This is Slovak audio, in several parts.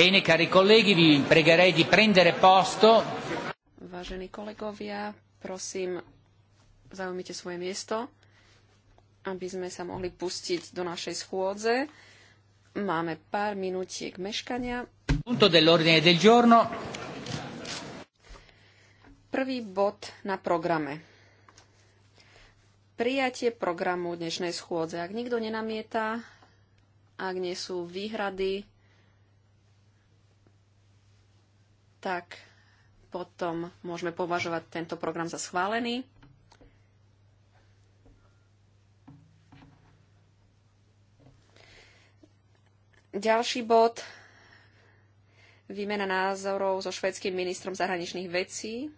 Bene, cari colleghi, vi pregherei di prendere posto. Vážení kolegovia, prosím, zaujmite svoje miesto, aby sme sa mohli pustiť do našej schôdze. Máme pár minútiek meškania. Punto dell'ordine del giorno. Prvý bod na programe. Prijatie programu dnešnej schôdze. Ak nikto nenamieta, ak nie sú výhrady, tak potom môžeme považovať tento program za schválený. Ďalší bod. Výmena názorov so švedským ministrom zahraničných vecí,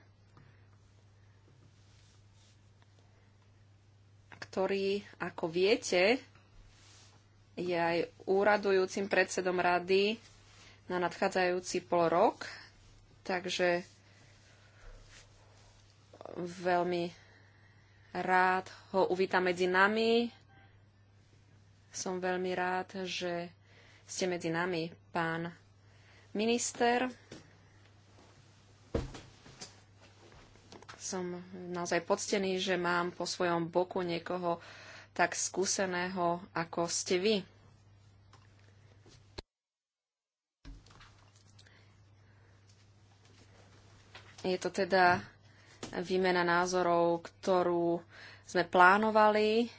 ktorý, ako viete, je aj úradujúcim predsedom rady na nadchádzajúci pol rok Takže veľmi rád ho uvítam medzi nami. Som veľmi rád, že ste medzi nami, pán minister. Som naozaj poctený, že mám po svojom boku niekoho tak skúseného, ako ste vy. Je to teda výmena názorov, ktorú sme plánovali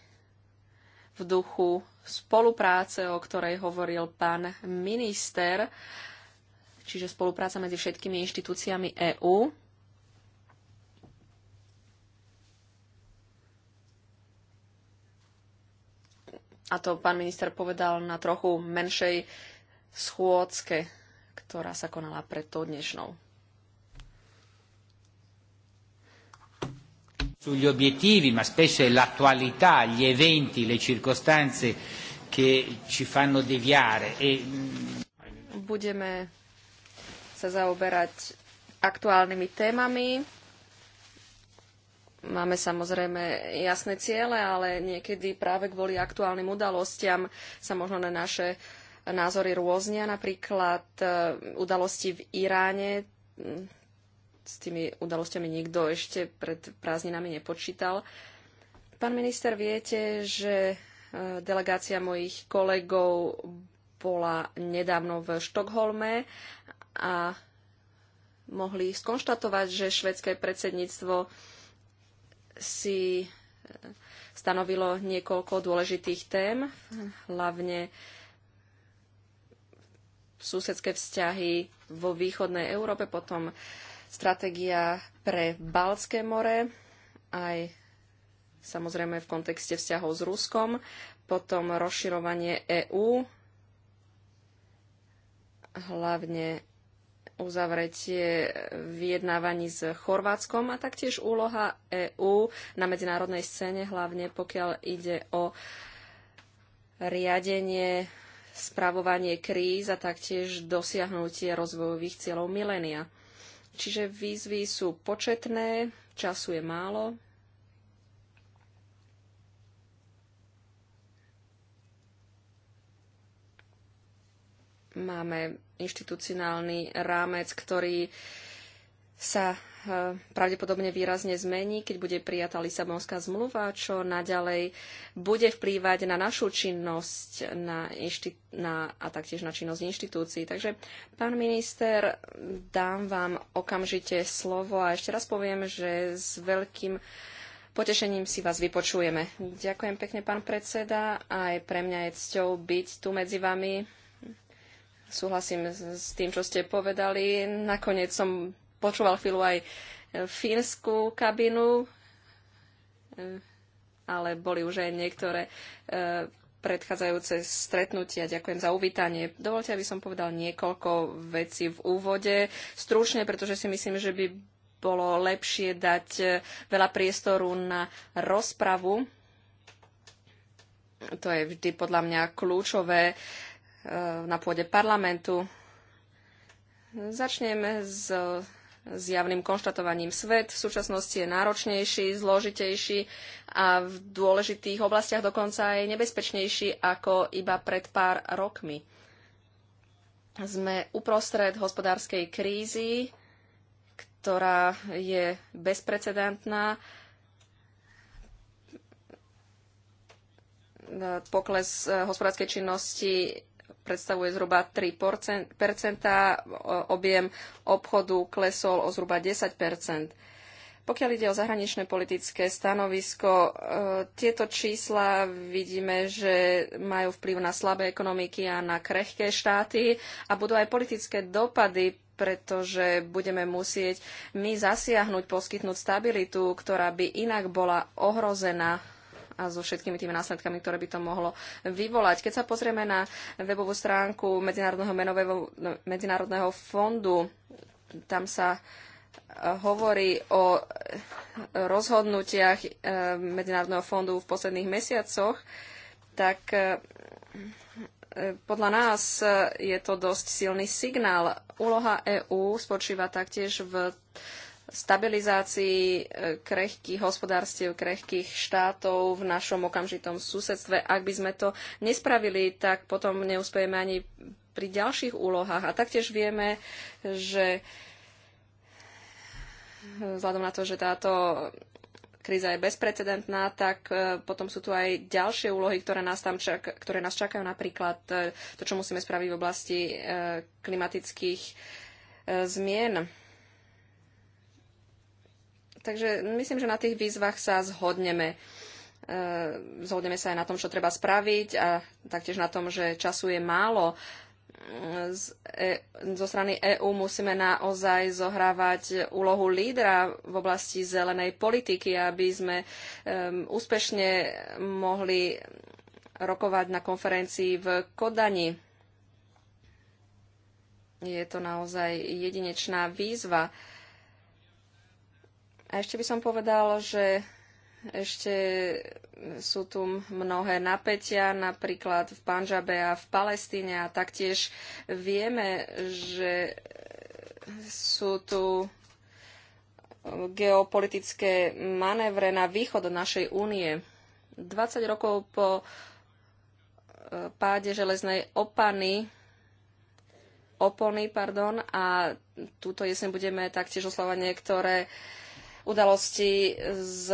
v duchu spolupráce, o ktorej hovoril pán minister, čiže spolupráca medzi všetkými inštitúciami EÚ. A to pán minister povedal na trochu menšej schôdzke, ktorá sa konala pred tou dnešnou. sugli obiettivi, ma spesso è l'attualità, gli eventi, le circostanze che ci fanno deviare. E... Mm, Budeme sa zaoberať aktuálnymi témami. Máme samozrejme jasné ciele, ale niekedy práve kvôli aktuálnym udalostiam sa možno na naše názory rôznia. Napríklad eh, udalosti v Iráne mm, s tými udalosťami nikto ešte pred prázdninami nepočítal. Pán minister, viete, že e, delegácia mojich kolegov bola nedávno v Štokholme a mohli skonštatovať, že švedské predsedníctvo si e, stanovilo niekoľko dôležitých tém, hlavne susedské vzťahy vo východnej Európe, potom stratégia pre Balské more, aj samozrejme v kontexte vzťahov s Ruskom, potom rozširovanie EÚ, hlavne uzavretie vyjednávaní s Chorvátskom a taktiež úloha EÚ na medzinárodnej scéne, hlavne pokiaľ ide o riadenie, spravovanie kríz a taktiež dosiahnutie rozvojových cieľov milénia. Čiže výzvy sú početné, času je málo. Máme inštitucionálny rámec, ktorý sa pravdepodobne výrazne zmení, keď bude prijatá Lisabonská zmluva, čo naďalej bude vplývať na našu činnosť na, inšti- na, a taktiež na činnosť inštitúcií. Takže, pán minister, dám vám okamžite slovo a ešte raz poviem, že s veľkým potešením si vás vypočujeme. Ďakujem pekne, pán predseda. Aj pre mňa je cťou byť tu medzi vami súhlasím s tým, čo ste povedali. Nakoniec som počúval chvíľu aj e, fínsku kabinu, e, ale boli už aj niektoré e, predchádzajúce stretnutia. Ďakujem za uvítanie. Dovolte, aby som povedal niekoľko vecí v úvode. Stručne, pretože si myslím, že by bolo lepšie dať veľa priestoru na rozpravu. To je vždy podľa mňa kľúčové na pôde parlamentu. Začneme s zjavným konštatovaním. Svet v súčasnosti je náročnejší, zložitejší a v dôležitých oblastiach dokonca aj nebezpečnejší ako iba pred pár rokmi. Sme uprostred hospodárskej krízy, ktorá je bezprecedentná. Pokles eh, hospodárskej činnosti predstavuje zhruba 3 objem obchodu klesol o zhruba 10 pokiaľ ide o zahraničné politické stanovisko, e, tieto čísla vidíme, že majú vplyv na slabé ekonomiky a na krehké štáty a budú aj politické dopady pretože budeme musieť my zasiahnuť, poskytnúť stabilitu, ktorá by inak bola ohrozená a so všetkými tými následkami, ktoré by to mohlo vyvolať. Keď sa pozrieme na webovú stránku Medzinárodného, menového, no, Medzinárodného fondu, tam sa e, hovorí o e, rozhodnutiach e, Medzinárodného fondu v posledných mesiacoch, tak podľa nás je to dosť silný signál. Úloha EÚ spočíva taktiež v stabilizácii e, krehkých hospodárstiev, krehkých štátov v našom okamžitom susedstve. Ak by sme to nespravili, tak potom neúspejeme ani pri ďalších úlohách. A taktiež vieme, že vzhľadom na to, že táto kríza je bezprecedentná, tak e, potom sú tu aj ďalšie úlohy, ktoré nás, tam čak, ktoré nás čakajú, napríklad e, to, čo musíme spraviť v oblasti klimatických zmien Takže myslím, že na tých výzvach sa zhodneme. E, zhodneme sa aj na tom, čo treba spraviť a taktiež na tom, že času je málo. Mm, z, e, zo strany EÚ musíme naozaj zohrávať úlohu lídra v oblasti zelenej politiky, aby sme um, úspešne mohli rokovať na konferencii v Kodani. Je to naozaj jedinečná výzva. A ešte by som povedal, že ešte sú tu mnohé napätia, napríklad v Panžabe a v Palestíne a taktiež vieme, že sú tu geopolitické manévre na východ našej únie. 20 rokov po e, páde železnej opany opony, pardon, a túto jeseň budeme taktiež oslovať niektoré udalosti z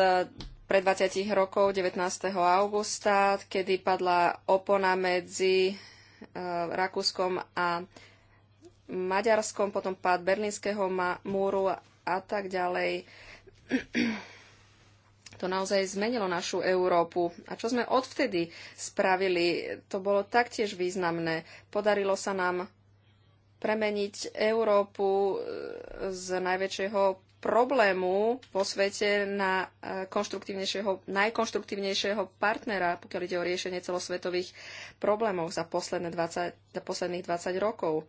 pred 20 rokov, 19. augusta, kedy padla opona medzi e, Rakúskom a Maďarskom, potom pád Berlínskeho múru a tak ďalej. To naozaj zmenilo našu Európu. A čo sme odvtedy spravili, to bolo taktiež významné. Podarilo sa nám premeniť Európu e, z najväčšieho problému vo svete na e, konštruktívnejšieho, najkonštruktívnejšieho partnera, pokiaľ ide o riešenie celosvetových problémov za, posledné 20, za posledných 20 rokov.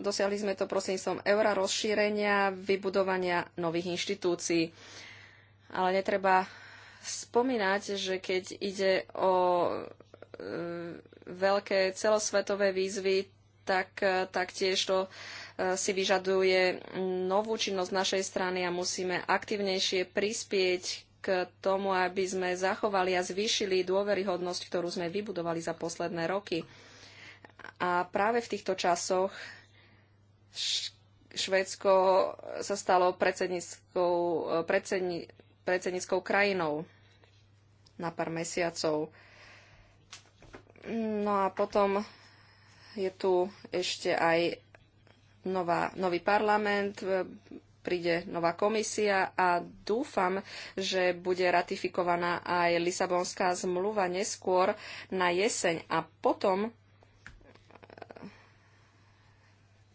Dosiahli sme to prostredníctvom eura rozšírenia, vybudovania nových inštitúcií. Ale netreba spomínať, že keď ide o e, veľké celosvetové výzvy, tak e, taktiež to si vyžaduje novú činnosť našej strany a musíme aktivnejšie prispieť k tomu, aby sme zachovali a zvýšili dôveryhodnosť, ktorú sme vybudovali za posledné roky. A práve v týchto časoch Švédsko sa stalo predsedníckou, predsedni, predsedníckou krajinou na pár mesiacov. No a potom je tu ešte aj nová, nový parlament, e, príde nová komisia a dúfam, že bude ratifikovaná aj Lisabonská zmluva neskôr na jeseň a potom e,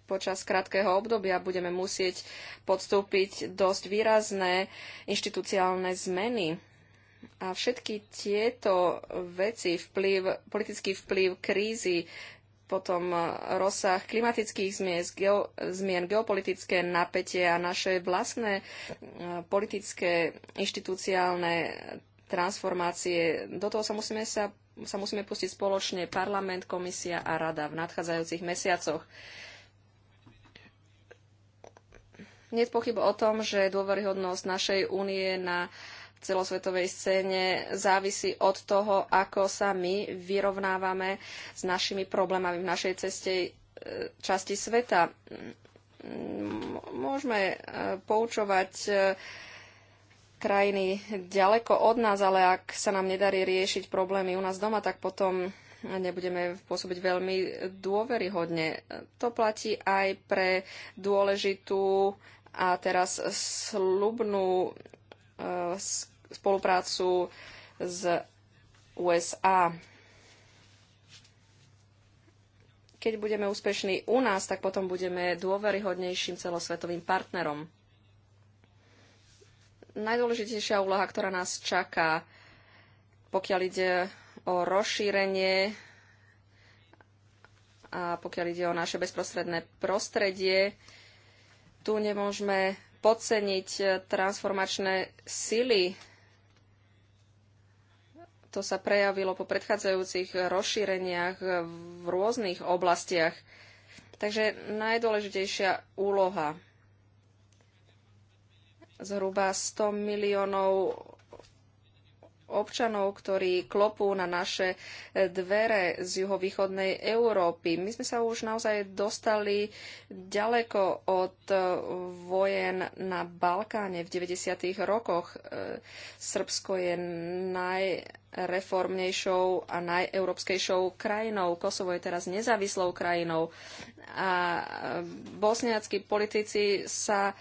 počas krátkeho obdobia budeme musieť podstúpiť dosť výrazné inštitúciálne zmeny. A všetky tieto veci, vplyv, politický vplyv krízy, potom e, rozsah klimatických zmien, geo, zmien, geopolitické napätie a naše vlastné e, politické, inštitúciálne transformácie. Do toho sa musíme, sa, sa musíme pustiť spoločne parlament, komisia a rada v nadchádzajúcich mesiacoch. Nie je pochyb o tom, že dôveryhodnosť našej únie na uh, celosvetovej scéne závisí od toho, ako sa my vyrovnávame s našimi problémami v našej ceste e, časti sveta. Môžeme e, poučovať e, krajiny ďaleko od nás, ale ak sa nám nedarí riešiť problémy u nás doma, tak potom nebudeme pôsobiť veľmi dôveryhodne. To platí aj pre dôležitú a teraz slubnú spoluprácu z USA. Keď budeme úspešní u nás, tak potom budeme dôveryhodnejším celosvetovým partnerom. Najdôležitejšia úloha, ktorá nás čaká, pokiaľ ide o rozšírenie a pokiaľ ide o naše bezprostredné prostredie, tu nemôžeme podceniť transformačné sily to sa prejavilo po predchádzajúcich rozšíreniach v rôznych oblastiach. Takže najdôležitejšia úloha zhruba 100 miliónov občanov, ktorí klopú na naše e, dvere z juhovýchodnej Európy. My sme sa už naozaj dostali ďaleko od e, vojen na Balkáne v 90. rokoch. E, Srbsko je najreformnejšou a najeurópskejšou krajinou. Kosovo je teraz nezávislou krajinou. A bosniackí politici sa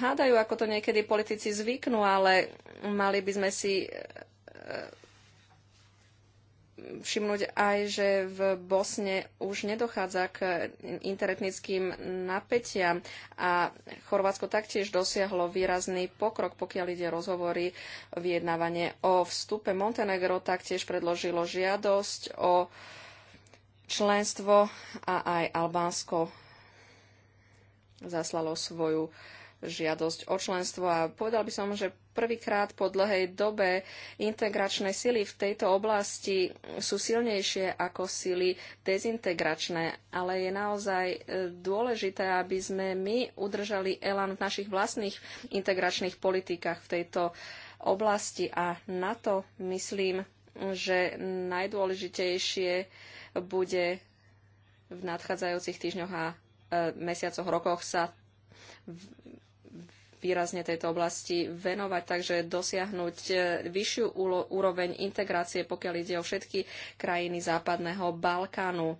hádajú, ako to niekedy politici zvyknú, ale mali by sme si E, všimnúť aj, že v Bosne už nedochádza k interetnickým napätiam a Chorvátsko taktiež dosiahlo výrazný pokrok, pokiaľ ide rozhovory vyjednávanie o vstupe. Montenegro taktiež predložilo žiadosť o členstvo a aj Albánsko zaslalo svoju žiadosť o členstvo a povedal by som, že prvýkrát po dlhej dobe integračné sily v tejto oblasti sú silnejšie ako sily dezintegračné, ale je naozaj e, dôležité, aby sme my udržali elan v našich vlastných integračných politikách v tejto oblasti a na to myslím, že najdôležitejšie bude v nadchádzajúcich týždňoch a e, mesiacoch, rokoch sa výrazne tejto oblasti venovať, takže dosiahnuť e, vyššiu úroveň integrácie, pokiaľ ide o všetky krajiny Západného Balkánu.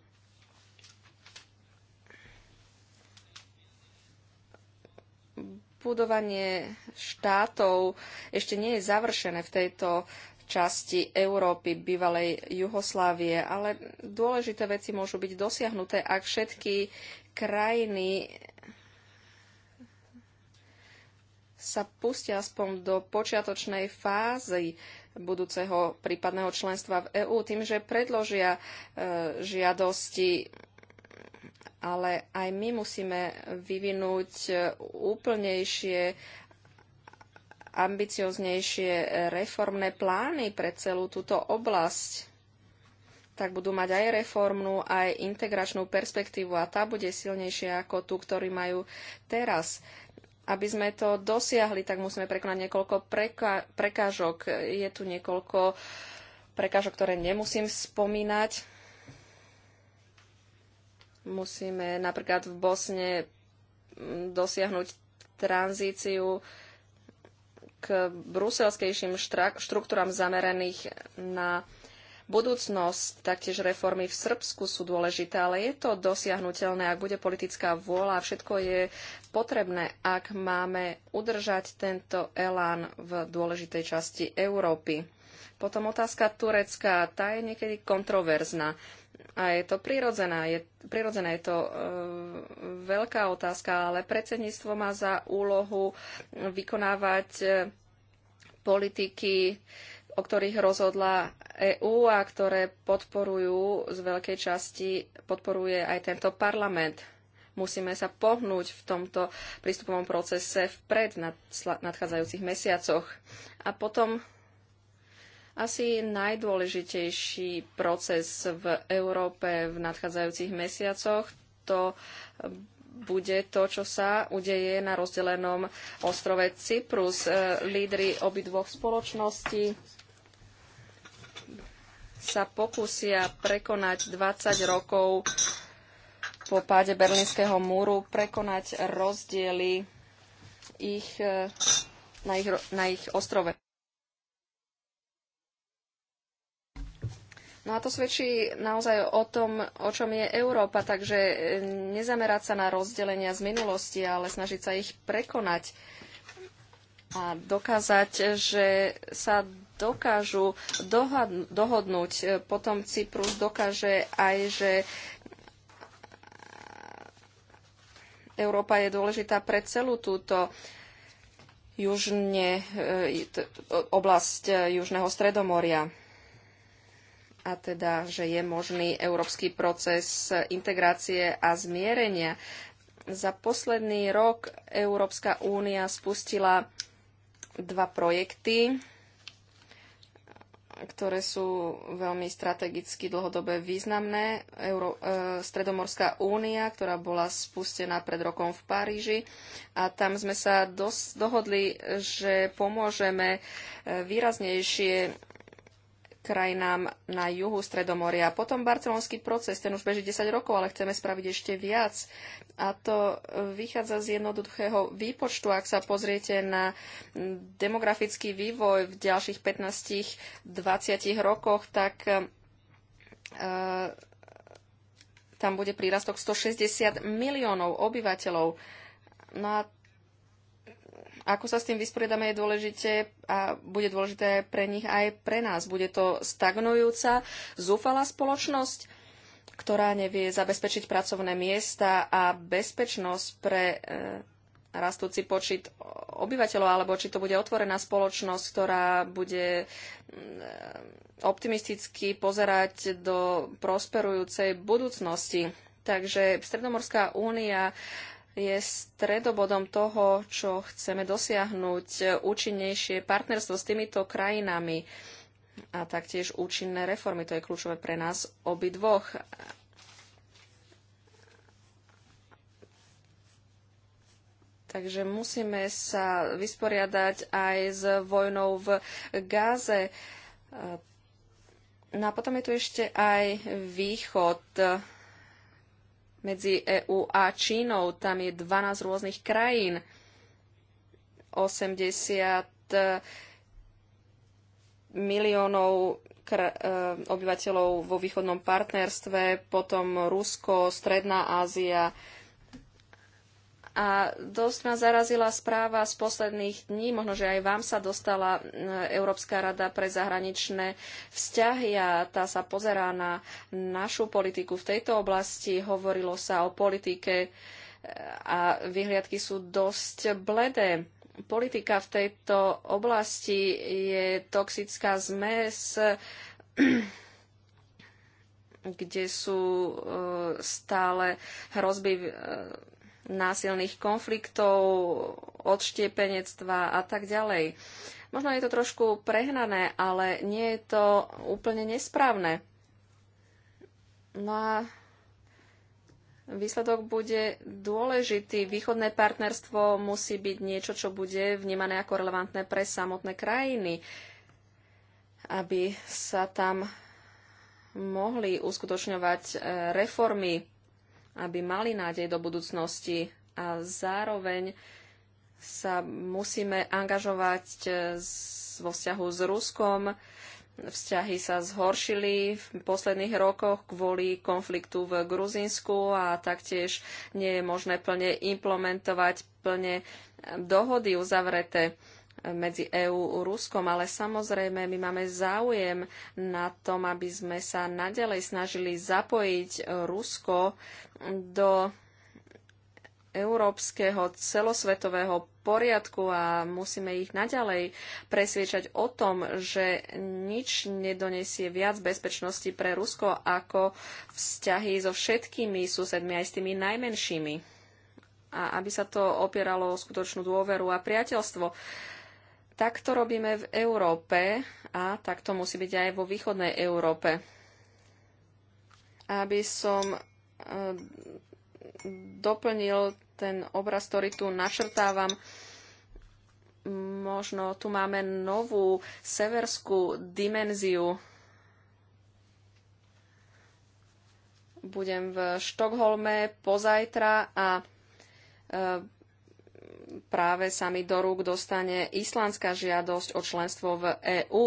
Budovanie štátov ešte nie je završené v tejto časti Európy, bývalej Juhoslávie, ale dôležité veci môžu byť dosiahnuté, ak všetky krajiny sa pustia aspoň do počiatočnej fázy budúceho prípadného členstva v EÚ tým, že predložia e, žiadosti, ale aj my musíme vyvinúť e, úplnejšie, ambicioznejšie reformné plány pre celú túto oblasť tak budú mať aj reformnú, aj integračnú perspektívu a tá bude silnejšia ako tú, ktorú majú teraz aby sme to dosiahli, tak musíme prekonať niekoľko preka- prekážok. Je tu niekoľko prekážok, ktoré nemusím spomínať. Musíme napríklad v Bosne dosiahnuť tranzíciu k bruselskejším štruktúram zameraných na budúcnosť. Taktiež reformy v Srbsku sú dôležité, ale je to dosiahnutelné, ak bude politická vôľa. Všetko je potrebné, ak máme udržať tento elán v dôležitej časti Európy. Potom otázka Turecka, tá je niekedy kontroverzná. A je to prirodzená, je, prirodzená, je to e, veľká otázka, ale predsedníctvo má za úlohu vykonávať e, politiky e, o ktorých rozhodla EÚ a ktoré podporujú z veľkej časti, podporuje aj tento parlament. Musíme sa pohnúť v tomto prístupovom procese vpred v nadchádzajúcich mesiacoch. A potom asi najdôležitejší proces v Európe v nadchádzajúcich mesiacoch to bude to, čo sa udeje na rozdelenom ostrove Cyprus. E, lídry obidvoch spoločností sa pokúsia prekonať 20 rokov po páde Berlínskeho múru, prekonať rozdiely ich, e, na, ich, na ich ostrove. No a to svedčí naozaj o tom, o čom je Európa, takže e, nezamerať sa na rozdelenia z minulosti, ale snažiť sa ich prekonať a dokázať, že sa dokážu dohodnúť. E, potom Cyprus dokáže aj, že Európa je dôležitá pre celú túto južne, e, oblasť e, Južného Stredomoria. A teda, že je možný európsky proces integrácie a zmierenia. Za posledný rok Európska únia spustila dva projekty ktoré sú veľmi strategicky dlhodobé významné. Euro, e, Stredomorská únia, ktorá bola spustená pred rokom v Paríži. A tam sme sa dos, dohodli, že pomôžeme e, výraznejšie krajinám na juhu Stredomoria. Potom barcelonský proces, ten už beží 10 rokov, ale chceme spraviť ešte viac. A to e, vychádza z jednoduchého výpočtu. Ak sa pozriete na demografický vývoj v ďalších 15-20 rokoch, tak e, e, tam bude prírastok 160 miliónov obyvateľov. No a ako sa s tým vysporiadame, je dôležité a bude dôležité pre nich aj pre nás. Bude to stagnujúca, zúfalá spoločnosť, ktorá nevie zabezpečiť pracovné miesta a bezpečnosť pre e, rastúci počet obyvateľov, alebo či to bude otvorená spoločnosť, ktorá bude mm, eh, optimisticky pozerať do prosperujúcej budúcnosti. Takže Stredomorská únia je stredobodom toho, čo chceme dosiahnuť e, účinnejšie partnerstvo s týmito krajinami a taktiež účinné reformy. To je kľúčové pre nás obidvoch. Takže musíme sa vysporiadať aj s vojnou v Gáze. E, no a potom je tu ešte aj východ medzi EÚ a Čínou. Tam je 12 rôznych krajín. 80 eh, miliónov eh, obyvateľov vo východnom partnerstve, potom Rusko, Stredná Ázia, a dosť ma zarazila správa z posledných dní, možno, že aj vám sa dostala e, Európska rada pre zahraničné vzťahy a tá sa pozerá na našu politiku v tejto oblasti. Hovorilo sa o politike e, a vyhliadky sú dosť bledé. Politika v tejto oblasti je toxická zmes, kde sú e, stále hrozby násilných konfliktov, odštiepenectva a tak ďalej. Možno je to trošku prehnané, ale nie je to úplne nesprávne. No a výsledok bude dôležitý. Východné partnerstvo musí byť niečo, čo bude vnímané ako relevantné pre samotné krajiny, aby sa tam mohli uskutočňovať eh, reformy aby mali nádej do budúcnosti a zároveň sa musíme angažovať e, vo vzťahu s Ruskom. Vzťahy sa zhoršili v posledných rokoch kvôli konfliktu v Gruzinsku a taktiež nie je možné plne implementovať plne dohody uzavreté medzi EÚ a Ruskom, ale samozrejme my máme záujem na tom, aby sme sa naďalej snažili zapojiť Rusko do európskeho celosvetového poriadku a musíme ich naďalej presviečať o tom, že nič nedonesie viac bezpečnosti pre Rusko ako vzťahy so všetkými susedmi, aj s tými najmenšími. A aby sa to opieralo o skutočnú dôveru a priateľstvo. Tak to robíme v Európe a tak to musí byť aj vo východnej Európe. Aby som e, doplnil ten obraz, ktorý tu načrtávam, možno tu máme novú severskú dimenziu. Budem v Štokholme pozajtra a e, práve sa mi do rúk dostane islandská žiadosť o členstvo v EÚ.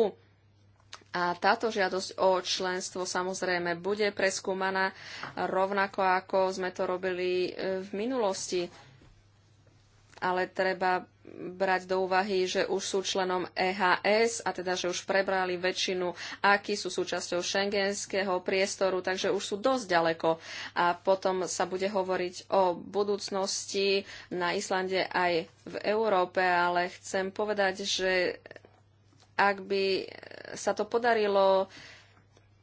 A táto žiadosť o členstvo samozrejme bude preskúmaná rovnako ako sme to robili e, v minulosti ale treba brať do úvahy, že už sú členom EHS a teda, že už prebrali väčšinu, aký sú súčasťou šengenského priestoru, takže už sú dosť ďaleko. A potom sa bude hovoriť o budúcnosti na Islande aj v Európe, ale chcem povedať, že ak by sa to podarilo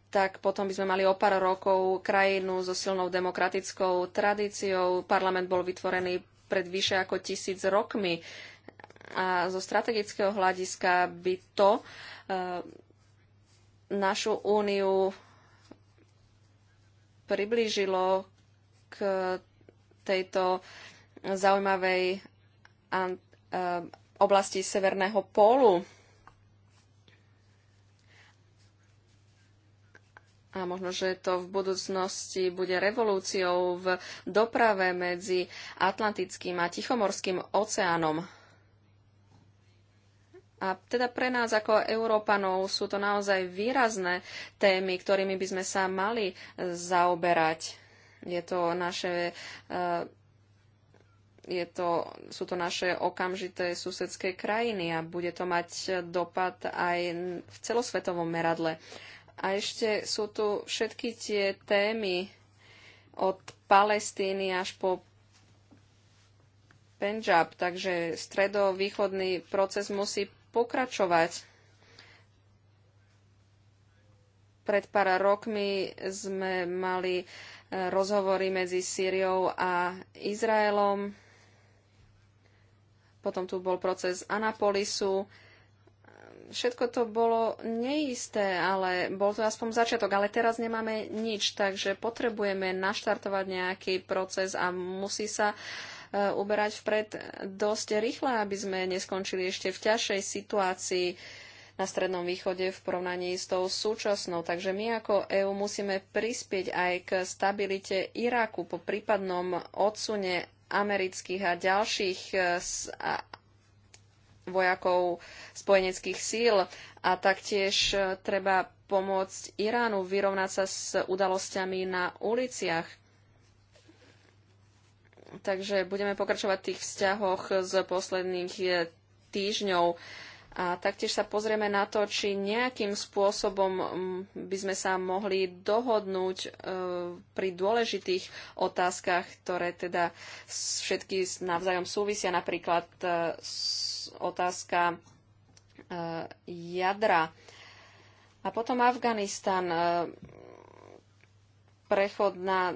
tak potom by sme mali o pár rokov krajinu so silnou demokratickou tradíciou. Parlament bol vytvorený pred vyše ako tisíc rokmi. A zo strategického hľadiska by to e, našu úniu priblížilo k tejto zaujímavej e, oblasti Severného pólu a možno, že to v budúcnosti bude revolúciou v doprave medzi Atlantickým a Tichomorským oceánom. A teda pre nás ako Európanov sú to naozaj výrazné témy, ktorými by sme sa mali zaoberať. Je to naše, eh, je to, sú to naše okamžité susedské krajiny a bude to mať dopad aj v celosvetovom meradle. A ešte sú tu všetky tie témy od Palestíny až po Pendžab, takže stredovýchodný proces musí pokračovať. Pred pár rokmi sme mali e, rozhovory medzi Sýriou a Izraelom. Potom tu bol proces Anapolisu všetko to bolo neisté, ale bol to aspoň začiatok, ale teraz nemáme nič, takže potrebujeme naštartovať nejaký proces a musí sa e, uberať vpred dosť rýchle, aby sme neskončili ešte v ťažšej situácii na Strednom východe v porovnaní s tou súčasnou. Takže my ako EÚ musíme prispieť aj k stabilite Iraku po prípadnom odsune amerických a ďalších e, vojakov spojeneckých síl a taktiež e, treba pomôcť Iránu vyrovnať sa s udalosťami na uliciach. Takže budeme pokračovať v tých vzťahoch z posledných e, týždňov. A taktiež sa pozrieme na to, či nejakým spôsobom by sme sa mohli dohodnúť e, pri dôležitých otázkach, ktoré teda všetky navzájom súvisia, napríklad otázka e, jadra. A potom Afganistan, e, prechod na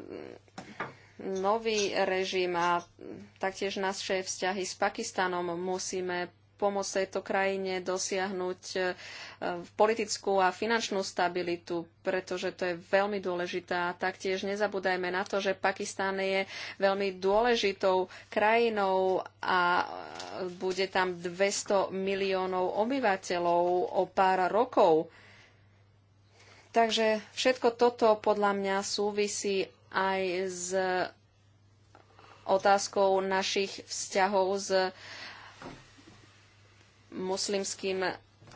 nový režim a taktiež naše vzťahy s Pakistanom musíme pomôcť tejto krajine dosiahnuť e, politickú a finančnú stabilitu, pretože to je veľmi dôležité. A taktiež nezabúdajme na to, že Pakistán je veľmi dôležitou krajinou a bude tam 200 miliónov obyvateľov o pár rokov. Takže všetko toto podľa mňa súvisí aj s otázkou našich vzťahov s moslimským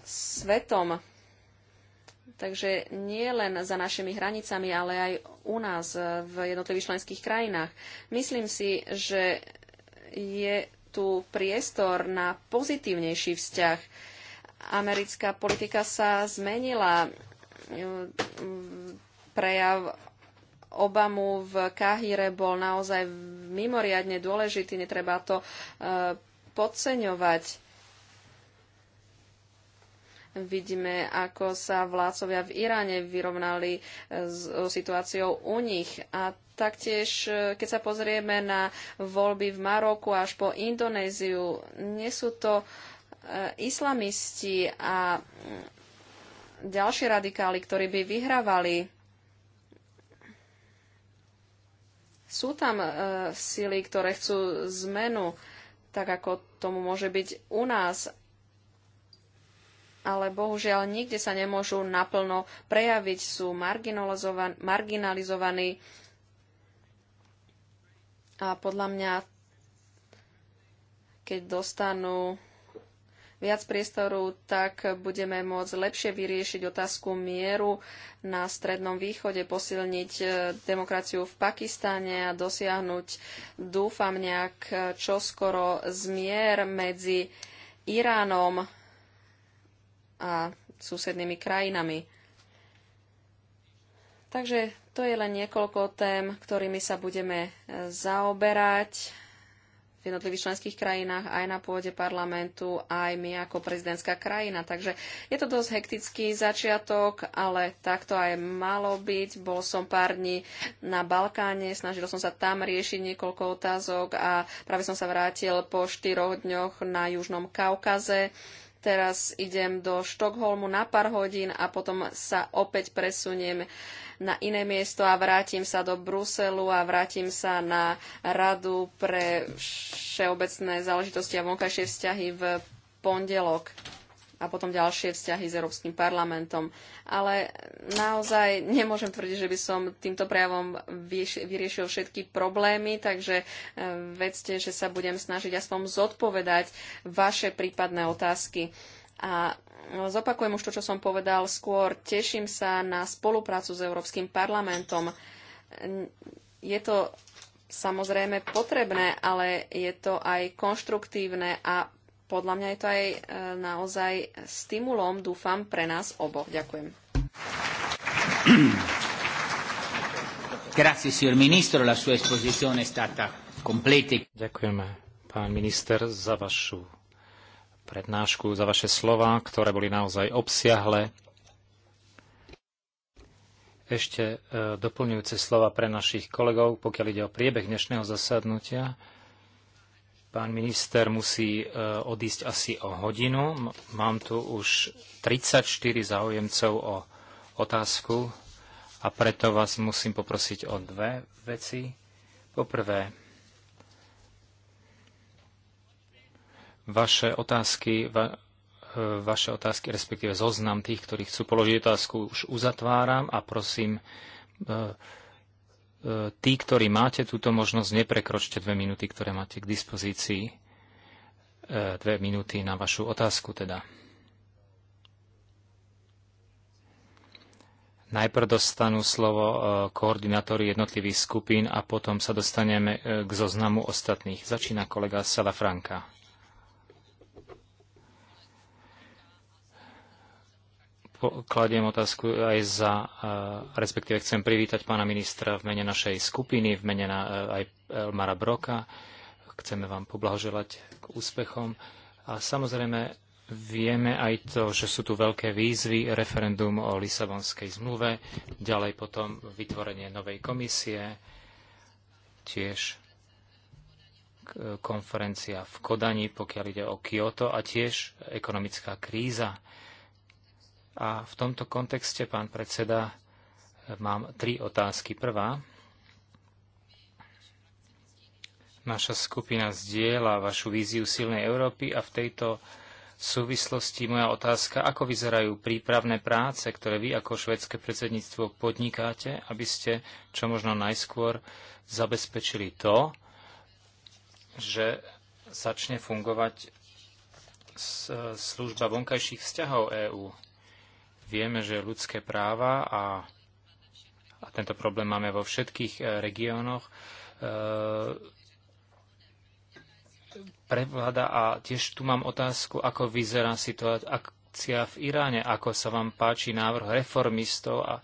svetom. Takže nie len za našimi hranicami, ale aj u nás v jednotlivých členských krajinách. Myslím si, že je tu priestor na pozitívnejší vzťah. Americká politika sa zmenila. Prejav Obamu v Kahire bol naozaj mimoriadne dôležitý, netreba to eh, podceňovať Vidíme, ako sa vládcovia v Iráne vyrovnali e, s e, situáciou u nich. A taktiež, e, keď sa pozrieme na voľby v Maroku až po Indonéziu, nie sú to islamisti a mm, ďalší radikáli, ktorí by vyhrávali sú tam e, sily, ktoré chcú zmenu, tak ako tomu môže byť u nás ale bohužiaľ nikde sa nemôžu naplno prejaviť, sú marginalizovaní. A podľa mňa, keď dostanú viac priestoru, tak budeme môcť lepšie vyriešiť otázku mieru na Strednom východe, posilniť e, demokraciu v Pakistáne a dosiahnuť, dúfam, nejak e, čoskoro zmier medzi Iránom a susednými krajinami. Takže to je len niekoľko tém, ktorými sa budeme e, zaoberať v jednotlivých členských krajinách, aj na pôde parlamentu, aj my ako prezidentská krajina. Takže je to dosť hektický začiatok, ale tak to aj malo byť. Bol som pár dní na Balkáne, snažil som sa tam riešiť niekoľko otázok a práve som sa vrátil po štyroch dňoch na Južnom Kaukaze. Teraz idem do Štokholmu na pár hodín a potom sa opäť presuniem na iné miesto a vrátim sa do Bruselu a vrátim sa na Radu pre všeobecné záležitosti a vonkajšie vzťahy v pondelok a potom ďalšie vzťahy s Európskym parlamentom. Ale naozaj nemôžem tvrdiť, že by som týmto prejavom vyriešil všetky problémy, takže e, vedzte, že sa budem snažiť aspoň zodpovedať vaše prípadné otázky. A e, zopakujem už to, čo som povedal skôr. Teším sa na spoluprácu s Európskym parlamentom. Je to samozrejme potrebné, ale je to aj konštruktívne a podľa mňa je to aj e, naozaj stimulom, dúfam, pre nás oboch. Ďakujem. Grazie, signor ministro, la sua esposizione è stata completa. Ďakujeme, pán minister, za vašu prednášku, za vaše slova, ktoré boli naozaj obsiahle. Ešte e, doplňujúce slova pre našich kolegov, pokiaľ ide o priebeh dnešného zasadnutia. Pán minister musí e, odísť asi o hodinu. Mám tu už 34 záujemcov o otázku a preto vás musím poprosiť o dve veci. Poprvé, vaše otázky, va, e, vaše otázky, respektíve zoznam tých, ktorí chcú položiť otázku, už uzatváram a prosím, e, E, tí, ktorí máte túto možnosť, neprekročte dve minúty, ktoré máte k dispozícii. E, dve minúty na vašu otázku teda. Najprv dostanú slovo e, koordinátori jednotlivých skupín a potom sa dostaneme k zoznamu ostatných. Začína kolega Salafranka. kladiem otázku aj za, eh, respektíve chcem privítať pána ministra v mene našej skupiny, v mene na, eh, aj Elmara Broka. Chceme vám poblahoželať k úspechom. A samozrejme vieme aj to, že sú tu veľké výzvy, referendum o Lisabonskej zmluve, ďalej potom vytvorenie novej komisie, tiež eh, konferencia v Kodani, pokiaľ ide o Kyoto a tiež ekonomická kríza a v tomto kontexte, pán predseda, mám tri otázky. Prvá. Naša skupina zdieľa vašu víziu silnej Európy a v tejto súvislosti moja otázka, ako vyzerajú prípravné práce, ktoré vy ako švedské predsedníctvo podnikáte, aby ste čo možno najskôr zabezpečili to, že začne fungovať služba vonkajších vzťahov EÚ Vieme, že ľudské práva a, a tento problém máme vo všetkých e, regiónoch, e, prevláda a tiež tu mám otázku, ako vyzerá situácia v Iráne, ako sa vám páči návrh reformistov a,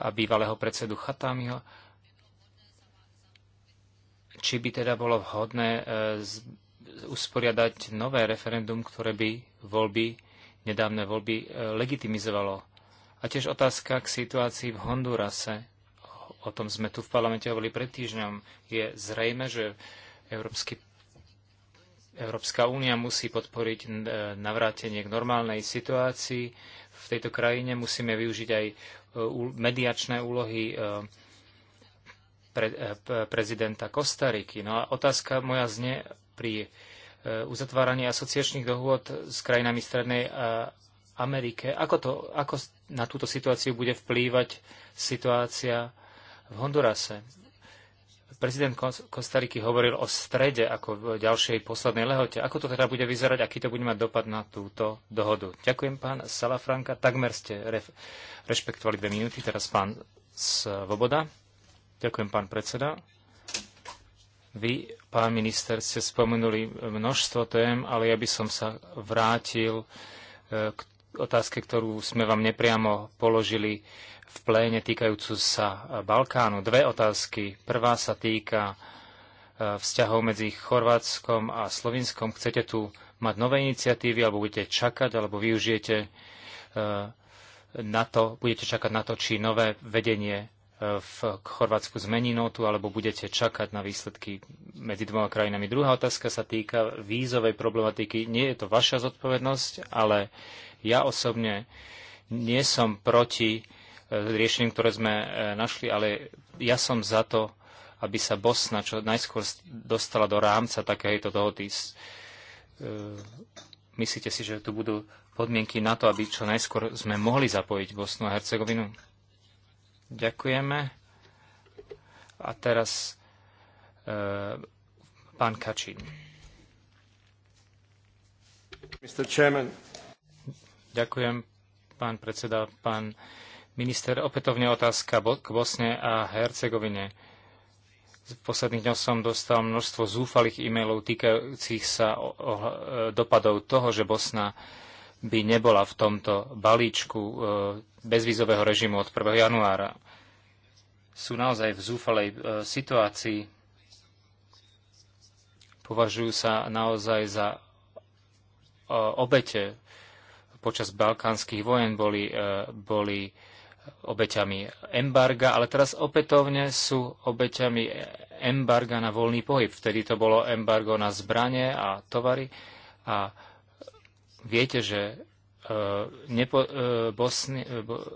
a bývalého predsedu Chatámiho, či by teda bolo vhodné e, z, usporiadať nové referendum, ktoré by voľby nedávne voľby e, legitimizovalo. A tiež otázka k situácii v Hondurase. O tom sme tu v parlamente hovorili pred týždňom. Je zrejme, že Európsky, Európska únia musí podporiť e, navrátenie k normálnej situácii. V tejto krajine musíme využiť aj e, mediačné úlohy pre, prezidenta Kostariky. No a otázka moja zne pri E, uzatváranie asociačných dohôd s krajinami Strednej e, Amerike. Ako, to, ako na túto situáciu bude vplývať situácia v Hondurase? Prezident Kostariky hovoril o strede ako v ďalšej poslednej lehote. Ako to teda bude vyzerať, aký to bude mať dopad na túto dohodu? Ďakujem, pán Salafranka. Takmer ste ref, rešpektovali dve minúty. Teraz pán Svoboda. Ďakujem, pán predseda. Vy, pán minister, ste spomenuli množstvo tém, ale ja by som sa vrátil e, k otázke, ktorú sme vám nepriamo položili v pléne týkajúcu sa Balkánu. Dve otázky. Prvá sa týka e, vzťahov medzi Chorvátskom a Slovinskom. Chcete tu mať nové iniciatívy, alebo budete čakať, alebo využijete e, na to, budete čakať na to, či nové vedenie v Chorvátsku zmení notu, alebo budete čakať na výsledky medzi dvoma krajinami. Druhá otázka sa týka vízovej problematiky. Nie je to vaša zodpovednosť, ale ja osobne nie som proti e, riešeniu, ktoré sme e, našli, ale ja som za to, aby sa Bosna čo najskôr dostala do rámca takéhoto dohody. E, myslíte si, že tu budú podmienky na to, aby čo najskôr sme mohli zapojiť Bosnu a Hercegovinu? Ďakujeme. A teraz e, pán Kačín. Mr. Chairman. Ďakujem, pán predseda, pán minister. Opätovne otázka k Bosne a Hercegovine. V posledných dňoch som dostal množstvo zúfalých e-mailov týkajúcich sa o, o, dopadov toho, že Bosna by nebola v tomto balíčku e, bezvízového režimu od 1. januára. Sú naozaj v zúfalej e, situácii. Považujú sa naozaj za e, obete. Počas balkánskych vojen boli, boli obeťami embarga, ale teraz opätovne sú obeťami embarga na voľný pohyb. Vtedy to bolo embargo na zbranie a tovary a Viete, že e, nepo, uh,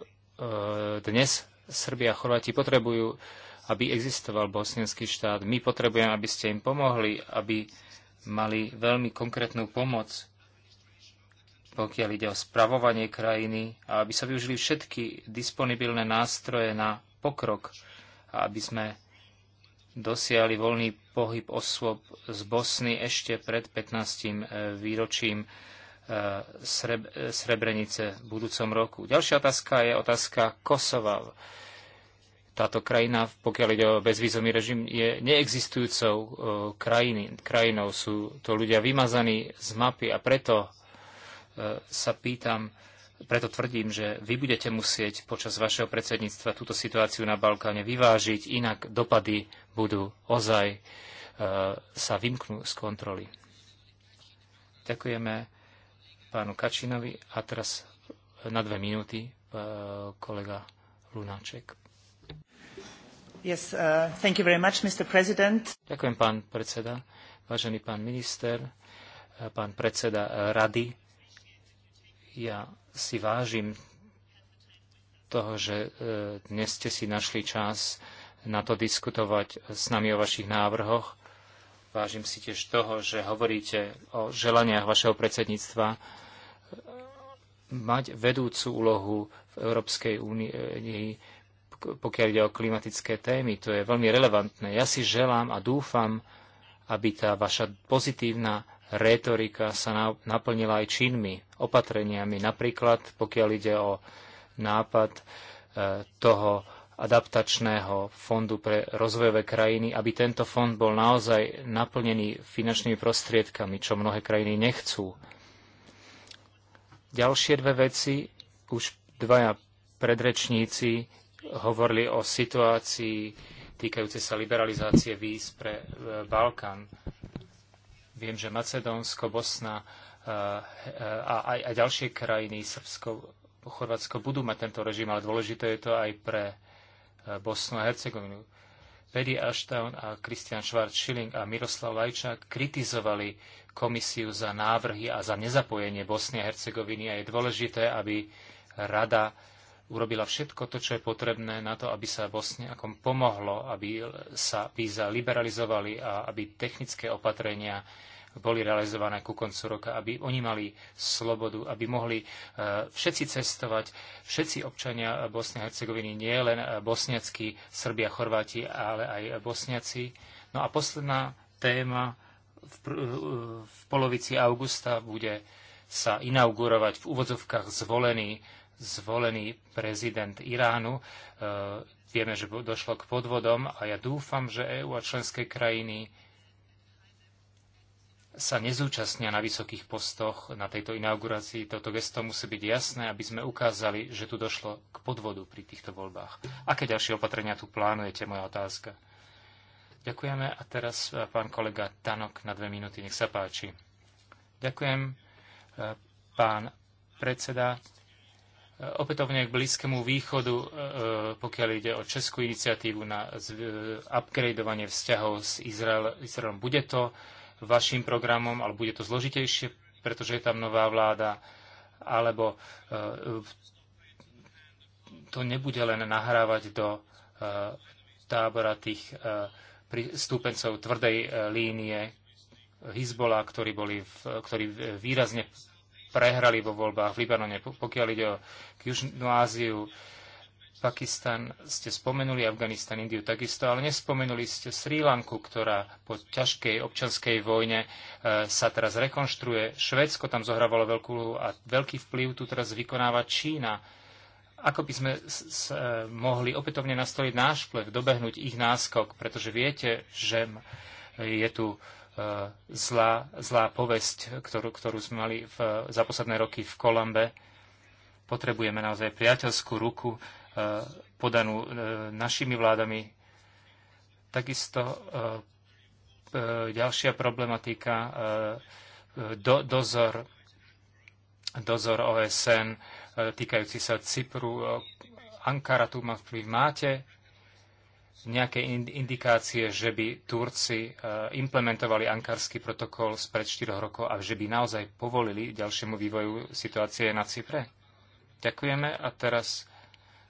dnes Srbia a Chorváti potrebujú, aby existoval bosnianský štát. My potrebujeme, aby ste im pomohli, aby mali veľmi konkrétnu pomoc, pokiaľ ide o spravovanie krajiny a aby sa využili všetky disponibilné nástroje na pokrok a aby sme dosiali voľný pohyb osôb z Bosny ešte pred 15. výročím Srebrenice v budúcom roku. Ďalšia otázka je otázka Kosova. Táto krajina, pokiaľ ide o bezvízový režim, je neexistujúcou e, krajiny, krajinou. Sú to ľudia vymazaní z mapy a preto e, sa pýtam, preto tvrdím, že vy budete musieť počas vašeho predsedníctva túto situáciu na Balkáne vyvážiť, inak dopady budú ozaj e, sa vymknú z kontroly. Ďakujeme pánu Kačinovi a teraz na dve minúty e, kolega Lunáček. Yes, uh, thank you very much, Mr. President. Ďakujem, pán predseda, vážený pán minister, e, pán predseda e, rady. Ja si vážim toho, že dnes ste si našli čas na to diskutovať s nami o vašich návrhoch. Vážim si tiež toho, že hovoríte o želaniach vašeho predsedníctva mať vedúcu úlohu v Európskej únii, pokiaľ ide o klimatické témy. To je veľmi relevantné. Ja si želám a dúfam, aby tá vaša pozitívna rétorika sa naplnila aj činmi, opatreniami. Napríklad, pokiaľ ide o nápad e, toho adaptačného fondu pre rozvojové krajiny, aby tento fond bol naozaj naplnený finančnými prostriedkami, čo mnohé krajiny nechcú. Ďalšie dve veci, už dvaja predrečníci hovorili o situácii týkajúcej sa liberalizácie víz pre e, Balkán. Viem, že Macedónsko, Bosna e, e, a aj ďalšie krajiny, Srbsko, Chorvátsko budú mať tento režim, ale dôležité je to aj pre Bosnu a Hercegovinu. Pedi Ashton a Christian Schwarz Schilling a Miroslav Lajčák kritizovali komisiu za návrhy a za nezapojenie Bosny a Hercegoviny a je dôležité, aby rada urobila všetko to, čo je potrebné na to, aby sa Bosniakom pomohlo, aby sa víza liberalizovali a aby technické opatrenia boli realizované ku koncu roka, aby oni mali slobodu, aby mohli e, všetci cestovať, všetci občania Bosne a Hercegoviny, nie len bosniackí, Srbia, Chorváti, ale aj bosniaci. No a posledná téma v, e, v polovici augusta bude sa inaugurovať v úvodzovkách zvolený zvolený prezident Iránu. E, vieme, že došlo k podvodom a ja dúfam, že EÚ a členské krajiny sa nezúčastnia na vysokých postoch na tejto inaugurácii. Toto gesto musí byť jasné, aby sme ukázali, že tu došlo k podvodu pri týchto voľbách. Aké ďalšie opatrenia tu plánujete, moja otázka? Ďakujeme a teraz e, pán kolega Tanok na dve minúty, nech sa páči. Ďakujem, e, pán predseda. E, opätovne k Blízkému východu, pokiaľ ide o českú iniciatívu na upgradeovanie vzťahov s Izrael, Izraelom. Bude to vašim programom, ale bude to zložitejšie, pretože je tam nová vláda, alebo e, to nebude len nahrávať do e, tábora tých e, stúpencov tvrdej línie Hizbola, ktorí, boli v, ktorí výrazne prehrali vo voľbách v Libanone. Pokiaľ ide o Južnú Áziu, Pakistan ste spomenuli, Afganistan, Indiu takisto, ale nespomenuli ste Sri Lanku, ktorá po ťažkej občanskej vojne e, sa teraz rekonštruuje. Švédsko tam zohrávalo veľkú úlohu a veľký vplyv tu teraz vykonáva Čína. Ako by sme s, s, e, mohli opätovne nastoliť náš vplyv, dobehnúť ich náskok, pretože viete, že je tu e, zlá, zlá povesť, ktorú, ktorú sme mali v, za posledné roky v Kolambe. Potrebujeme naozaj priateľskú ruku, Eh, podanú eh, našimi vládami. Takisto eh, ďalšia problematika, do, dozor, dozor OSN týkajúci sa Cypru. Ankara tu má vplyv. Máte nejaké indikácie, že by Turci implementovali ankarský protokol spred 4 rokov a že by naozaj povolili ďalšiemu vývoju situácie na Cypre? Ďakujeme a teraz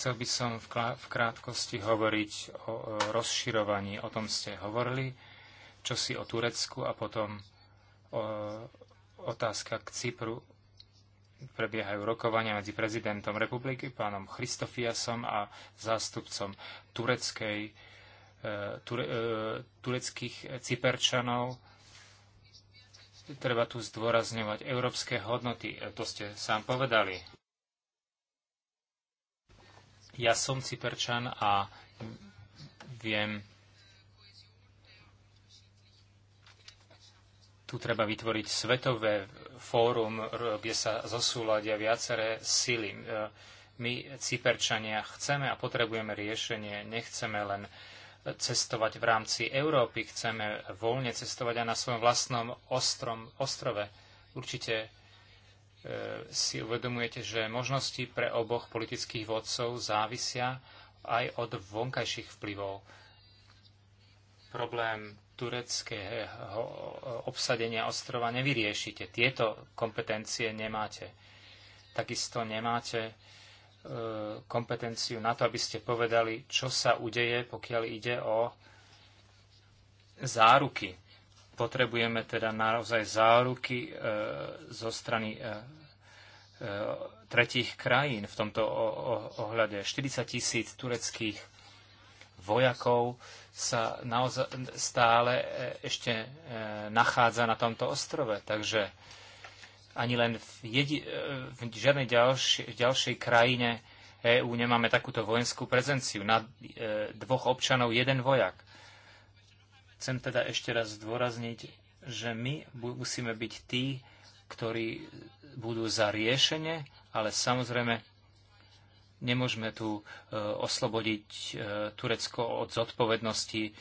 Chcel by som v krátkosti hovoriť o e, rozširovaní. O tom ste hovorili, čo si o Turecku a potom o, otázka k Cypru. Prebiehajú rokovania medzi prezidentom republiky, pánom Christofiasom a zástupcom tureckej, e, ture, e, tureckých cyperčanov. Treba tu zdôrazňovať európske hodnoty, to ste sám povedali ja som Cyperčan a viem, tu treba vytvoriť svetové fórum, kde sa zosúľadia viaceré sily. E, my, Cyperčania, chceme a potrebujeme riešenie, nechceme len cestovať v rámci Európy, chceme voľne cestovať aj na svojom vlastnom ostrom, ostrove. Určite E, si uvedomujete, že možnosti pre oboch politických vodcov závisia aj od vonkajších vplyvov. Problém tureckého obsadenia ostrova nevyriešite. Tieto kompetencie nemáte. Takisto nemáte e, kompetenciu na to, aby ste povedali, čo sa udeje, pokiaľ ide o záruky Potrebujeme teda naozaj záruky e, zo strany e, e, tretích krajín v tomto ohľade. 40 tisíc tureckých vojakov sa naozaj stále ešte nachádza na tomto ostrove. Takže ani len v, jedi- v žiadnej ďalši- ďalšej krajine EÚ nemáme takúto vojenskú prezenciu. Na e, dvoch občanov jeden vojak. Chcem teda ešte raz zdôrazniť, že my musíme byť tí, ktorí budú za riešenie, ale samozrejme nemôžeme tu e, oslobodiť e, Turecko od zodpovednosti, e,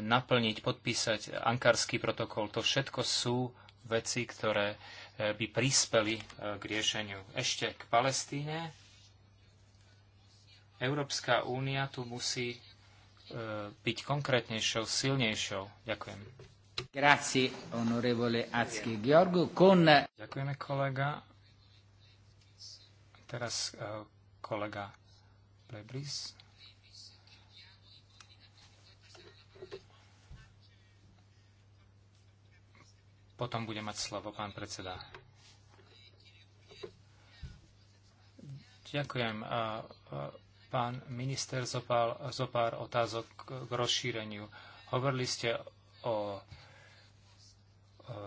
naplniť, podpísať ankarský protokol. To všetko sú veci, ktoré by prispeli k riešeniu. Ešte k Palestíne. Európska únia tu musí E, byť konkrétnejšou, silnejšou. Ďakujem. Grazie, onorevole Acke Georgu. Con... Ďakujeme, kolega. Teraz e, kolega Plebris. Potom bude mať slovo pán predseda. Ďakujem. E, pán minister, zopár, zopár otázok k rozšíreniu. Hovorili ste o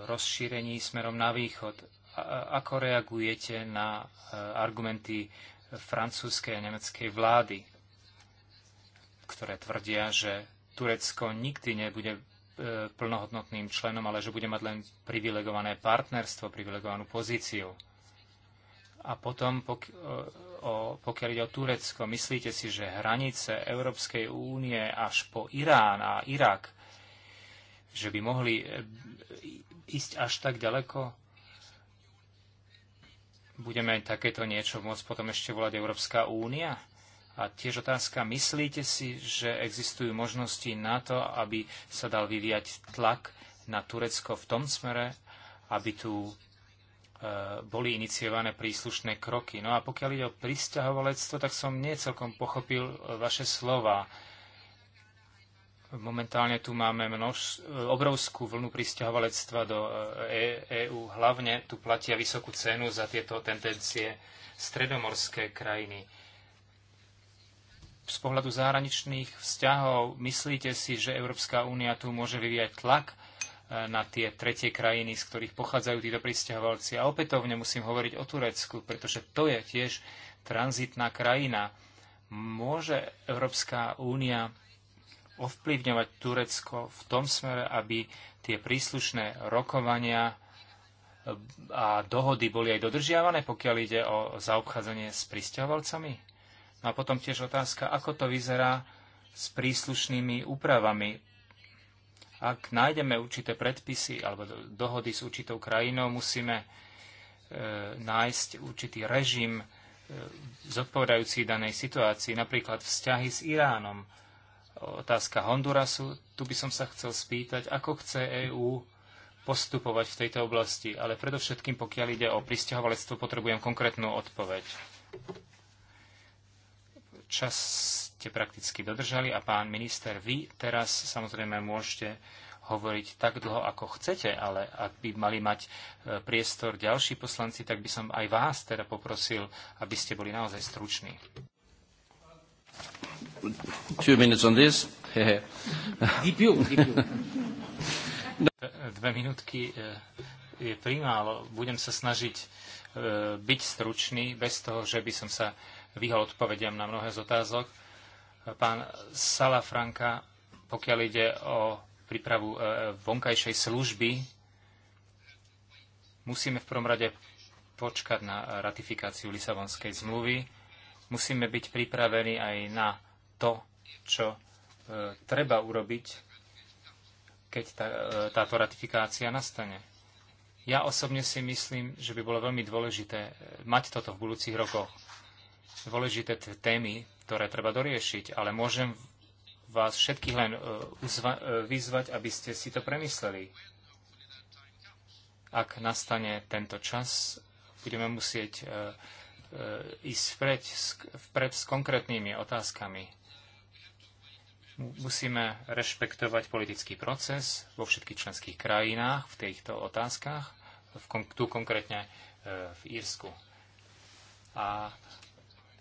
rozšírení smerom na východ. A ako reagujete na e, argumenty francúzskej a nemeckej vlády, ktoré tvrdia, že Turecko nikdy nebude e, plnohodnotným členom, ale že bude mať len privilegované partnerstvo, privilegovanú pozíciu. A potom, pok- e, o, pokiaľ ide o Turecko, myslíte si, že hranice Európskej únie až po Irán a Irak, že by mohli e, ísť až tak ďaleko? Budeme takéto niečo môcť potom ešte volať Európska únia? A tiež otázka, myslíte si, že existujú možnosti na to, aby sa dal vyvíjať tlak na Turecko v tom smere, aby tu E, boli iniciované príslušné kroky. No a pokiaľ ide o pristahovalectvo, tak som nie celkom pochopil e, vaše slova. Momentálne tu máme množ, e, obrovskú vlnu pristahovalectva do EÚ. Hlavne tu platia vysokú cenu za tieto tendencie stredomorské krajiny. Z pohľadu zahraničných vzťahov myslíte si, že Európska únia tu môže vyvíjať tlak na tie tretie krajiny, z ktorých pochádzajú títo pristahovalci. A opätovne musím hovoriť o Turecku, pretože to je tiež tranzitná krajina. Môže Európska únia ovplyvňovať Turecko v tom smere, aby tie príslušné rokovania a dohody boli aj dodržiavané, pokiaľ ide o zaobchádzanie s pristahovalcami? No a potom tiež otázka, ako to vyzerá s príslušnými úpravami ak nájdeme určité predpisy alebo dohody s určitou krajinou, musíme e, nájsť určitý režim e, zodpovedajúci danej situácii, napríklad vzťahy s Iránom. Otázka Hondurasu, tu by som sa chcel spýtať, ako chce EÚ postupovať v tejto oblasti, ale predovšetkým, pokiaľ ide o pristahovalectvo, potrebujem konkrétnu odpoveď. Čas ste prakticky dodržali a pán minister, vy teraz samozrejme môžete hovoriť tak dlho, ako chcete, ale ak by mali mať e, priestor ďalší poslanci, tak by som aj vás teda poprosil, aby ste boli naozaj struční. Two minutes on this. Dve minútky e, je primálo. Budem sa snažiť e, byť stručný, bez toho, že by som sa vyhol odpovediam na mnohé z otázok pán Salafranka, pokiaľ ide o prípravu e, vonkajšej služby, musíme v prvom rade počkať na ratifikáciu Lisabonskej zmluvy. Musíme byť pripravení aj na to, čo e, treba urobiť, keď tá, e, táto ratifikácia nastane. Ja osobne si myslím, že by bolo veľmi dôležité mať toto v budúcich rokoch. Dôležité témy ktoré treba doriešiť, ale môžem vás všetkých len e, e, vyzvať, aby ste si to premysleli. Ak nastane tento čas, budeme musieť e, ísť vpred, vpred s konkrétnymi otázkami. Musíme rešpektovať politický proces vo všetkých členských krajinách v týchto otázkach, v, tu konkrétne v Írsku. A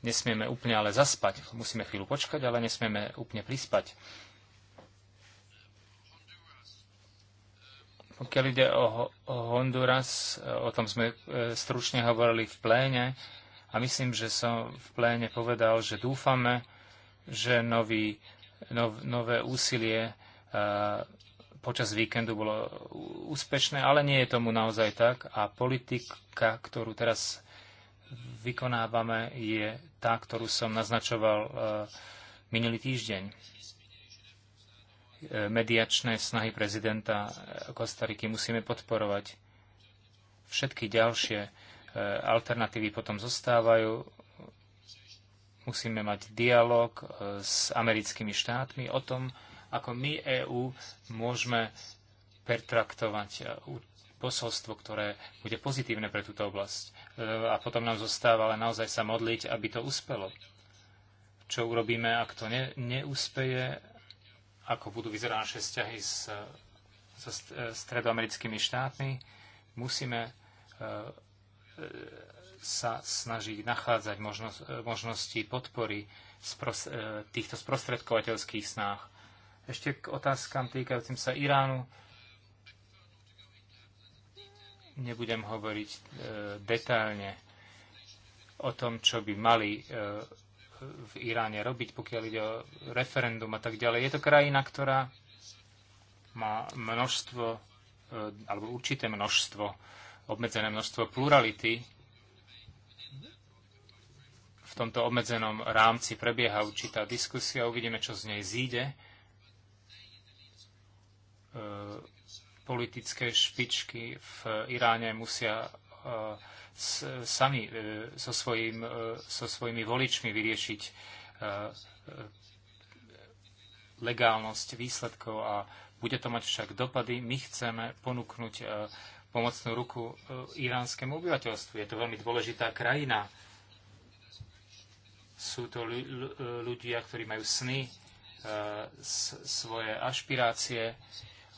Nesmieme úplne ale zaspať. Musíme chvíľu počkať, ale nesmieme úplne prispať. Pokiaľ ide o, Honduras, o tom sme e, stručne hovorili v pléne a myslím, že som v pléne povedal, že dúfame, že nový, nov, nové úsilie e, počas víkendu bolo úspešné, ale nie je tomu naozaj tak a politika, ktorú teraz vykonávame, je tá, ktorú som naznačoval e, minulý týždeň. E, mediačné snahy prezidenta Kostariky musíme podporovať. Všetky ďalšie e, alternatívy potom zostávajú. Musíme mať dialog s americkými štátmi o tom, ako my EÚ môžeme pertraktovať posolstvo, ktoré bude pozitívne pre túto oblasť. E, a potom nám zostáva ale naozaj sa modliť, aby to uspelo. Čo urobíme, ak to ne, neúspeje, ako budú vyzerať naše vzťahy s, e, so e, stredoamerickými štátmi, musíme sa snažiť nachádzať možnosť, možnosti podpory spros, týchto sprostredkovateľských snách. Ešte k otázkam týkajúcim sa Iránu. Nebudem hovoriť e, detailne detálne o tom, čo by mali e, v Iráne robiť, pokiaľ ide o referendum a tak ďalej. Je to krajina, ktorá má množstvo, e, alebo určité množstvo, obmedzené množstvo plurality. V tomto obmedzenom rámci prebieha určitá diskusia, uvidíme, čo z nej zíde politické špičky v Iráne musia e, sami e, so, svojim, e, so svojimi voličmi vyriešiť legálnosť výsledkov a bude to mať však dopady. My chceme ponúknuť pomocnú ruku iránskemu obyvateľstvu. Je to veľmi dôležitá krajina. Sú to ľudia, ktorí majú sny, svoje ašpirácie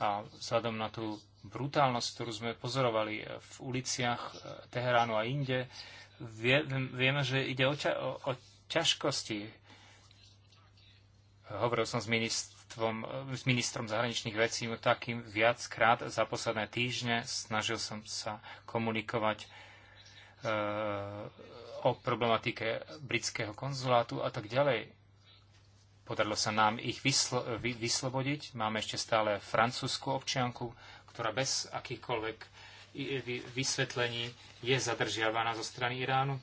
a vzhľadom na tú brutálnosť, ktorú sme pozorovali eh, v uliciach eh, Teheránu a inde, vie, vieme, že ide o, ťa, o, o ťažkosti. Hovoril som s ministrom, eh, s ministrom zahraničných vecí takým viackrát za posledné týždne. Snažil som sa komunikovať e, o problematike britského konzulátu a tak ďalej. Podarilo sa nám ich vyslo- vy- vyslobodiť. Máme ešte stále francúzsku občianku, ktorá bez akýchkoľvek vysvetlení je zadržiavaná zo strany Iránu.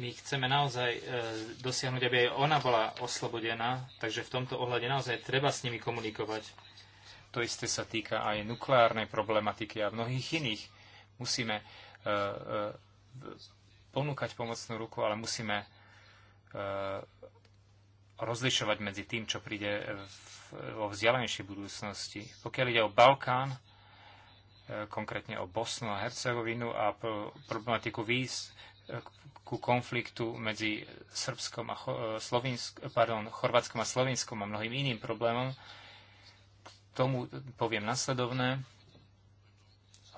My chceme naozaj e, dosiahnuť, aby aj ona bola oslobodená, takže v tomto ohľade naozaj treba s nimi komunikovať. To isté sa týka aj nukleárnej problematiky a mnohých iných. Musíme e, e, ponúkať pomocnú ruku, ale musíme rozlišovať medzi tým, čo príde vo vzdialenejšej budúcnosti. Pokiaľ ide o Balkán, e, konkrétne o Bosnu a Hercegovinu a problematiku víz e, ku konfliktu medzi Srbskom a e, Slovinsk, pardon, Chorvátskom a Slovinskom a mnohým iným problémom, k tomu poviem nasledovné.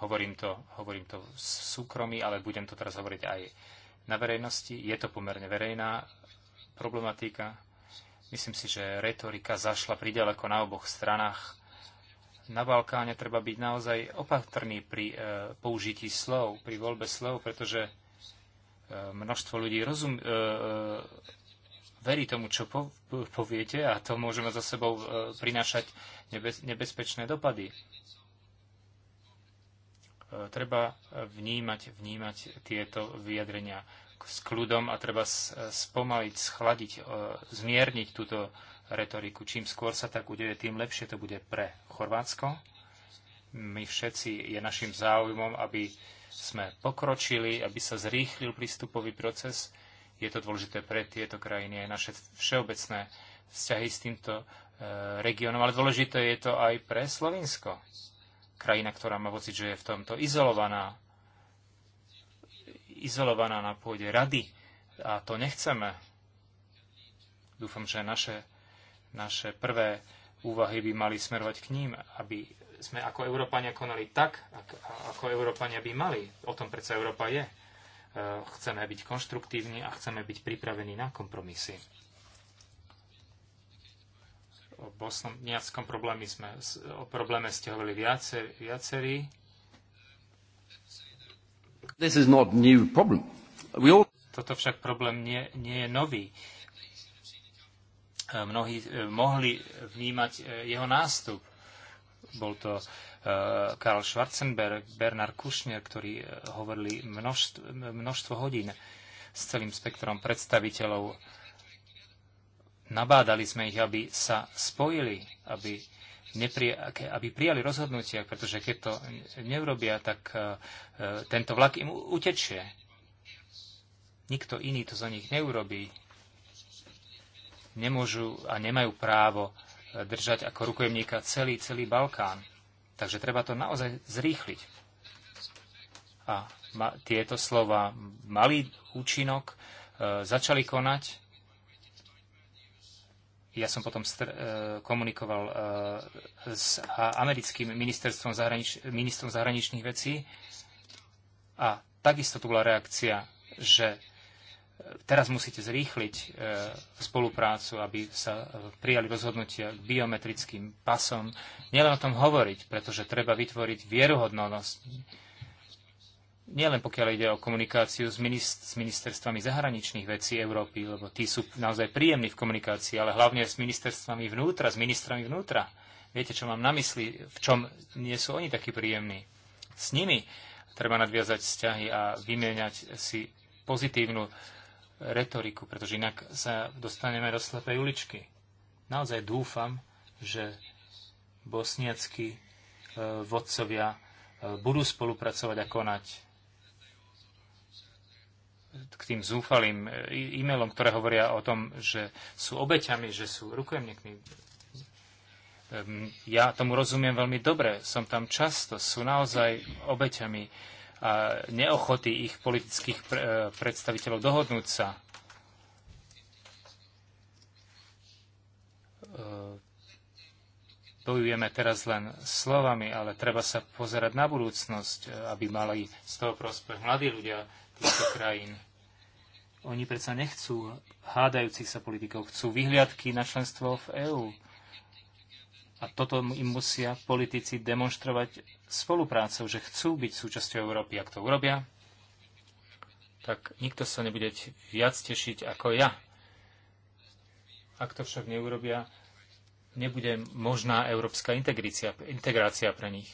Hovorím to, hovorím to v súkromí, ale budem to teraz hovoriť aj na verejnosti. Je to pomerne verejná problematika. Myslím si, že retorika zašla prideleko na oboch stranách. Na Balkáne treba byť naozaj opatrný pri e, použití slov, pri voľbe slov, pretože e, množstvo ľudí rozum, e, e verí tomu, čo po, poviete a to môžeme za sebou e, prinášať nebe, nebezpečné dopady. E, treba vnímať, vnímať tieto vyjadrenia s kľudom a treba e, spomaliť, schladiť, e, zmierniť túto retoriku. Čím skôr sa tak udeje, tým lepšie to bude pre Chorvátsko. My všetci je našim záujmom, aby sme pokročili, aby sa zrýchlil prístupový proces. Je to dôležité pre tieto krajiny aj naše všeobecné vzťahy s týmto e, regiónom, ale dôležité je to aj pre Slovinsko. Krajina, ktorá má pocit, že je v tomto izolovaná, izolovaná na pôde rady a to nechceme. Dúfam, že naše, naše prvé úvahy by mali smerovať k ním, aby sme ako Európania konali tak, ako Európania by mali. O tom predsa Európa je. E, chceme byť konštruktívni a chceme byť pripravení na kompromisy o bosnom probléme, sme, o probléme ste hovorili viacerí. viacerí all... Toto však problém nie, nie je nový. E, mnohí e, mohli vnímať e, jeho nástup. Bol to Karl Schwarzenberg, Bernard Kushner, ktorí hovorili množstvo, množstvo hodín s celým spektrom predstaviteľov. Nabádali sme ich, aby sa spojili, aby aby prijali rozhodnutia, pretože keď to neurobia, tak e, tento vlak im utečie. Nikto iný to za nich neurobí. Nemôžu a nemajú právo e, držať ako rukojemníka celý, celý Balkán. Takže treba to naozaj zrýchliť. A tieto slova mali účinok, e, začali konať ja som potom e, komunikoval e, s americkým ministerstvom, zahranič- ministrom zahraničných vecí a takisto tu bola reakcia, že e, teraz musíte zrýchliť spoluprácu, aby sa prijali rozhodnutia k biometrickým pasom. Nielen o tom hovoriť, pretože treba vytvoriť vieruhodnosť nielen pokiaľ ide o komunikáciu s, minist- s ministerstvami zahraničných vecí Európy, lebo tí sú naozaj príjemní v komunikácii, ale hlavne s ministerstvami vnútra, s ministrami vnútra. Viete, čo mám na mysli, v čom nie sú oni takí príjemní. S nimi treba nadviazať vzťahy a vymieňať si pozitívnu retoriku, pretože inak sa dostaneme do slepej uličky. Naozaj dúfam, že bosniacky e, vodcovia e, budú spolupracovať a konať k tým zúfalým e, e-mailom, ktoré hovoria o tom, že sú obeťami, že sú rukojemníkmi. Ja tomu rozumiem veľmi dobre, som tam často, sú naozaj obeťami a neochoty ich politických e, predstaviteľov dohodnúť sa. E, bojujeme teraz len slovami, ale treba sa pozerať na budúcnosť, aby mali z toho prospech mladí ľudia, týchto krajín. Oni predsa nechcú hádajúcich sa politikov, chcú vyhliadky na členstvo v EÚ. A toto im musia politici demonstrovať spoluprácou, že chcú byť súčasťou Európy. Ak to urobia, tak nikto sa nebude viac tešiť ako ja. Ak to však neurobia, nebude možná európska integrácia, pre nich.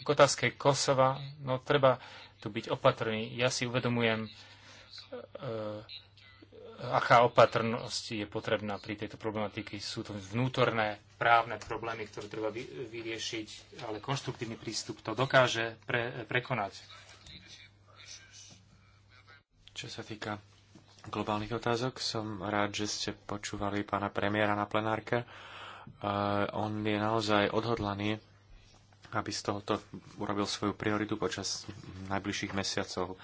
K otázke Kosova, no treba tu byť opatrný. Ja si uvedomujem, eh, aká opatrnosť je potrebná pri tejto problematiky. Sú to vnútorné právne problémy, ktoré treba vyriešiť, ale konštruktívny prístup to dokáže pre, prekonať. Čo sa týka globálnych otázok, som rád, že ste počúvali pána premiéra na plenárke. Eh, on je naozaj odhodlaný aby z tohoto urobil svoju prioritu počas najbližších mesiacov.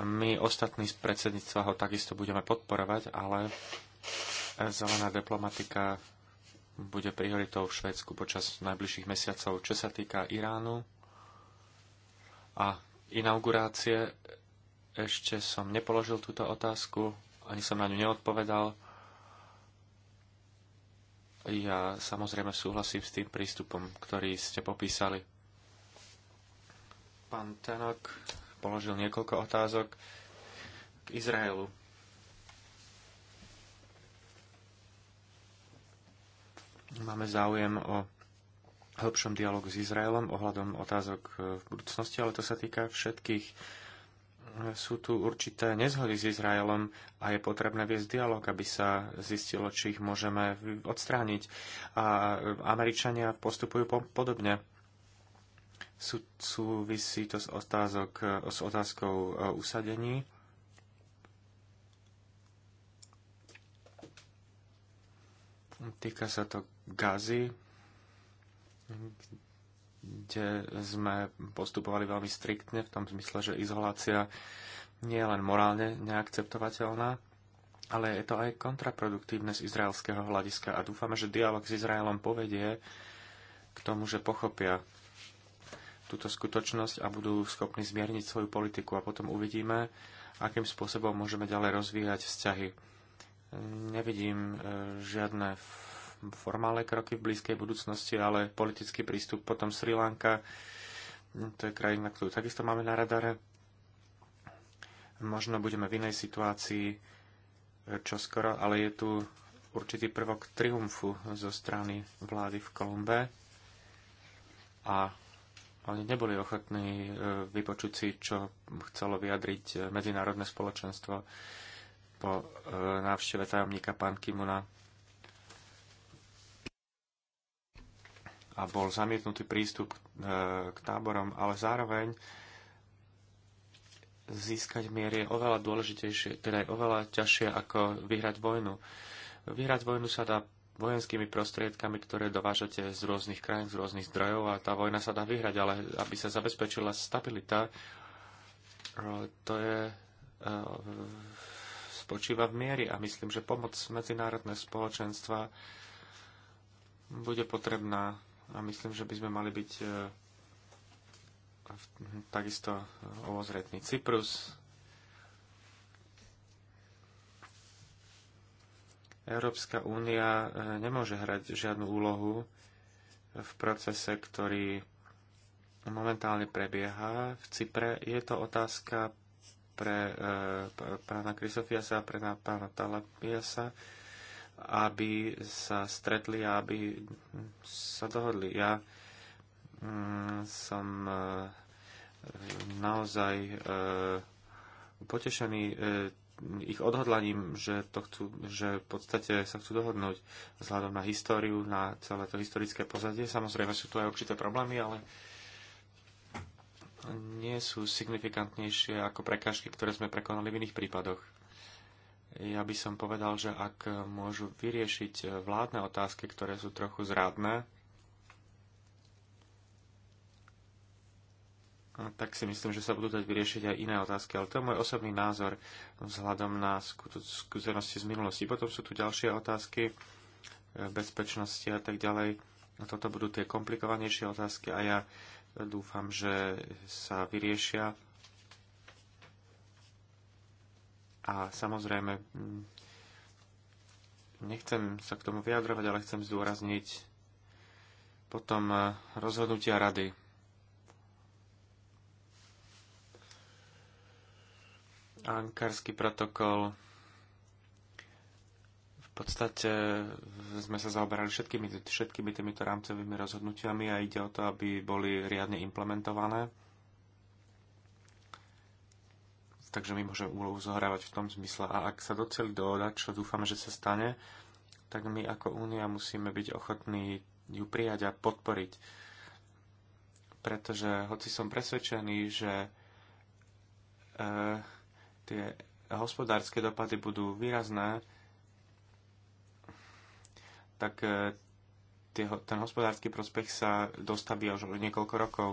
My ostatní z predsedníctva ho takisto budeme podporovať, ale zelená diplomatika bude prioritou v Švédsku počas najbližších mesiacov. Čo sa týka Iránu a inaugurácie, ešte som nepoložil túto otázku, ani som na ňu neodpovedal. Ja samozrejme súhlasím s tým prístupom, ktorý ste popísali. Pán Tenok položil niekoľko otázok k Izraelu. Máme záujem o hĺbšom dialogu s Izraelom ohľadom otázok eh, v budúcnosti, ale to sa týka všetkých sú tu určité nezhody s Izraelom a je potrebné viesť dialog, aby sa zistilo, či ich môžeme odstrániť. A Američania postupujú po- podobne. Sú, súvisí to s, otázok, s otázkou e, usadení. Týka sa to Gazy, kde sme postupovali veľmi striktne v tom zmysle, že izolácia nie je len morálne neakceptovateľná, ale je to aj kontraproduktívne z izraelského hľadiska a dúfame, že dialog s Izraelom povedie k tomu, že pochopia túto skutočnosť a budú schopní zmierniť svoju politiku a potom uvidíme, akým spôsobom môžeme ďalej rozvíjať vzťahy. Nevidím e, žiadne formálne kroky v blízkej budúcnosti, ale politický prístup. Potom Sri Lanka, to je krajina, ktorú takisto máme na radare. Možno budeme v inej situácii e, čoskoro, ale je tu určitý prvok triumfu zo strany vlády v Kolumbe a oni neboli ochotní e, vypočuť si, čo chcelo vyjadriť e, medzinárodné spoločenstvo po návšteve tajomníka pán Kimuna a bol zamietnutý prístup e, k táborom, ale zároveň získať mier je oveľa dôležitejšie, teda je oveľa ťažšie ako vyhrať vojnu. Vyhrať vojnu sa dá vojenskými prostriedkami, ktoré dovážate z rôznych krajín, z rôznych zdrojov a tá vojna sa dá vyhrať, ale aby sa zabezpečila stabilita, e, to je e, spočíva v miery a myslím, že pomoc medzinárodného spoločenstva bude potrebná a myslím, že by sme mali byť e, takisto e, obozretný Cyprus. Európska únia e, nemôže hrať žiadnu úlohu v procese, ktorý momentálne prebieha v Cypre. Je to otázka pre pána Krysofiasa a pre pána Talapiasa. E, aby sa stretli a aby sa dohodli. Ja mm, som e, naozaj e, potešený e, ich odhodlaním, že, to chcú, že v podstate sa chcú dohodnúť vzhľadom na históriu, na celé to historické pozadie. Samozrejme sú tu aj určité problémy, ale nie sú signifikantnejšie ako prekážky, ktoré sme prekonali v iných prípadoch. Ja by som povedal, že ak môžu vyriešiť vládne otázky, ktoré sú trochu zrádne, tak si myslím, že sa budú dať vyriešiť aj iné otázky. Ale to je môj osobný názor vzhľadom na skúsenosti z minulosti. Potom sú tu ďalšie otázky e, bezpečnosti a tak ďalej. A toto budú tie komplikovanejšie otázky a ja dúfam, že sa vyriešia A samozrejme, mm, nechcem sa k tomu vyjadrovať, ale chcem zdôrazniť potom eh, rozhodnutia rady. Ankarský protokol. V podstate eh, sme sa zaoberali všetkými, všetkými týmito rámcovými rozhodnutiami a ide o to, aby boli riadne implementované takže my môžeme úlohu zohrávať v tom zmysle. A ak sa doceli dohoda, čo dúfam, že sa stane, tak my ako únia musíme byť ochotní ju prijať a podporiť. Pretože hoci som presvedčený, že e, tie hospodárske dopady budú výrazné, tak e, tie, ten hospodársky prospech sa dostaví až o niekoľko rokov.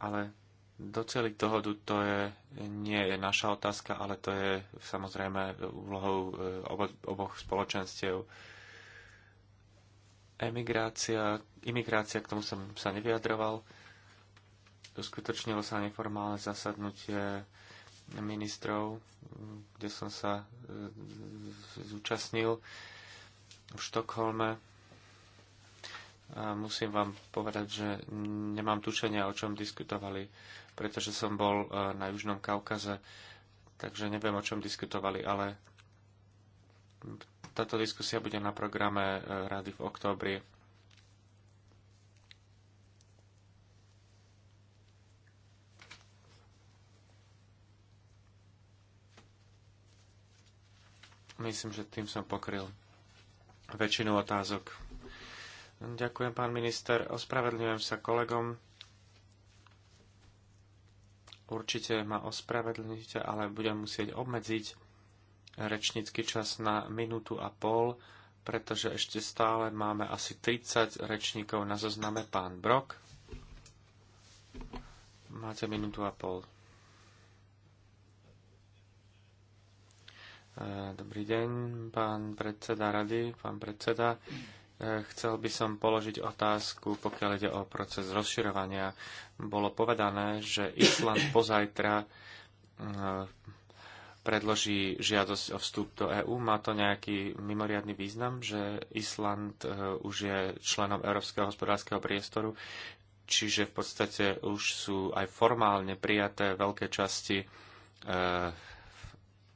Ale Doceliť dohodu to je, nie je naša otázka, ale to je samozrejme úlohou e, obo, oboch spoločenstiev. Emigrácia, imigrácia, k tomu som sa nevyjadroval. Uskutočnilo sa neformálne zasadnutie ministrov, kde som sa e, zúčastnil v Štokholme. A musím vám povedať, že nemám tušenia, o čom diskutovali pretože som bol e, na Južnom Kaukaze, takže neviem, o čom diskutovali, ale táto diskusia bude na programe e, Rady v októbri. Myslím, že tým som pokryl väčšinu otázok. Ďakujem, pán minister. Ospravedlňujem sa kolegom. Určite ma ospravedlnite, ale budem musieť obmedziť rečnícky čas na minútu a pol, pretože ešte stále máme asi 30 rečníkov na zozname. Pán Brok, máte minútu a pol. Eh, dobrý deň, pán predseda rady, pán predseda. Eh, chcel by som položiť otázku, pokiaľ ide o proces rozširovania. Bolo povedané, že Island pozajtra eh, predloží žiadosť o vstup do EÚ. Má to nejaký mimoriadný význam, že Island eh, už je členom Európskeho hospodárskeho priestoru, čiže v podstate už sú aj formálne prijaté veľké časti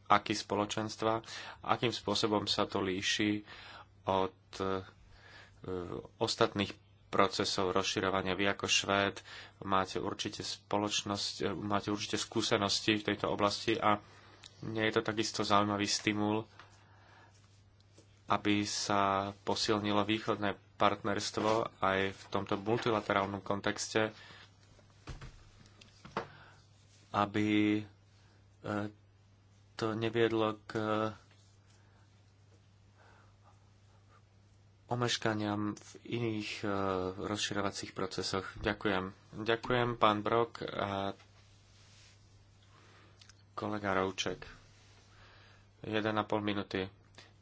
aký spoločenstva, akým spôsobom sa to líši od ostatných procesov rozširovania. Vy ako Švéd máte určite spoločnosť, e, máte určite skúsenosti v tejto oblasti a nie je to takisto zaujímavý stimul, aby sa posilnilo východné partnerstvo aj v tomto multilaterálnom kontexte, aby e, to neviedlo k omeškaniam v iných e, rozširovacích procesoch. Ďakujem. Ďakujem, pán Brok a kolega Rouček. 1,5 minúty.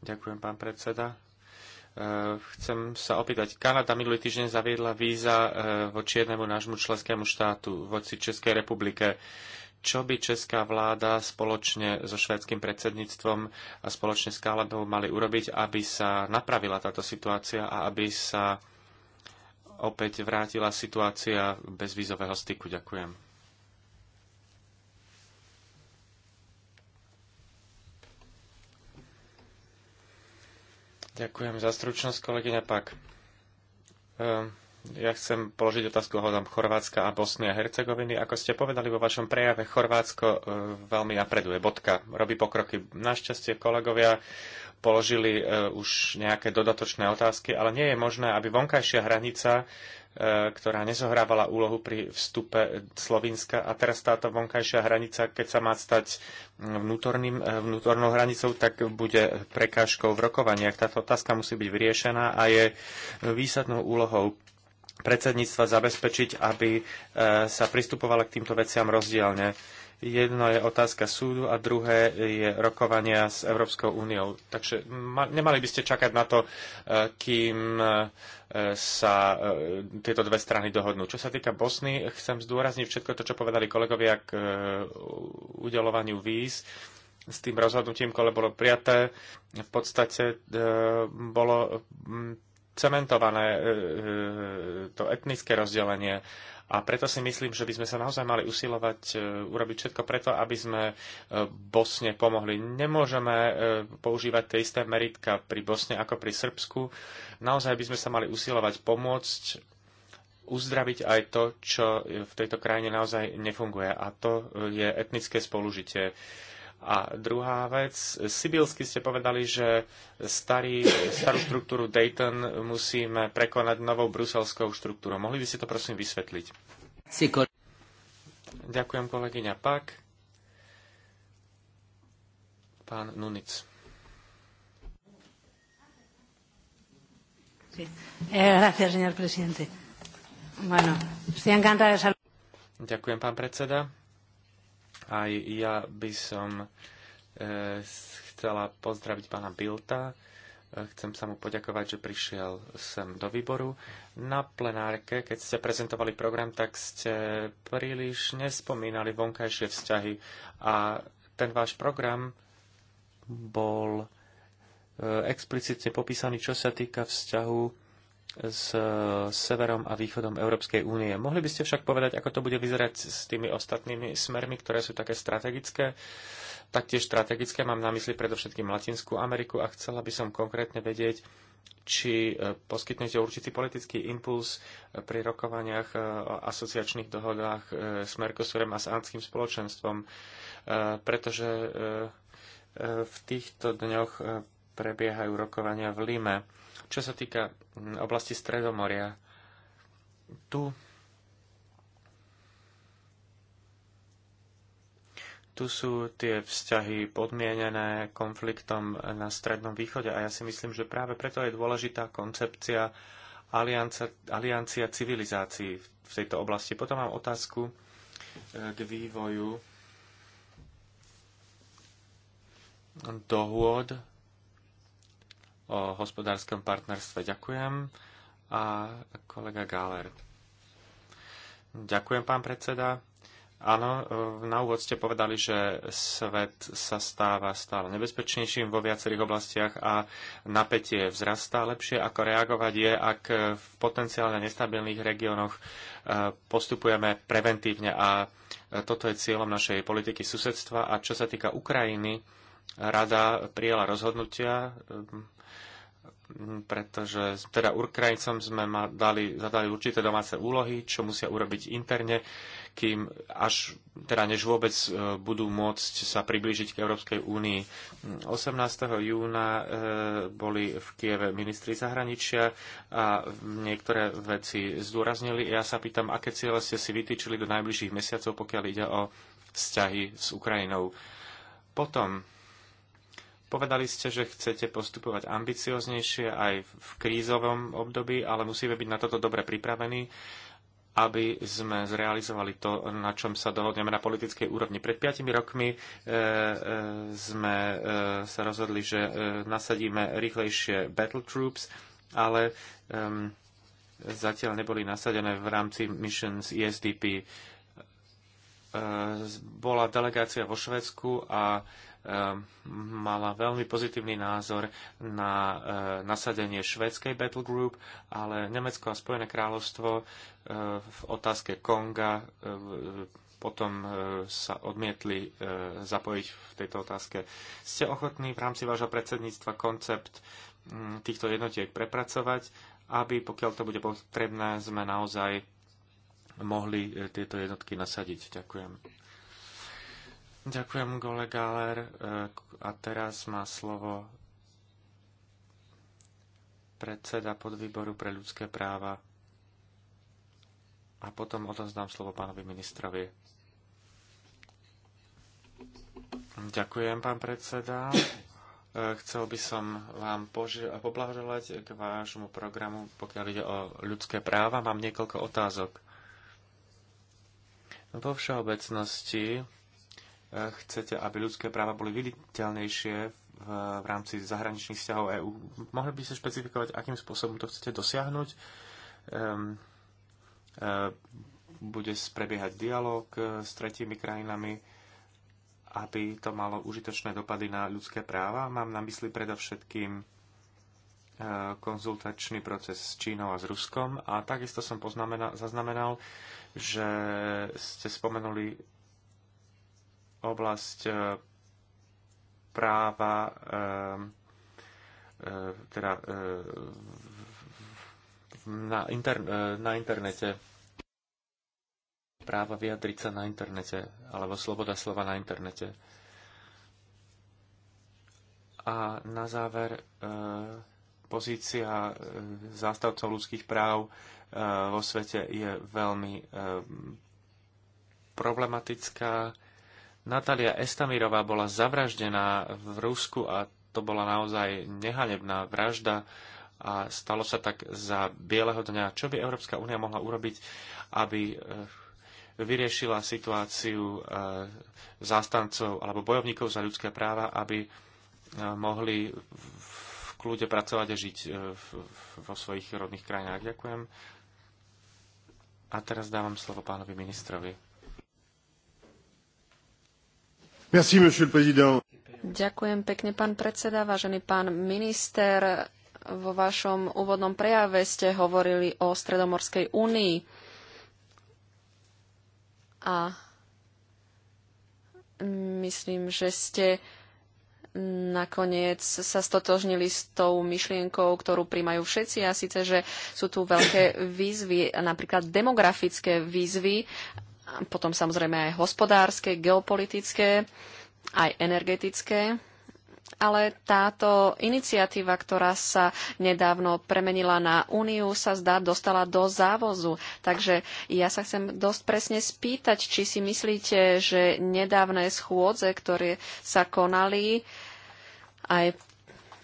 Ďakujem, pán predseda. E, chcem sa opýtať. Kanada minulý týždeň zaviedla víza e, voči jednému nášmu členskému štátu, voči Českej republike čo by česká vláda spoločne so švédským predsedníctvom a spoločne s Káladou mali urobiť, aby sa napravila táto situácia a aby sa opäť vrátila situácia bezvízového styku. Ďakujem. Ďakujem za stručnosť, kolegyňa Pak. Um. Ja chcem položiť otázku ohľadom Chorvátska a Bosny a Hercegoviny. Ako ste povedali vo vašom prejave, Chorvátsko e, veľmi napreduje. Bodka robí pokroky. Našťastie kolegovia položili e, už nejaké dodatočné otázky, ale nie je možné, aby vonkajšia hranica, e, ktorá nezohrávala úlohu pri vstupe Slovinska a teraz táto vonkajšia hranica, keď sa má stať mm, vnútorným, vnútornou hranicou, tak bude prekážkou v rokovaniach. Táto otázka musí byť vyriešená a je výsadnou úlohou predsedníctva zabezpečiť, aby e, sa pristupovalo k týmto veciam rozdielne. Jedno je otázka súdu a druhé je rokovania s Európskou úniou. Takže nemali by ste čakať na to, e, kým e, sa tieto dve strany dohodnú. Čo sa týka Bosny, chcem zdôrazniť všetko to, čo povedali kolegovia k udelovaniu víz s tým rozhodnutím, ktoré bolo prijaté. V podstate bolo cementované e, e, to etnické rozdelenie. A preto si myslím, že by sme sa naozaj mali usilovať e, urobiť všetko preto, aby sme Bosne pomohli. Nemôžeme používať tie isté meritka pri Bosne ako pri Srbsku. Naozaj by sme sa mali usilovať pomôcť uzdraviť aj to, čo v tejto krajine naozaj nefunguje. A to je etnické spolužitie. A druhá vec, sibilsky ste povedali, že starý, starú štruktúru Dayton musíme prekonať novou bruselskou štruktúrou. Mohli by ste to prosím vysvetliť? Ďakujem kolegyňa Pak. Pán Nunic. Eh, Ďakujem, pán predseda. Aj ja by som e, chcela pozdraviť pána Bilta. E, chcem sa mu poďakovať, že prišiel sem do výboru. Na plenárke, keď ste prezentovali program, tak ste príliš nespomínali vonkajšie vzťahy a ten váš program bol e, explicitne popísaný, čo sa týka vzťahu s e, severom a východom Európskej únie. Mohli by ste však povedať, ako to bude vyzerať s tými ostatnými smermi, ktoré sú také strategické? Taktiež strategické mám na mysli predovšetkým Latinskú Ameriku a chcela by som konkrétne vedieť, či e, poskytnete určitý politický impuls e, pri rokovaniach o asociačných dohodách s Mercosurem a s Andským spoločenstvom, pretože v týchto dňoch prebiehajú rokovania v Lime. Čo sa týka mm, oblasti Stredomoria, tu tu sú tie vzťahy podmienené konfliktom na Strednom východe a ja si myslím, že práve preto je dôležitá koncepcia aliancia, aliancia civilizácií v tejto oblasti. Potom mám otázku e, k vývoju dohôd o hospodárskom partnerstve. Ďakujem. A kolega Gáler. Ďakujem, pán predseda. Áno, e, na úvod ste povedali, že svet sa stáva stále nebezpečnejším vo viacerých oblastiach a napätie vzrastá lepšie, ako reagovať je, ak v potenciálne nestabilných regiónoch e, postupujeme preventívne a e, toto je cieľom našej politiky susedstva. A čo sa týka Ukrajiny, rada prijala rozhodnutia Mhm, pretože teda Ukrajincom sme ma dali, zadali určité domáce úlohy, čo musia urobiť interne, kým až, teda než vôbec e, budú môcť sa priblížiť k Európskej únii. 18. júna e, boli v Kieve ministri zahraničia a niektoré veci zdôraznili. Ja sa pýtam, aké ciele ste si vytýčili do najbližších mesiacov, pokiaľ ide o vzťahy s Ukrajinou. Potom Povedali ste, že chcete postupovať ambicioznejšie aj v krízovom období, ale musíme byť na toto dobre pripravení, aby sme zrealizovali to, na čom sa dohodneme na politickej úrovni. Pred piatimi rokmi e, e, sme e, sa rozhodli, že e, nasadíme rýchlejšie battle troops, ale e, zatiaľ neboli nasadené v rámci missions ESDP. E, e bola delegácia vo Švedsku a e, Ehm, mala veľmi pozitívny názor na eh, nasadenie švedskej Battle Group, ale Nemecko a Spojené kráľovstvo eh, v otázke Konga eh, potom sa odmietli zapojiť v tejto otázke. Ste ochotní v rámci vášho predsedníctva koncept hm, týchto jednotiek prepracovať, aby pokiaľ to bude potrebné, sme naozaj mohli tieto jednotky nasadiť. Ďakujem. Ďakujem, Gole Galer. E, a teraz má slovo predseda podvýboru pre ľudské práva. A potom odozdám slovo pánovi ministrovi. Ďakujem, pán predseda. E, chcel by som vám poblahoželať k vášmu programu, pokiaľ ide o ľudské práva. Mám niekoľko otázok. Vo všeobecnosti chcete, aby ľudské práva boli viditeľnejšie v, v rámci zahraničných vzťahov EÚ. Mohli by ste špecifikovať, akým spôsobom to chcete dosiahnuť? Um, um, bude prebiehať dialog eh, s tretími krajinami, aby to malo užitočné dopady na ľudské práva. Mám na mysli predovšetkým eh, konzultačný proces s Čínou a s Ruskom a takisto som poznamenal, zaznamenal, že ste spomenuli oblasť e, práva, e, e, teda na, inter, na internete, práva vyjadriť sa na internete, alebo sloboda slova na internete. A na záver pozícia zástavcov ľudských práv vo svete je veľmi problematická Natália Estamirová bola zavraždená v Rusku a to bola naozaj nehanebná vražda a stalo sa tak za bieleho dňa. Čo by Európska únia mohla urobiť, aby eh, vyriešila situáciu eh, zástancov alebo bojovníkov za ľudské práva, aby eh, mohli v kľude pracovať a žiť vo svojich rodných krajinách. Ďakujem. A teraz dávam slovo pánovi ministrovi. Ďakujem pekne, pán predseda, vážený pán minister. Vo vašom úvodnom prejave ste hovorili o Stredomorskej únii. A myslím, že ste nakoniec sa stotožnili s tou myšlienkou, ktorú prijímajú všetci a síce, že sú tu veľké výzvy, napríklad demografické výzvy potom samozrejme aj hospodárske, geopolitické, aj energetické. Ale táto iniciatíva, ktorá sa nedávno premenila na Úniu, sa zdá dostala do závozu. Takže ja sa chcem dosť presne spýtať, či si myslíte, že nedávne schôdze, ktoré sa konali, aj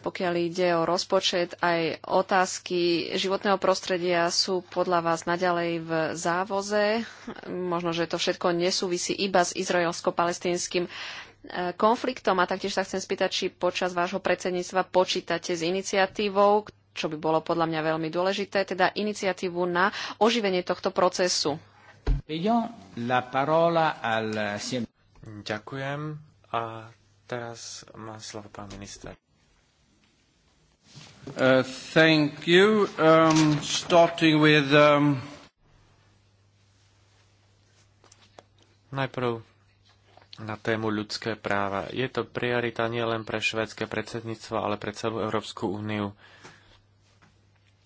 pokiaľ ide o rozpočet, aj otázky životného prostredia sú podľa vás naďalej v závoze. Možno, že to všetko nesúvisí iba s izraelsko-palestinským e, konfliktom a taktiež sa chcem spýtať, či počas vášho predsedníctva počítate s iniciatívou, čo by bolo podľa mňa veľmi dôležité, teda iniciatívu na oživenie tohto procesu. Ďakujem. A teraz má slovo pán minister. Uh, thank you. Um, starting with... Um, Najprv na tému ľudské práva. Je to priorita nielen pre švédske predsedníctvo, ale pre celú Európsku úniu.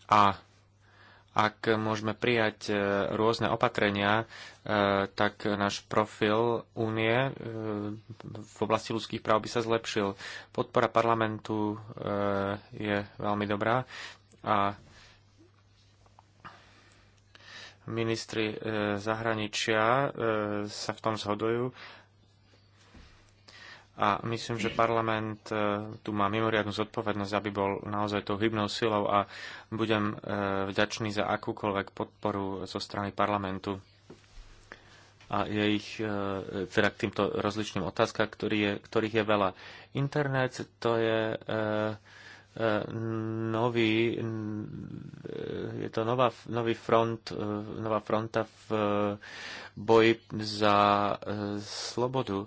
A ak môžeme prijať e, rôzne opatrenia, e, tak náš profil únie e, v oblasti ľudských práv by sa zlepšil. Podpora parlamentu je veľmi dobrá a ministri zahraničia sa v tom zhodujú a myslím, že parlament e, tu má mimoriadnu zodpovednosť, aby bol naozaj tou hybnou silou a budem e, vďačný za akúkoľvek podporu zo strany parlamentu a je ich e, teda k týmto rozličným otázkam, ktorý je, ktorých je veľa. Internet to je nový, je to nová, nový front, nová fronta v boji za slobodu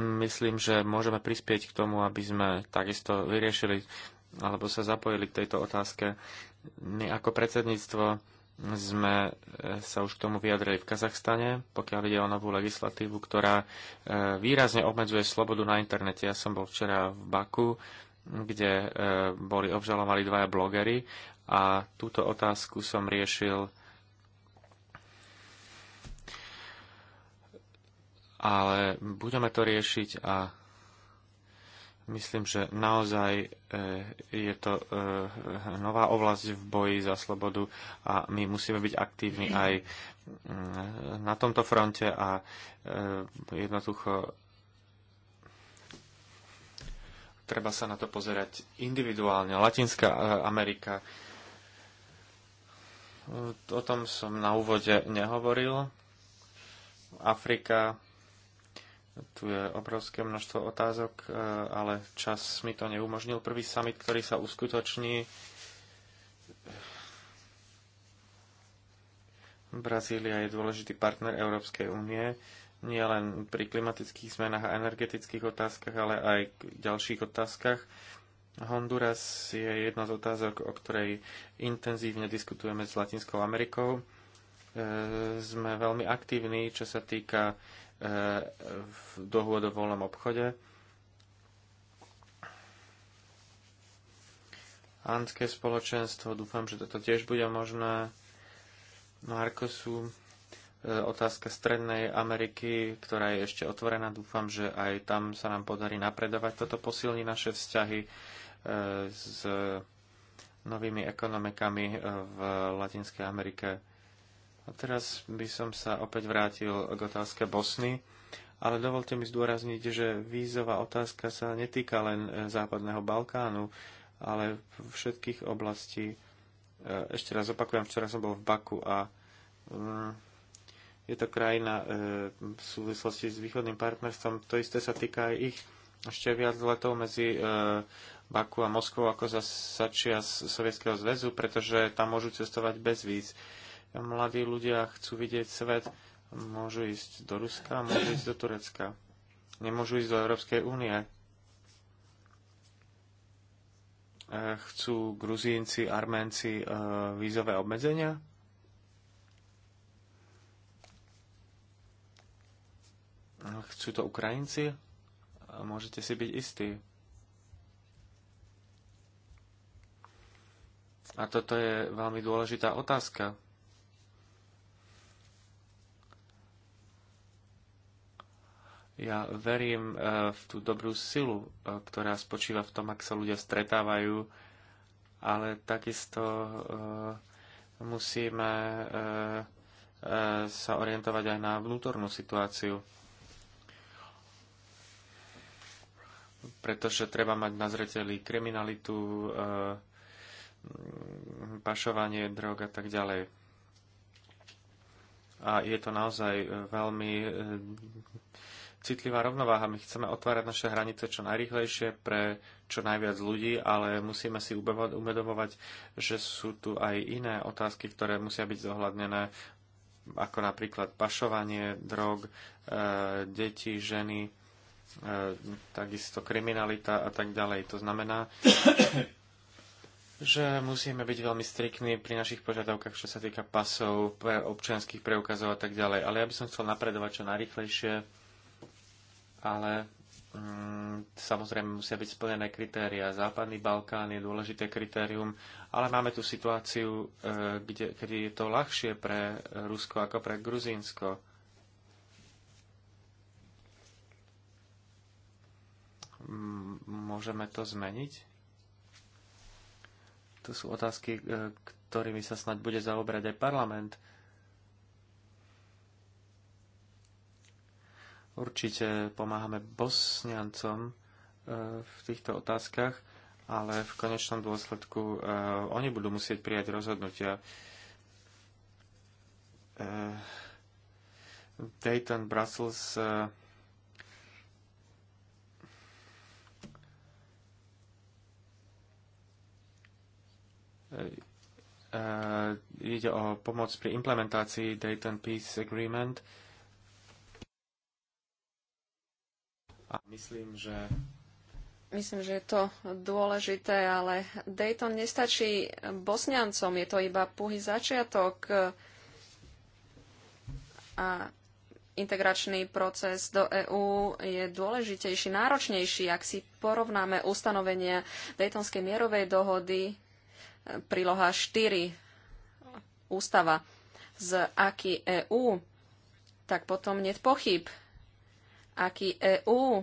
myslím, že môžeme prispieť k tomu, aby sme takisto vyriešili alebo sa zapojili k tejto otázke. My ako predsedníctvo sme e, sa už k tomu vyjadrili v Kazachstane, pokiaľ ide o novú legislatívu, ktorá e, výrazne obmedzuje slobodu na internete. Ja som bol včera v Baku, kde e, boli obžalovaní dvaja blogery a túto otázku som riešil ale budeme to riešiť a myslím, že naozaj e, je to e, nová oblasť v boji za slobodu a my musíme byť aktívni aj mm, na tomto fronte a e, jednoducho treba sa na to pozerať individuálne. Latinská Amerika, o tom som na úvode nehovoril. Afrika, tu je obrovské množstvo otázok, e, ale čas mi to neumožnil. Prvý summit, ktorý sa uskutoční Brazília je dôležitý partner Európskej únie, nielen pri klimatických zmenách a energetických otázkach, ale aj k ďalších otázkach. Honduras je jedna z otázok, o ktorej intenzívne diskutujeme s Latinskou Amerikou. E, sme veľmi aktívni, čo sa týka Eh, v dohôd o voľnom obchode. Andské spoločenstvo, dúfam, že toto tiež bude možné. Markosu, eh, otázka Strednej Ameriky, ktorá je ešte otvorená. Dúfam, že aj tam sa nám podarí napredovať. Toto posilní naše vzťahy eh, s novými ekonomikami v Latinskej Amerike a teraz by som sa opäť vrátil k otázke Bosny, ale dovolte mi zdôrazniť, že vízová otázka sa netýka len e, Západného Balkánu, ale všetkých oblastí. E, ešte raz opakujem, včera som bol v Baku a mm, je to krajina e, v súvislosti s východným partnerstvom. To isté sa týka aj ich. Ešte viac letov medzi Baku a Moskvou ako za sačia z Sovietskeho zväzu, pretože tam môžu cestovať bez víz mladí ľudia chcú vidieť svet, môžu ísť do Ruska, môžu ísť do Turecka. Nemôžu ísť do Európskej únie. E, chcú Gruzínci, Arménci e, vízové obmedzenia? Chcú to Ukrajinci? E, môžete si byť istí. A toto je veľmi dôležitá otázka. Ja verím e, v tú dobrú silu, e, ktorá spočíva v tom, ak sa ľudia stretávajú, ale takisto e, musíme sa orientovať aj na vnútornú situáciu. Pretože treba mať na zreteli kriminalitu, pašovanie drog a tak ďalej. A je to naozaj veľmi citlivá rovnováha. My chceme otvárať naše hranice čo najrychlejšie pre čo najviac ľudí, ale musíme si uvedomovať, že sú tu aj iné otázky, ktoré musia byť zohľadnené, ako napríklad pašovanie drog, e, deti, ženy, e, takisto kriminalita a tak ďalej. To znamená, že musíme byť veľmi striktní pri našich požiadavkách, čo sa týka pasov, občianských preukazov a tak ďalej. Ale ja by som chcel napredovať čo najrychlejšie ale mm, samozrejme musia byť splnené kritéria. Západný Balkán je dôležité kritérium, ale máme tu situáciu, e, kde, kedy je to ľahšie pre Rusko ako pre Gruzínsko. Môžeme to zmeniť? To sú otázky, e, ktorými sa snad bude zaobrať aj parlament. Určite pomáhame Bosniancom e, v týchto otázkach, ale v konečnom dôsledku e, oni budú musieť prijať rozhodnutia. E, Dayton, Brussels, ide o pomoc pri implementácii Dayton Peace Agreement A myslím, že... Myslím, že je to dôležité, ale Dayton nestačí bosňancom, je to iba puhý začiatok a integračný proces do EÚ je dôležitejší, náročnejší, ak si porovnáme ustanovenia Daytonskej mierovej dohody príloha 4 ústava z AKI EÚ, tak potom nie pochyb, aký EÚ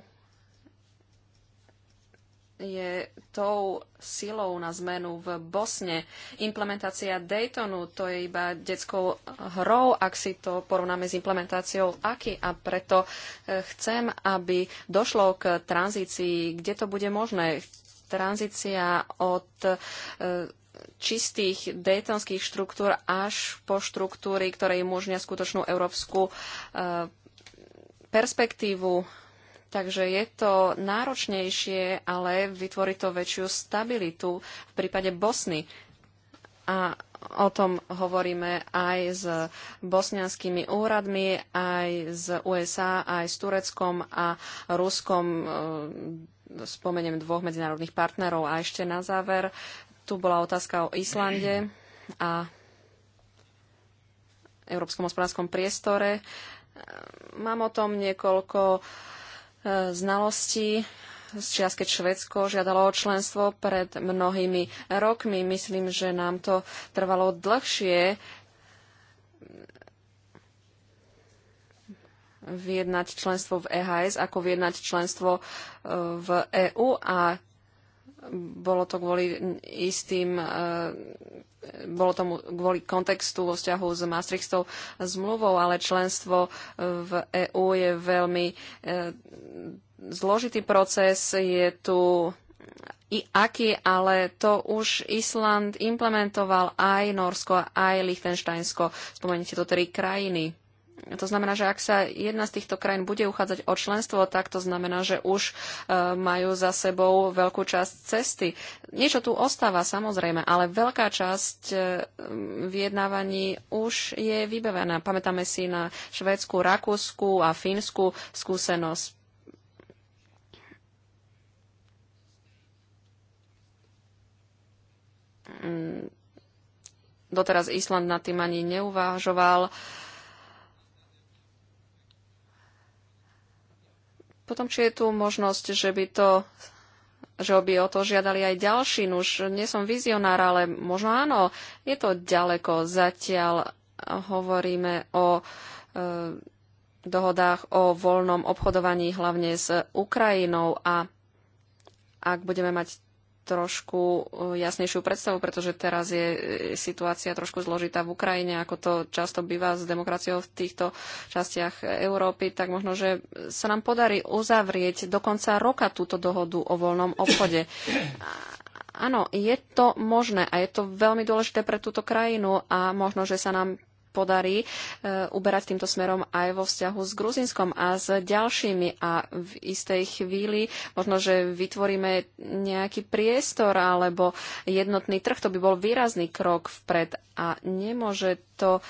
je tou silou na zmenu v Bosne. Implementácia Daytonu to je iba detskou hrou, ak si to porovnáme s implementáciou AKI a preto e, chcem, aby došlo k tranzícii, kde to bude možné. Tranzícia od e, čistých daytonských štruktúr až po štruktúry, ktoré im skutočnú európsku e, perspektívu. Takže je to náročnejšie, ale vytvorí to väčšiu stabilitu v prípade Bosny. A o tom hovoríme aj s bosnianskými úradmi, aj z USA, aj s Tureckom a Ruskom. E, spomeniem dvoch medzinárodných partnerov. A ešte na záver, tu bola otázka o Islande a Európskom hospodárskom priestore. Mám o tom niekoľko e, znalostí z čias, keď Švedsko žiadalo o členstvo pred mnohými rokmi. Myslím, že nám to trvalo dlhšie vyjednať členstvo v EHS, ako vyjednať členstvo e, v EÚ a bolo to kvôli istým e, bolo tomu kvôli kontextu vo vzťahu s Maastrichtou zmluvou, ale členstvo v EÚ je veľmi e, zložitý proces. Je tu i aký, ale to už Island implementoval aj Norsko, aj Liechtensteinsko. Spomenite to tri krajiny. To znamená, že ak sa jedna z týchto krajín bude uchádzať o členstvo, tak to znamená, že už e, majú za sebou veľkú časť cesty. Niečo tu ostáva samozrejme, ale veľká časť e, vyjednávaní už je vybavená. Pamätáme si na švédsku, rakúsku a fínsku skúsenosť. Mm. Doteraz Island nad tým ani neuvážoval. Uh, Potom, či je tu možnosť, že by to že by o to žiadali aj ďalší. Už nie som vizionár, ale možno áno, je to ďaleko. Zatiaľ hovoríme o e, dohodách o voľnom obchodovaní hlavne s Ukrajinou a ak budeme mať trošku eh, jasnejšiu predstavu, pretože teraz je eh, situácia trošku zložitá v Ukrajine, ako to často býva s demokraciou v týchto častiach eh, Európy, tak možno, že sa nám podarí uzavrieť do konca roka túto dohodu o voľnom obchode. Áno, je to možné a je to veľmi dôležité pre túto krajinu a možno, že sa nám podarí e, uberať týmto smerom aj vo vzťahu s Gruzinskom a s ďalšími. A v istej chvíli možno, že vytvoríme nejaký priestor alebo jednotný trh. To by bol výrazný krok vpred a nemôže to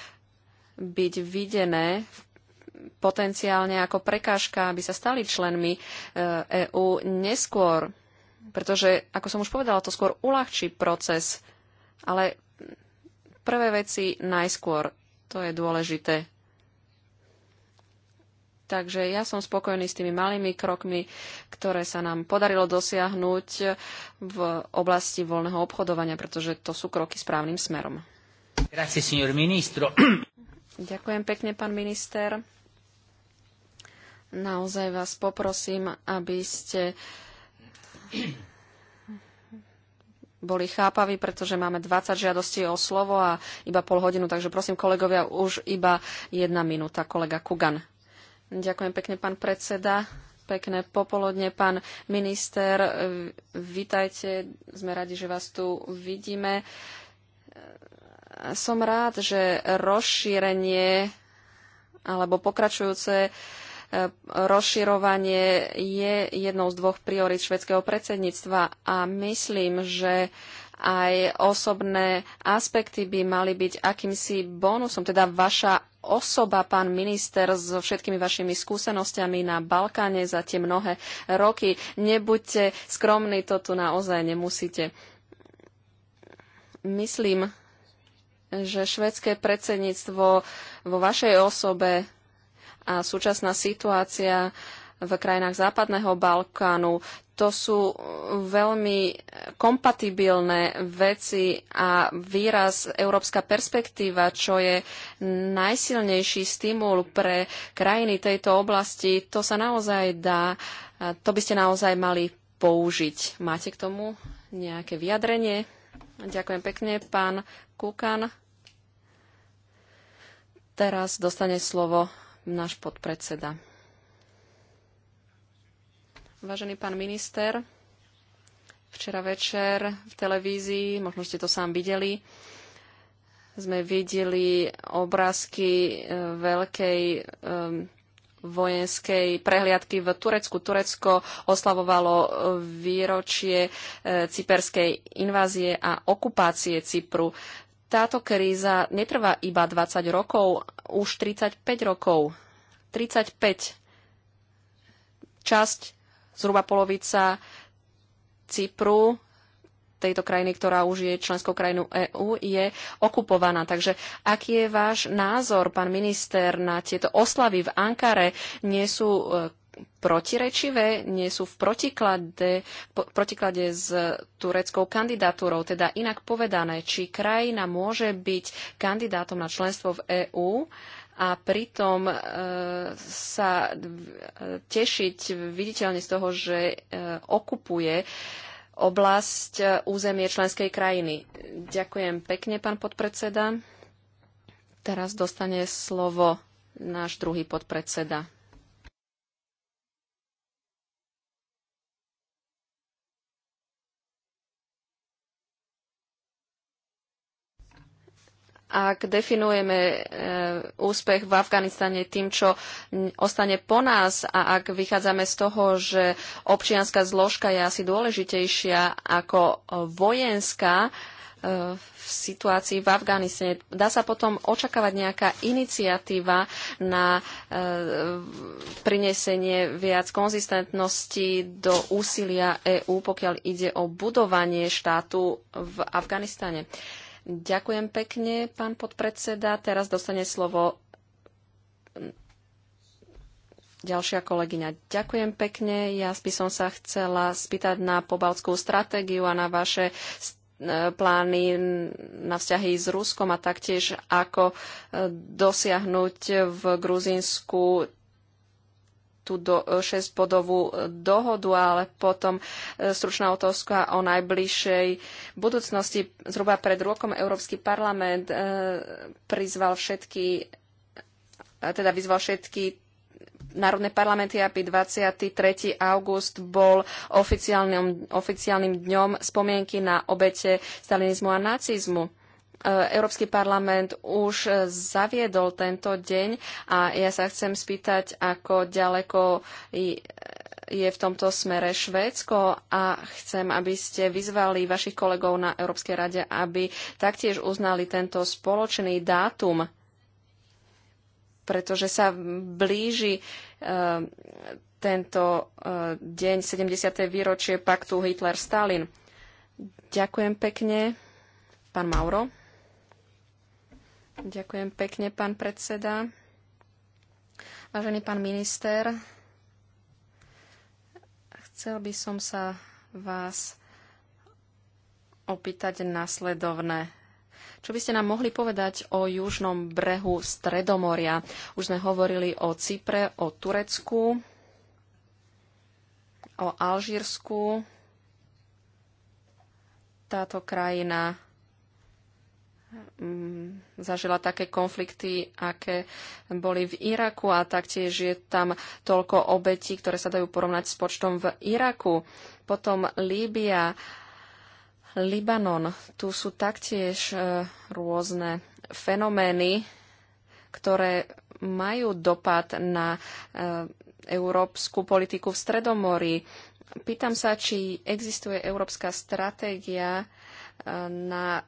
byť videné potenciálne ako prekážka, aby sa stali členmi EÚ e neskôr. Pretože, ako som už povedala, to skôr uľahčí proces. Ale prvé veci najskôr. To je dôležité. Takže ja som spokojný s tými malými krokmi, ktoré sa nám podarilo dosiahnuť v oblasti voľného obchodovania, pretože to sú kroky správnym smerom. Grazie, signor ministro. Ďakujem pekne, pán minister. Naozaj vás poprosím, aby ste boli chápaví, pretože máme 20 žiadostí o slovo a iba pol hodinu, takže prosím kolegovia, už iba jedna minúta, kolega Kugan. Ďakujem pekne, pán predseda. Pekné popoludne, pán minister. Vítajte, sme radi, že vás tu vidíme. Som rád, že rozšírenie alebo pokračujúce rozširovanie je jednou z dvoch priorit švedského predsedníctva a myslím, že aj osobné aspekty by mali byť akýmsi bónusom, teda vaša osoba, pán minister, so všetkými vašimi skúsenostiami na Balkáne za tie mnohé roky. Nebuďte skromní, to tu naozaj nemusíte. Myslím, že švedské predsedníctvo vo vašej osobe a súčasná situácia v krajinách západného Balkánu. To sú veľmi kompatibilné veci a výraz európska perspektíva, čo je najsilnejší stimul pre krajiny tejto oblasti, to sa naozaj dá, to by ste naozaj mali použiť. Máte k tomu nejaké vyjadrenie? Ďakujem pekne, pán Kukan. Teraz dostane slovo náš podpredseda. Vážený pán minister, včera večer v televízii, možno ste to sám videli, sme videli obrázky e, veľkej vojenskej prehliadky v Turecku. Turecko oslavovalo e, výročie e, cyperskej invázie a okupácie Cypru. Táto kríza netrvá iba 20 rokov, už 35 rokov. 35. Časť, zhruba polovica Cypru, tejto krajiny, ktorá už je členskou krajinou EÚ, je okupovaná. Takže aký je váš názor, pán minister, na tieto oslavy v Ankare? Nie sú e, protirečivé, nie sú v protiklade, po, protiklade s tureckou kandidatúrou. Teda inak povedané, či krajina môže byť kandidátom na členstvo v EÚ a pritom e, sa e, tešiť viditeľne z toho, že e, okupuje oblasť e, územie členskej krajiny. Ďakujem pekne, pán podpredseda. Teraz dostane slovo náš druhý podpredseda. ak definujeme e, úspech v Afganistane tým, čo ostane po nás a ak vychádzame z toho, že občianská zložka je asi dôležitejšia ako e, vojenská e, v situácii v Afganistane. Dá sa potom očakávať nejaká iniciatíva na prinesenie viac konzistentnosti do úsilia EÚ, pokiaľ ide o budovanie štátu v Afganistane. Ďakujem pekne, pán podpredseda. Teraz dostane slovo mm, ďalšia kolegyňa. Ďakujem pekne. Ja by som sa chcela spýtať na pobaltskú stratégiu a na vaše e, plány na vzťahy s Ruskom a taktiež ako e, dosiahnuť v Gruzínsku tú do, 6-bodovú e, e, dohodu, ale potom e, stručná otázka o najbližšej budúcnosti. Zhruba pred rokom Európsky parlament prizval všetky, teda vyzval všetky národné parlamenty, aby 23. august bol oficiálnym, oficiálnym dňom spomienky na obete stalinizmu a nacizmu E, Európsky parlament už e, zaviedol tento deň a ja sa chcem spýtať, ako ďaleko e, je v tomto smere Švédsko a chcem, aby ste vyzvali vašich kolegov na Európskej rade, aby taktiež uznali tento spoločný dátum, pretože sa blíži tento deň 70. výročie paktu Hitler-Stalin. Ďakujem pekne, pán Mauro. Ďakujem pekne, pán predseda. Vážený pán minister, chcel by som sa vás opýtať nasledovné. Čo by ste nám mohli povedať o južnom brehu Stredomoria? Už sme hovorili o Cypre, o Turecku, o Alžírsku. Táto krajina Mm, zažila také konflikty, aké boli v Iraku a taktiež je tam toľko obetí, ktoré sa dajú porovnať s počtom v Iraku. Potom Líbia, Libanon. Tu sú taktiež e, rôzne fenomény, ktoré majú dopad na e, európsku politiku v Stredomorí. Pýtam sa, či existuje európska stratégia e, na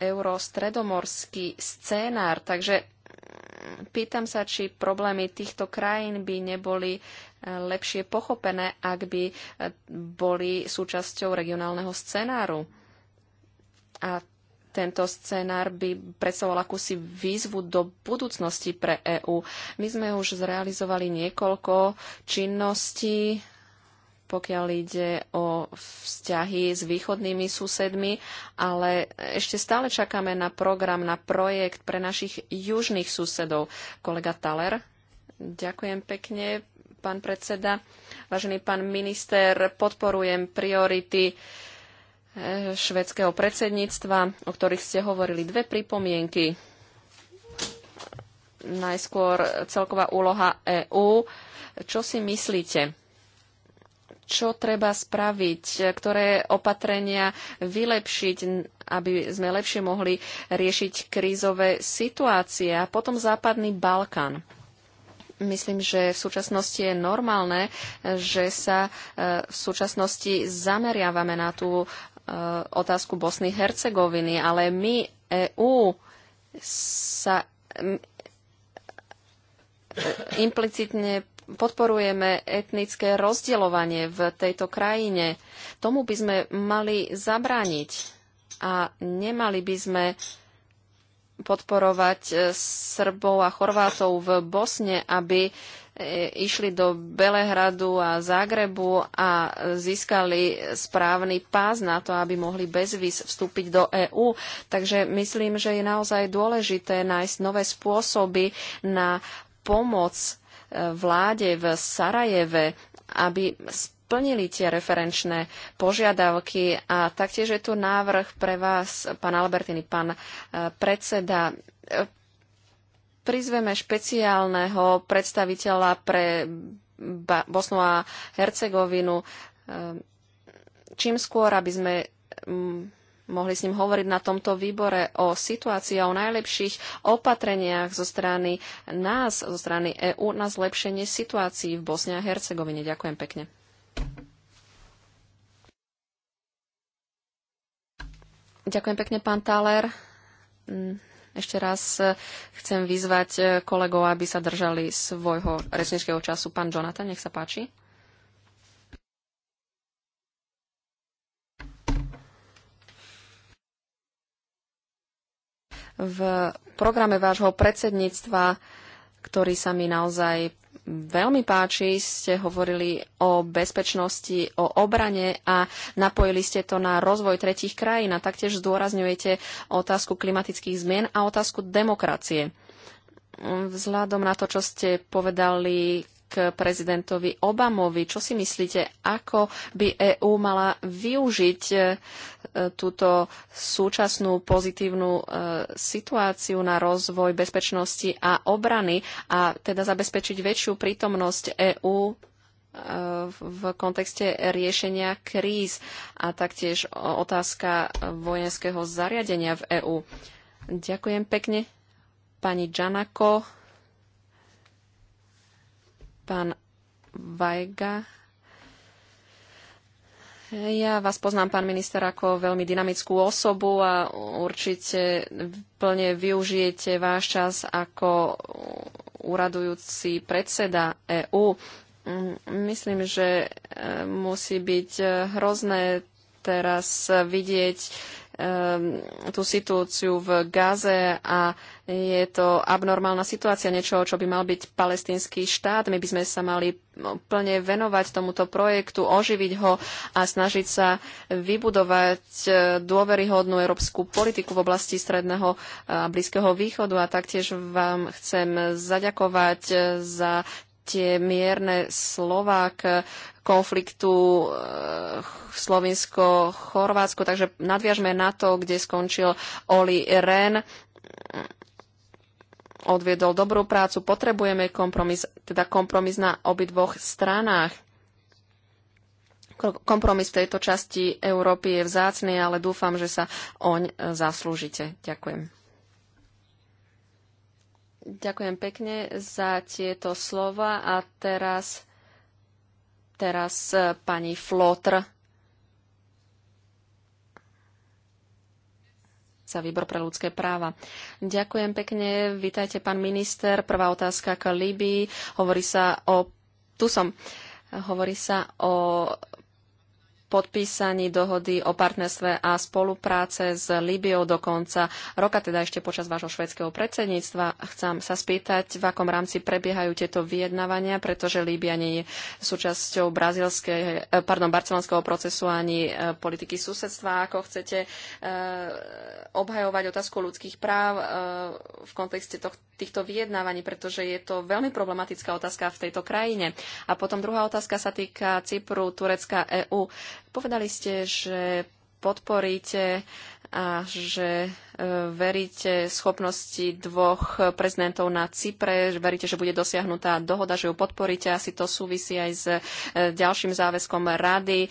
eurostredomorský scénár. Takže pýtam sa, či problémy týchto krajín by neboli e, lepšie pochopené, ak by e, boli súčasťou regionálneho scénáru A tento scénár by predstavoval akúsi výzvu do budúcnosti pre EÚ. My sme už zrealizovali niekoľko činností pokiaľ ide o vzťahy s východnými susedmi, ale ešte stále čakáme na program, na projekt pre našich južných susedov. Kolega Taler, ďakujem pekne, pán predseda. Vážený pán minister, podporujem priority eh, švedského predsedníctva, o ktorých ste hovorili dve pripomienky. Najskôr celková úloha EÚ. Čo si myslíte? čo treba spraviť, ktoré opatrenia vylepšiť, aby sme lepšie mohli riešiť krízové situácie a potom Západný Balkán. Myslím, že v súčasnosti je normálne, že sa e, v súčasnosti zameriavame na tú e, otázku Bosny Hercegoviny, ale my EÚ sa e, implicitne podporujeme etnické rozdielovanie v tejto krajine. Tomu by sme mali zabrániť a nemali by sme podporovať e, Srbov a Chorvátov v Bosne, aby e, išli do Belehradu a Zagrebu a získali správny pás na to, aby mohli bez víz vstúpiť do EÚ. Takže myslím, že je naozaj dôležité nájsť nové spôsoby na pomoc vláde v Sarajeve, aby splnili tie referenčné požiadavky. A taktiež je tu návrh pre vás, pán Albertini, pán e, predseda. E, prizveme špeciálneho predstaviteľa pre Bosnu a Hercegovinu, e, čím skôr, aby sme mohli s ním hovoriť na tomto výbore o situácii a o najlepších opatreniach zo strany nás, zo strany EÚ na zlepšenie situácií v Bosne a Hercegovine. Ďakujem pekne. Ďakujem pekne, pán Thaler. Mm, ešte raz e, chcem vyzvať e, kolegov, aby sa držali svojho rečničkého času. Pán Jonathan, nech sa páči. v programe vášho predsedníctva, ktorý sa mi naozaj veľmi páči. Ste hovorili o bezpečnosti, o obrane a napojili ste to na rozvoj tretích krajín a taktiež zdôrazňujete otázku klimatických zmien a otázku demokracie. Vzhľadom na to, čo ste povedali k prezidentovi Obamovi. Čo si myslíte, ako by EÚ mala využiť e, túto súčasnú pozitívnu e, situáciu na rozvoj bezpečnosti a obrany a teda zabezpečiť väčšiu prítomnosť EÚ e, v kontexte riešenia kríz a taktiež otázka vojenského zariadenia v EÚ. Ďakujem pekne. Pani Džanako Pán Vajga. Ja vás poznám, pán minister, ako veľmi dynamickú osobu a určite plne využijete váš čas ako uradujúci predseda EÚ. Myslím, že e, musí byť e, hrozné teraz vidieť Ehm, tú situáciu v Gaze a je to abnormálna situácia niečo, čo by mal byť palestinský štát. My by sme sa mali plne venovať tomuto projektu, oživiť ho a snažiť sa vybudovať eh, dôveryhodnú európsku politiku v oblasti Stredného eh, a Blízkeho východu. A taktiež vám chcem zaďakovať eh, za tie mierne slova k konfliktu eh, Slovinsko-Chorvátsko. Takže nadviažme na to, kde skončil Oli Ren odviedol dobrú prácu, potrebujeme kompromis, teda kompromis na obidvoch stranách. Kompromis v tejto časti Európy je vzácný, ale dúfam, že sa oň zaslúžite. Ďakujem. Ďakujem pekne za tieto slova a teraz, teraz e, pani Flotr za výbor pre ľudské práva. Ďakujem pekne, vítajte pán minister. Prvá otázka k Libii. Hovorí sa o... Tu som. Hovorí sa o podpísaní dohody o partnerstve a spolupráce s Líbiou do konca roka, teda ešte počas vášho švedského predsedníctva. Chcem sa spýtať, v akom rámci prebiehajú tieto vyjednávania, pretože Líbia nie je súčasťou eh, pardon, barcelonského procesu ani eh, politiky susedstva. Ako chcete eh, obhajovať otázku ľudských práv v kontexte tohto týchto vyjednávaní, pretože je to veľmi problematická otázka v tejto krajine. A potom druhá otázka sa týka Cypru, Turecka, EÚ. Povedali ste, že podporíte a že e, veríte schopnosti dvoch prezidentov na Cypre, že veríte, že bude dosiahnutá dohoda, že ju podporíte. Asi to súvisí aj s e, ďalším záväzkom rady,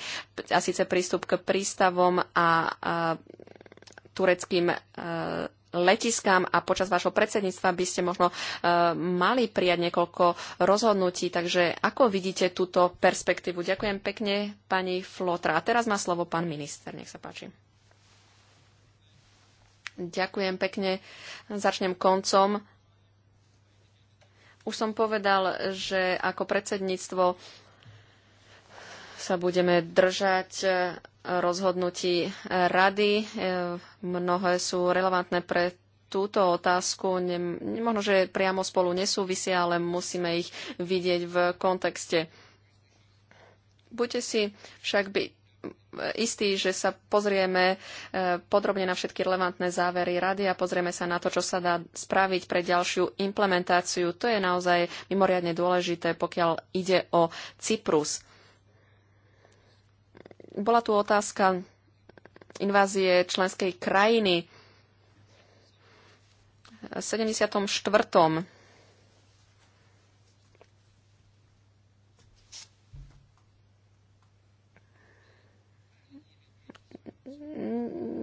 a síce prístup k prístavom a, a tureckým e, letiskám a počas vášho predsedníctva by ste možno e, mali prijať niekoľko rozhodnutí. Takže ako vidíte túto perspektívu? Ďakujem pekne, pani Flotra. A teraz má slovo pán minister. Nech sa páči. Ďakujem pekne. Začnem koncom. Už som povedal, že ako predsedníctvo sa budeme držať e, rozhodnutí rady. E, mnohé sú relevantné pre túto otázku. Možno, že priamo spolu nesúvisia, ale musíme ich vidieť v kontexte. Buďte si však by e, istý, že sa pozrieme podrobne na všetky relevantné závery rady a pozrieme sa na to, čo sa dá spraviť pre ďalšiu implementáciu. To je naozaj mimoriadne dôležité, pokiaľ ide o Cyprus. Bola tu otázka invázie členskej krajiny v 74.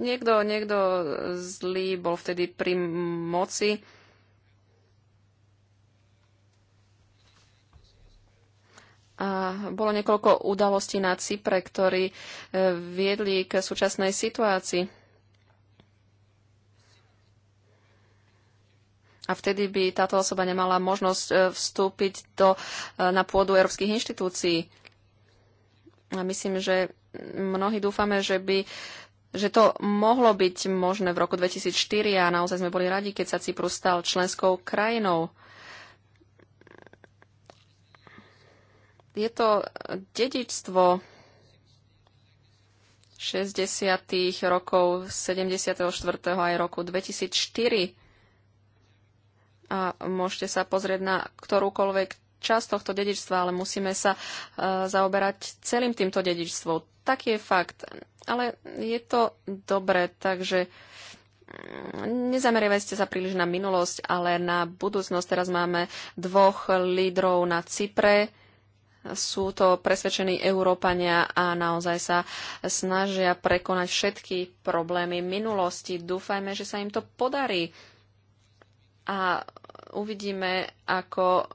Niekto, niekto zlý bol vtedy pri moci A bolo niekoľko udalostí na Cypre, ktorí e, viedli k súčasnej situácii. A vtedy by táto osoba nemala možnosť e, vstúpiť do, e, na pôdu európskych inštitúcií. A myslím, že mnohí dúfame, že by že to mohlo byť možné v roku 2004 a naozaj sme boli radi, keď sa Cyprus stal členskou krajinou. Je to eh, dedičstvo 60. rokov 74. aj roku 2004. A môžete sa pozrieť na ktorúkoľvek časť tohto dedičstva, ale musíme sa eh, zaoberať celým týmto dedičstvom. Taký je fakt. Ale je to dobré, takže mm, nezameriavajte sa príliš na minulosť, ale na budúcnosť. Teraz máme dvoch lídrov na Cypre sú to presvedčení Európania a naozaj sa snažia prekonať všetky problémy minulosti. Dúfajme, že sa im to podarí. A uvidíme, ako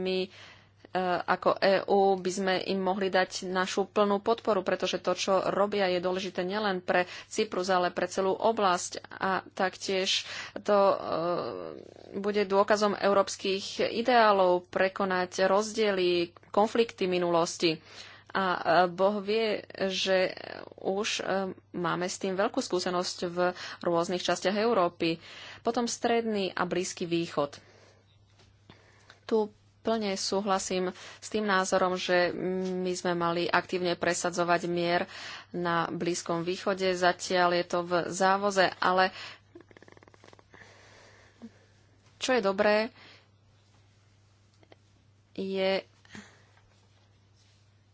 my E, ako EÚ by sme im mohli dať našu plnú podporu, pretože to, čo robia, je dôležité nielen pre Cyprus, ale pre celú oblasť. A taktiež to e, bude dôkazom európskych ideálov prekonať rozdiely, konflikty minulosti. A e, Boh vie, že už máme s tým veľkú skúsenosť v rôznych častiach Európy. Potom stredný a blízky východ. Tu plne súhlasím s tým názorom, že my sme mali aktívne presadzovať mier na Blízkom východe. Zatiaľ je to v závoze, ale čo je dobré, je,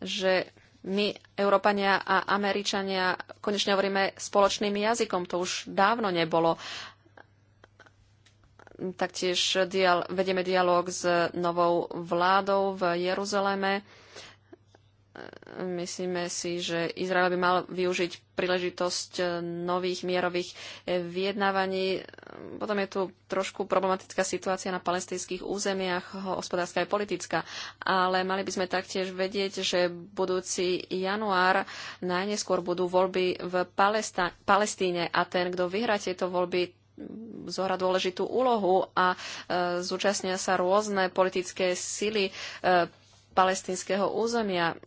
že my, Európania a Američania, konečne hovoríme spoločným jazykom. To už dávno nebolo. Taktiež dial- vedeme dialog s novou vládou v Jeruzaleme. Myslíme si, že Izrael by mal využiť príležitosť nových mierových vyjednávaní. Potom je tu trošku problematická situácia na palestinských územiach, hospodárska aj politická, ale mali by sme taktiež vedieť, že budúci január najneskôr budú voľby v Palestíne a ten, kto vyhrá tieto voľby, zohrať dôležitú úlohu a e, zúčastnia sa rôzne politické sily e, palestinského územia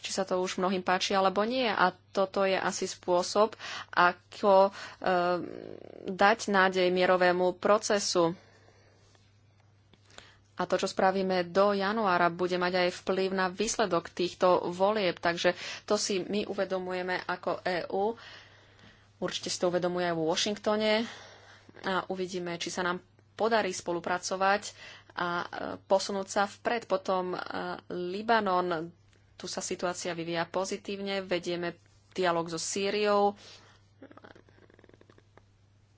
či sa to už mnohým páči alebo nie. A toto je asi spôsob, ako e, dať nádej mierovému procesu. A to, čo spravíme do januára, bude mať aj vplyv na výsledok týchto volieb. Takže to si my uvedomujeme ako EÚ. Určite si to uvedomuje aj v Washingtone a uvidíme, či sa nám podarí spolupracovať a e, posunúť sa vpred. Potom e, Libanon, tu sa situácia vyvíja pozitívne, vedieme dialog so Sýriou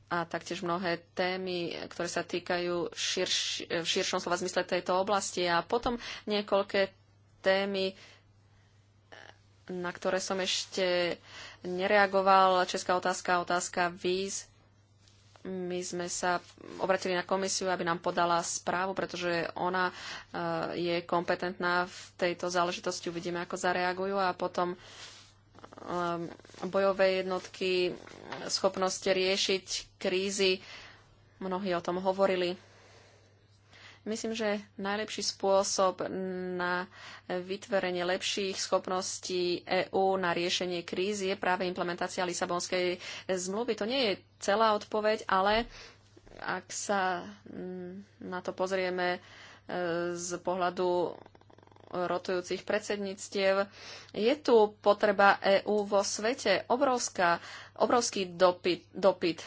a taktiež mnohé témy, ktoré sa týkajú širš, e, v širšom slova zmysle tejto oblasti a potom niekoľké témy, na ktoré som ešte nereagoval. Česká otázka, otázka víz my sme sa obratili na komisiu, aby nám podala správu, pretože ona e, je kompetentná v tejto záležitosti. Uvidíme, ako zareagujú a potom e, bojové jednotky, schopnosť riešiť krízy. Mnohí o tom hovorili. Myslím, že najlepší spôsob na vytvorenie lepších schopností EÚ na riešenie krízy je práve implementácia Lisabonskej zmluvy. To nie je celá odpoveď, ale ak sa mm, na to pozrieme e, z pohľadu rotujúcich predsedníctiev, je tu potreba EÚ vo svete obrovská, obrovský dopyt, dopyt.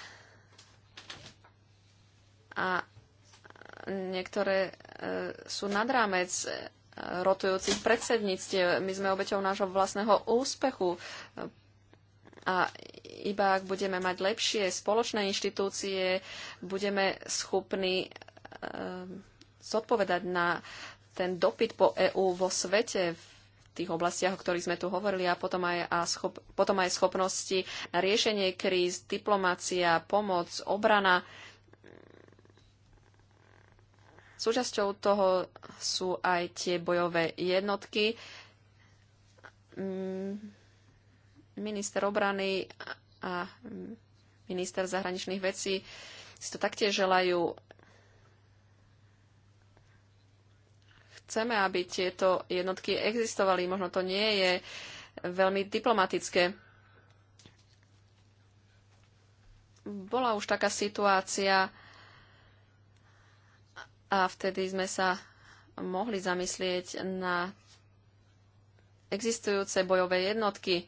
A niektoré e, sú nad rámec e, rotujúcich predsedníctiev. My sme obeťou nášho vlastného úspechu. A iba ak budeme mať lepšie spoločné inštitúcie, budeme schopní e, zodpovedať na ten dopyt po EÚ vo svete, v tých oblastiach, o ktorých sme tu hovorili, a potom aj, a schop, potom aj schopnosti na riešenie kríz, diplomácia, pomoc, obrana. Uh, Súčasťou toho sú aj tie bojové jednotky. Mm, minister obrany a minister zahraničných vecí si to taktiež želajú. Chceme, aby tieto jednotky existovali. Možno to nie je veľmi diplomatické. bola už taká situácia a vtedy sme sa mohli zamyslieť na existujúce bojové jednotky.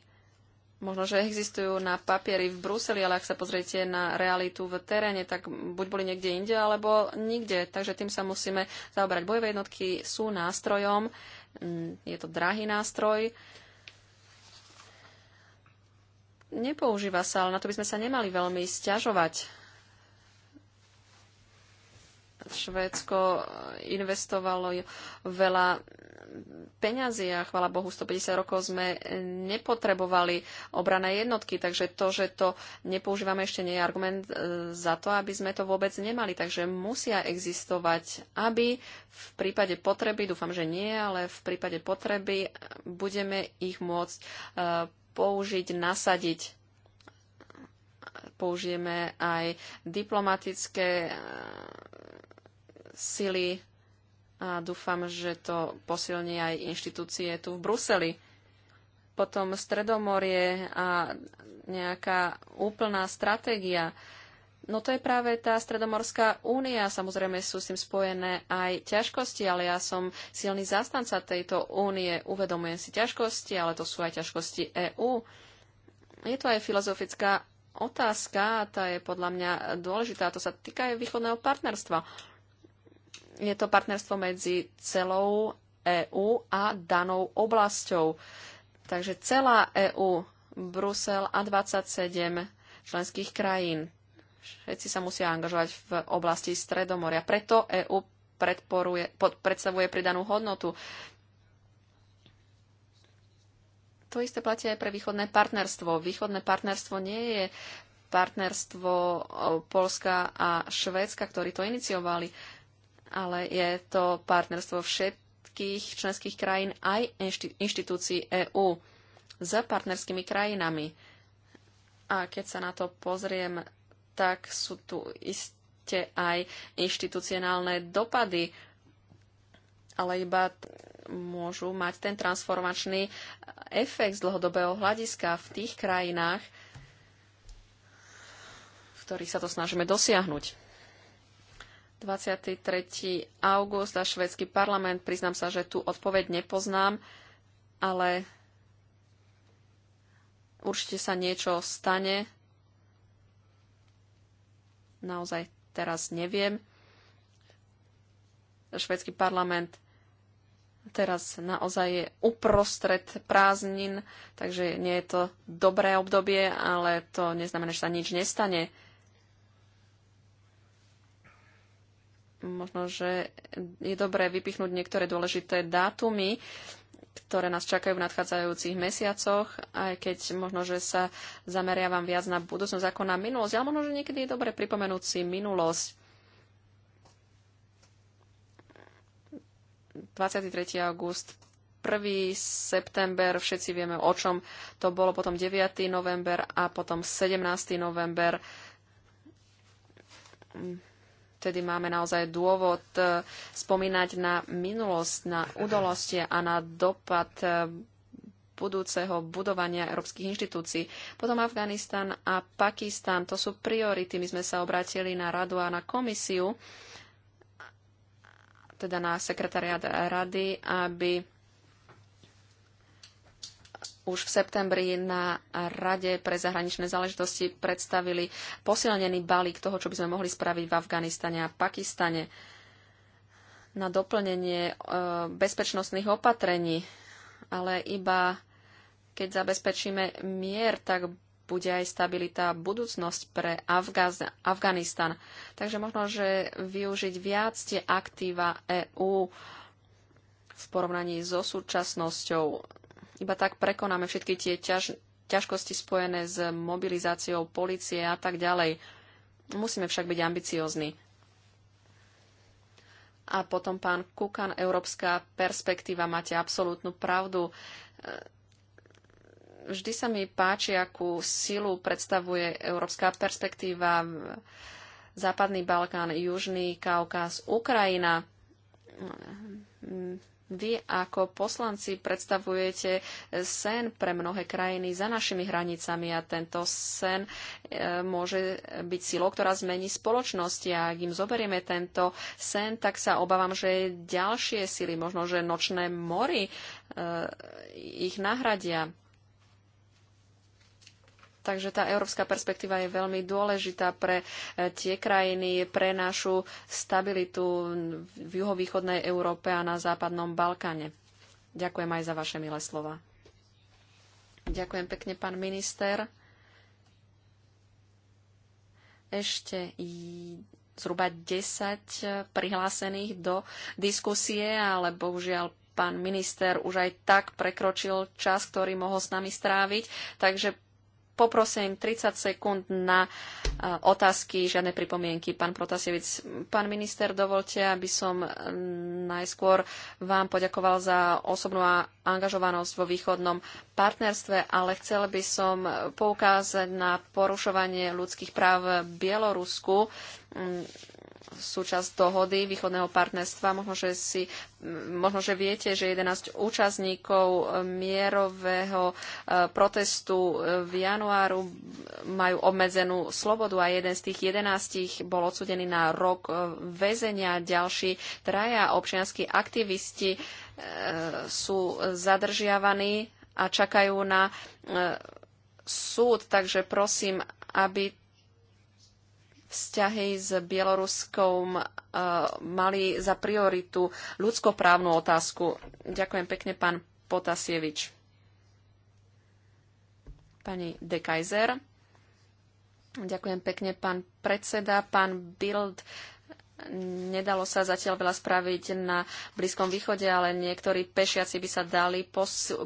Možno, že existujú na papieri v Bruseli, ale ak sa pozriete na realitu v teréne, tak buď boli niekde inde, alebo nikde. Takže tým sa musíme zaobrať. Bojové jednotky sú nástrojom, je to drahý nástroj. Nepoužíva sa, ale na to by sme sa nemali veľmi stiažovať Švédsko eh, investovalo veľa peňazí a chvala Bohu 150 rokov sme eh, nepotrebovali obrané jednotky, takže to, že to nepoužívame ešte nie je argument eh, za to, aby sme to vôbec nemali. Takže musia existovať, aby v prípade potreby, dúfam, že nie, ale v prípade potreby budeme ich môcť použiť, nasadiť použijeme aj diplomatické sily a dúfam, že to posilní aj inštitúcie tu v Bruseli. Potom Stredomorie a nejaká úplná stratégia. No to je práve tá Stredomorská únia. Samozrejme sú s tým spojené aj ťažkosti, ale ja som silný zastanca tejto únie. Uvedomujem si ťažkosti, ale to sú aj ťažkosti EÚ. Je to aj filozofická otázka, a tá je podľa mňa dôležitá. To sa týka aj východného partnerstva je to partnerstvo medzi celou EÚ a danou oblasťou. Takže celá EÚ, Brusel a 27 členských krajín. Všetci sa musia angažovať v oblasti Stredomoria. Preto EÚ predstavuje pridanú hodnotu. To isté platí aj pre východné partnerstvo. Východné partnerstvo nie je partnerstvo Polska a Švédska, ktorí to iniciovali ale je to partnerstvo všetkých členských krajín aj inštitúcií EÚ s partnerskými krajinami. A keď sa na to pozriem, tak sú tu iste aj inštitucionálne dopady, ale iba môžu mať ten transformačný efekt z dlhodobého hľadiska v tých krajinách, v ktorých sa to snažíme dosiahnuť. 23. august a švedský parlament. Priznám sa, že tu odpoveď nepoznám, ale určite sa niečo stane. Naozaj teraz neviem. Švedský parlament teraz naozaj je uprostred prázdnin, takže nie je to dobré obdobie, ale to neznamená, že sa nič nestane. možno, že je dobré vypichnúť niektoré dôležité dátumy, ktoré nás čakajú v nadchádzajúcich mesiacoch, aj keď možno, že sa zameriavam viac na budúcnosť ako na minulosť, ale možno, že niekedy je dobre pripomenúť si minulosť. 23. august, 1. september, všetci vieme o čom to bolo, potom 9. november a potom 17. november vtedy máme naozaj dôvod e, spomínať na minulosť, na udalosti a na dopad e, budúceho budovania európskych inštitúcií. Potom Afganistan a Pakistan, to sú priority. My sme sa obrátili na radu a na komisiu, teda na sekretariat rady, aby už v septembri na Rade pre zahraničné záležitosti predstavili posilnený balík toho, čo by sme mohli spraviť v Afganistane a Pakistane na doplnenie e, bezpečnostných opatrení, ale iba keď zabezpečíme mier, tak bude aj stabilita budúcnosť pre Afgaz- Afganistan. Takže možno, že využiť viac tie aktíva EÚ v porovnaní so súčasnosťou iba tak prekonáme všetky tie ťaž, ťažkosti spojené s mobilizáciou policie a tak ďalej. Musíme však byť ambiciózni. A potom, pán Kukan, európska perspektíva, máte absolútnu pravdu. E, vždy sa mi páči, akú silu predstavuje európska perspektíva Západný Balkán, Južný Kaukaz, Ukrajina no, vy ako poslanci predstavujete sen pre mnohé krajiny za našimi hranicami a tento sen e, môže byť silou, ktorá zmení spoločnosti. A ak im zoberieme tento sen, tak sa obávam, že ďalšie sily, možno že nočné mory e, ich nahradia. Takže tá európska perspektíva je veľmi dôležitá pre e, tie krajiny, pre našu stabilitu v juhovýchodnej Európe a na západnom Balkáne. Ďakujem aj za vaše milé slova. Ďakujem pekne, pán minister. Ešte zhruba 10 e, prihlásených do diskusie, ale bohužiaľ pán minister už aj tak prekročil čas, ktorý mohol s nami stráviť. Takže poprosím 30 sekúnd na e, otázky, žiadne pripomienky. Pán protasevic. pán minister, dovolte, aby som e, najskôr vám poďakoval za osobnú angažovanosť vo východnom partnerstve, ale chcel by som poukázať na porušovanie ľudských práv v Bielorusku mm, súčasť dohody východného partnerstva. Možno, že, si, možno, že viete, že 11 účastníkov e, mierového e, protestu e, v januáru majú obmedzenú slobodu a jeden z tých 11 bol odsudený na rok väzenia. Ďalší traja občianskí aktivisti sú zadržiavaní a čakajú na súd, takže prosím, aby vzťahy s Bieloruskom e, mali za prioritu ľudskoprávnu otázku. Ďakujem pekne, pán Potasievič. Pani De Kaiser. Ďakujem pekne, pán predseda, pán Bild. Nedalo sa zatiaľ veľa spraviť na Blízkom východe, ale niektorí pešiaci by sa dali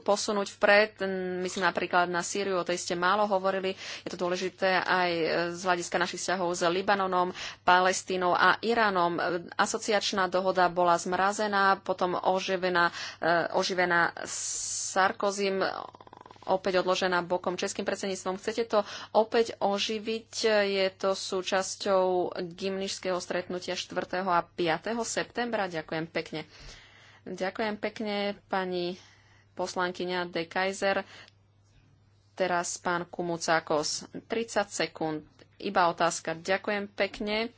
posunúť vpred. Myslím napríklad na Sýriu, o tej ste málo hovorili. Je to dôležité aj e, z hľadiska našich vzťahov s Libanonom, Palestínou a Iránom. Asociačná dohoda bola zmrazená, potom oživená, e, oživená Sarkozym opäť odložená bokom českým predsedníctvom. Chcete to opäť oživiť? Je to súčasťou gymnišského stretnutia 4. a 5. septembra. Ďakujem pekne. Ďakujem pekne, pani poslankyňa De Kaiser. Teraz pán Kumucákos. 30 sekúnd. Iba otázka. Ďakujem pekne.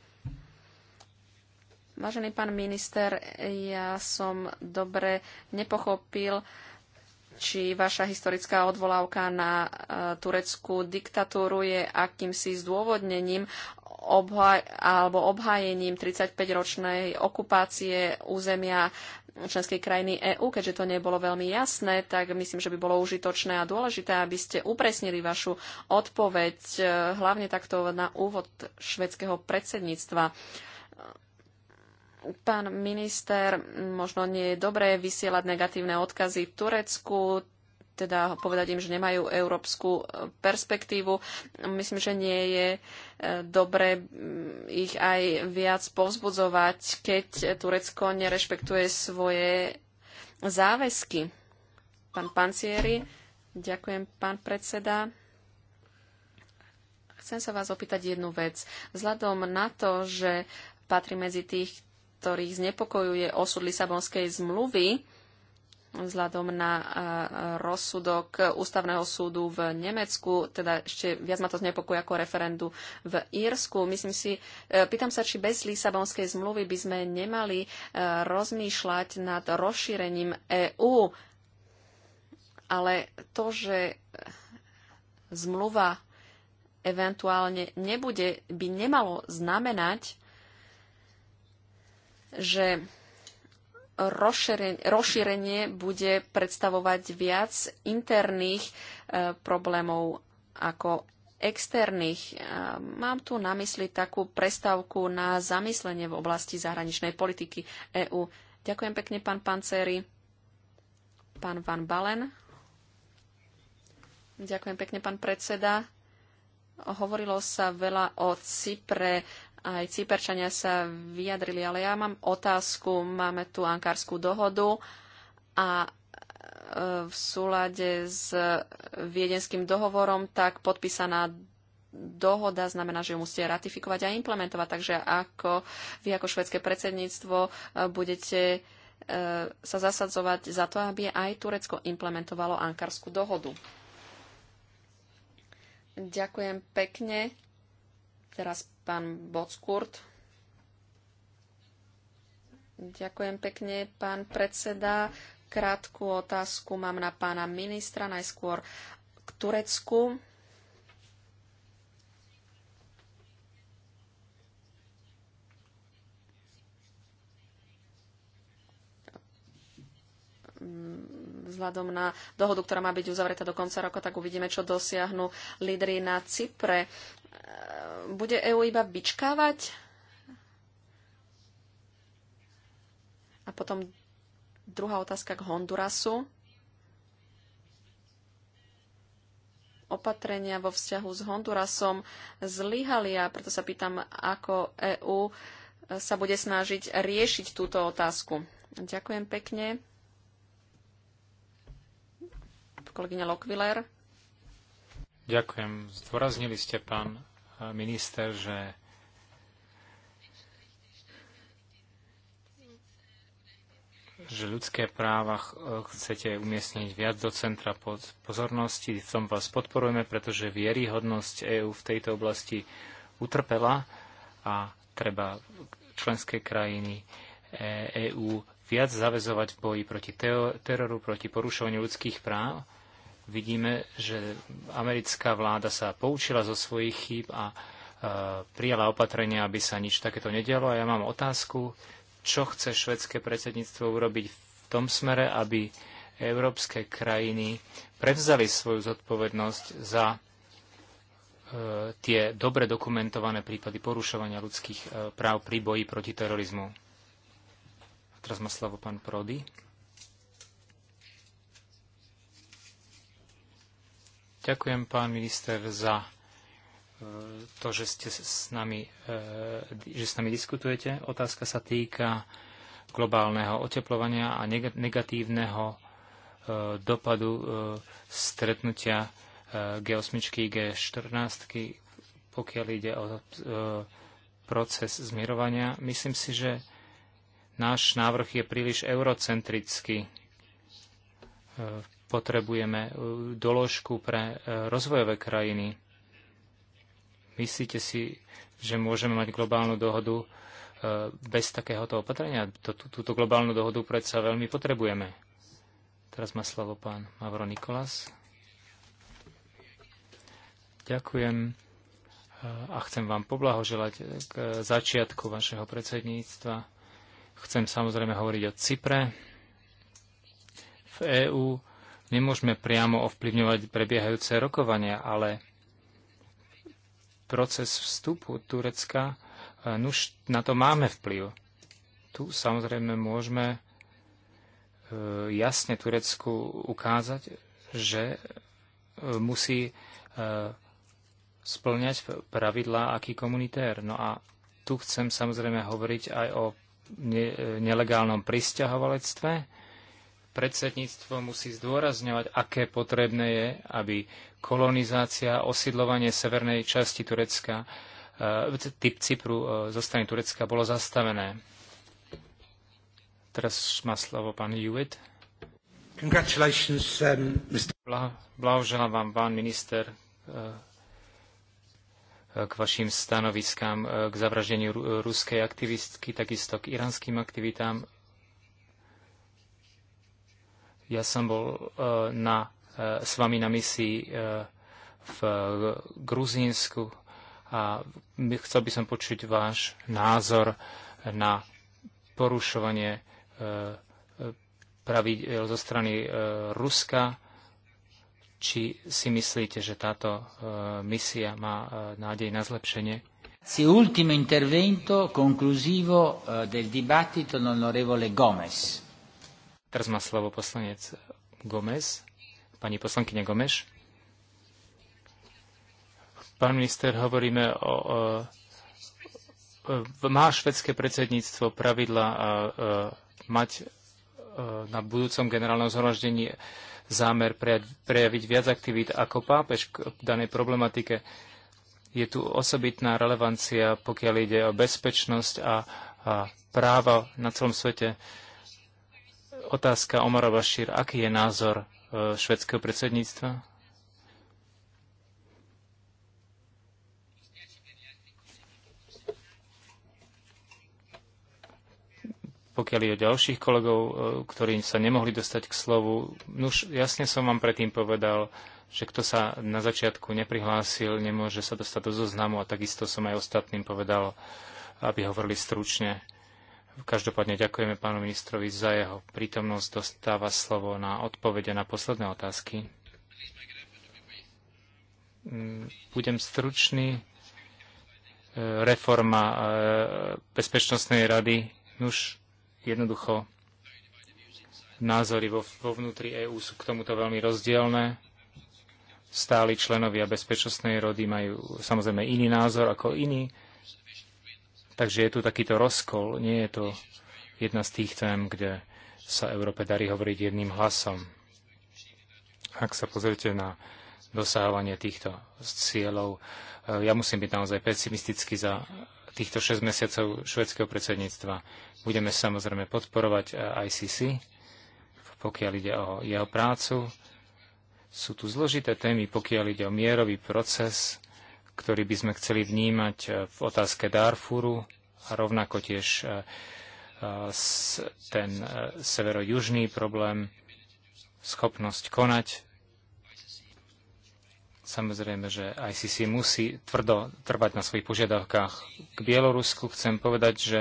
Vážený pán minister, ja som dobre nepochopil či vaša historická odvolávka na e, tureckú diktatúru je akýmsi zdôvodnením obha- alebo obhájením 35-ročnej okupácie územia členskej krajiny EÚ, keďže to nebolo veľmi jasné, tak myslím, že by bolo užitočné a dôležité, aby ste upresnili vašu odpoveď, e, hlavne takto na úvod švedského predsedníctva Pán minister, možno nie je dobré vysielať negatívne odkazy v Turecku, teda povedať im, že nemajú európsku e, perspektívu. Myslím, že nie je e, dobre ich aj viac povzbudzovať, keď Turecko nerešpektuje svoje záväzky. Pán Pancieri, ďakujem, pán predseda. Chcem sa vás opýtať jednu vec. Vzhľadom na to, že patrí medzi tých ktorých znepokojuje osud Lisabonskej zmluvy vzhľadom na rozsudok ústavného súdu v Nemecku, teda ešte viac ma to znepokojí ako referendu v Írsku. Myslím si, e, pýtam sa, či bez Lisabonskej zmluvy by sme nemali e, rozmýšľať nad rozšírením EÚ, ale to, že zmluva eventuálne nebude, by nemalo znamenať, že rozšírenie bude predstavovať viac interných e, problémov ako externých. E, mám tu na mysli takú prestávku na zamyslenie v oblasti zahraničnej politiky EÚ. Ďakujem pekne, pán Pancery. Pán Van Balen. Ďakujem pekne, pán predseda. Hovorilo sa veľa o Cypre, aj Cyperčania sa vyjadrili, ale ja mám otázku. Máme tu Ankárskú dohodu a e, v súlade s viedenským dohovorom, tak podpísaná dohoda znamená, že ju musíte ratifikovať a implementovať. Takže ako vy ako švedské predsedníctvo e, budete e, sa zasadzovať za to, aby aj Turecko implementovalo ankárskú dohodu. Ďakujem pekne. Teraz pán Bockurt. Ďakujem pekne, pán predseda. Krátku otázku mám na pána ministra, najskôr k Turecku. vzhľadom na dohodu, ktorá má byť uzavretá do konca roka, tak uvidíme, čo dosiahnu lídry na Cypre bude EU iba vyčkávať a potom druhá otázka k Hondurasu. Opatrenia vo vzťahu s Hondurasom zlyhali a preto sa pýtam, ako EÚ sa bude snažiť riešiť túto otázku. Ďakujem pekne. Kolegyňa Lokviler. Ďakujem. Zdôraznili ste, pán e, minister, že že ľudské práva e, chcete umiestniť viac do centra pozornosti. V tom vás podporujeme, pretože vieryhodnosť EÚ v tejto oblasti utrpela a treba členské krajiny EÚ e viac zavezovať v boji proti teroru, proti porušovaniu ľudských práv vidíme, že americká vláda sa poučila zo svojich chýb a e, prijala opatrenia, aby sa nič takéto nedialo. A ja mám otázku, čo chce švedské predsedníctvo urobiť v tom smere, aby európske krajiny prevzali svoju zodpovednosť za e, tie dobre dokumentované prípady porušovania ľudských e, práv pri boji proti terorizmu. A teraz má slovo pán Prody. Ďakujem, pán minister, za e, to, že ste s nami, e, že s nami diskutujete. Otázka sa týka globálneho oteplovania a negatívneho e, dopadu stretnutia G8, G14, pokiaľ ide o proces zmierovania. Myslím si, že náš návrh je príliš eurocentrický Potrebujeme e, doložku pre e, rozvojové krajiny. Myslíte si, že môžeme mať globálnu dohodu e, bez takéhoto opatrenia? Túto globálnu dohodu predsa veľmi potrebujeme. Teraz má slovo pán Mavro Nikolas. Ďakujem a chcem vám poblahoželať k začiatku vašeho predsedníctva. Chcem samozrejme hovoriť o Cypre. V EÚ Nemôžeme priamo ovplyvňovať prebiehajúce rokovania, ale proces vstupu Turecka, e, nuž na to máme vplyv. Tu samozrejme môžeme e, jasne Turecku ukázať, že e, musí splňať pravidlá aký komunitér. No a tu chcem samozrejme hovoriť aj o nelegálnom pristahovalectve, Predsedníctvo musí zdôrazňovať, aké potrebné je, aby kolonizácia, osídlovanie severnej časti Turecka, e, typ Cypru e, zo strany Turecka bolo zastavené. Teraz má slovo pán Hewitt. Congratulations, um, Mr. blahoželám vám, pán minister, e, k vašim stanoviskám k zavraždeniu ruskej aktivistky, takisto k iránskym aktivitám ja som bol uh, na, uh, s vami na misii uh, v Gruzínsku a my, chcel by som počuť váš názor na porušovanie uh, pravidel zo strany uh, Ruska. Či si myslíte, že táto uh, misia má uh, nádej na zlepšenie? Sì, ultimo intervento conclusivo del dibattito l'onorevole Gomez. Teraz má slovo poslanec Gomez, pani poslankyňa Gomeš. Pán minister, hovoríme o, o má švedské predsedníctvo pravidla a, a, mať a, e, na budúcom generálnom zhromaždení zámer prejaviť viac aktivít ako pápež k danej problematike. Je tu osobitná relevancia, pokiaľ ide o bezpečnosť a, a práva na celom svete. Otázka Omara Bašír. Aký je názor e, švedského predsedníctva? pokiaľ je o ďalších kolegov, e, ktorí sa nemohli dostať k slovu. Nuž, jasne som vám predtým povedal, že kto sa na začiatku neprihlásil, nemôže sa dostať do zoznamu a takisto som aj ostatným povedal, aby hovorili stručne. Každopádne ďakujeme pánu ministrovi za jeho prítomnosť. Dostáva slovo na odpovede na posledné otázky. Mm, budem stručný. E, reforma e, Bezpečnostnej rady. Už jednoducho, názory vo, vo vnútri EÚ sú k tomuto veľmi rozdielne. Stáli členovia Bezpečnostnej rady majú samozrejme iný názor ako iní Takže je tu takýto rozkol, nie je to jedna z tých tém, kde sa Európe darí hovoriť jedným hlasom. Ak sa pozrite na dosahovanie týchto cieľov, eh, ja musím byť naozaj pesimistický za týchto 6 mesiacov švedského predsedníctva. Budeme samozrejme podporovať eh, ICC, pokiaľ ide o jeho prácu. Sú tu zložité témy, pokiaľ ide o mierový proces, ktorý by sme chceli vnímať e, v otázke Darfuru a rovnako tiež e, e, ten severo-južný problém, schopnosť konať. Samozrejme, že ICC musí tvrdo trvať na svojich požiadavkách. K Bielorusku chcem povedať, že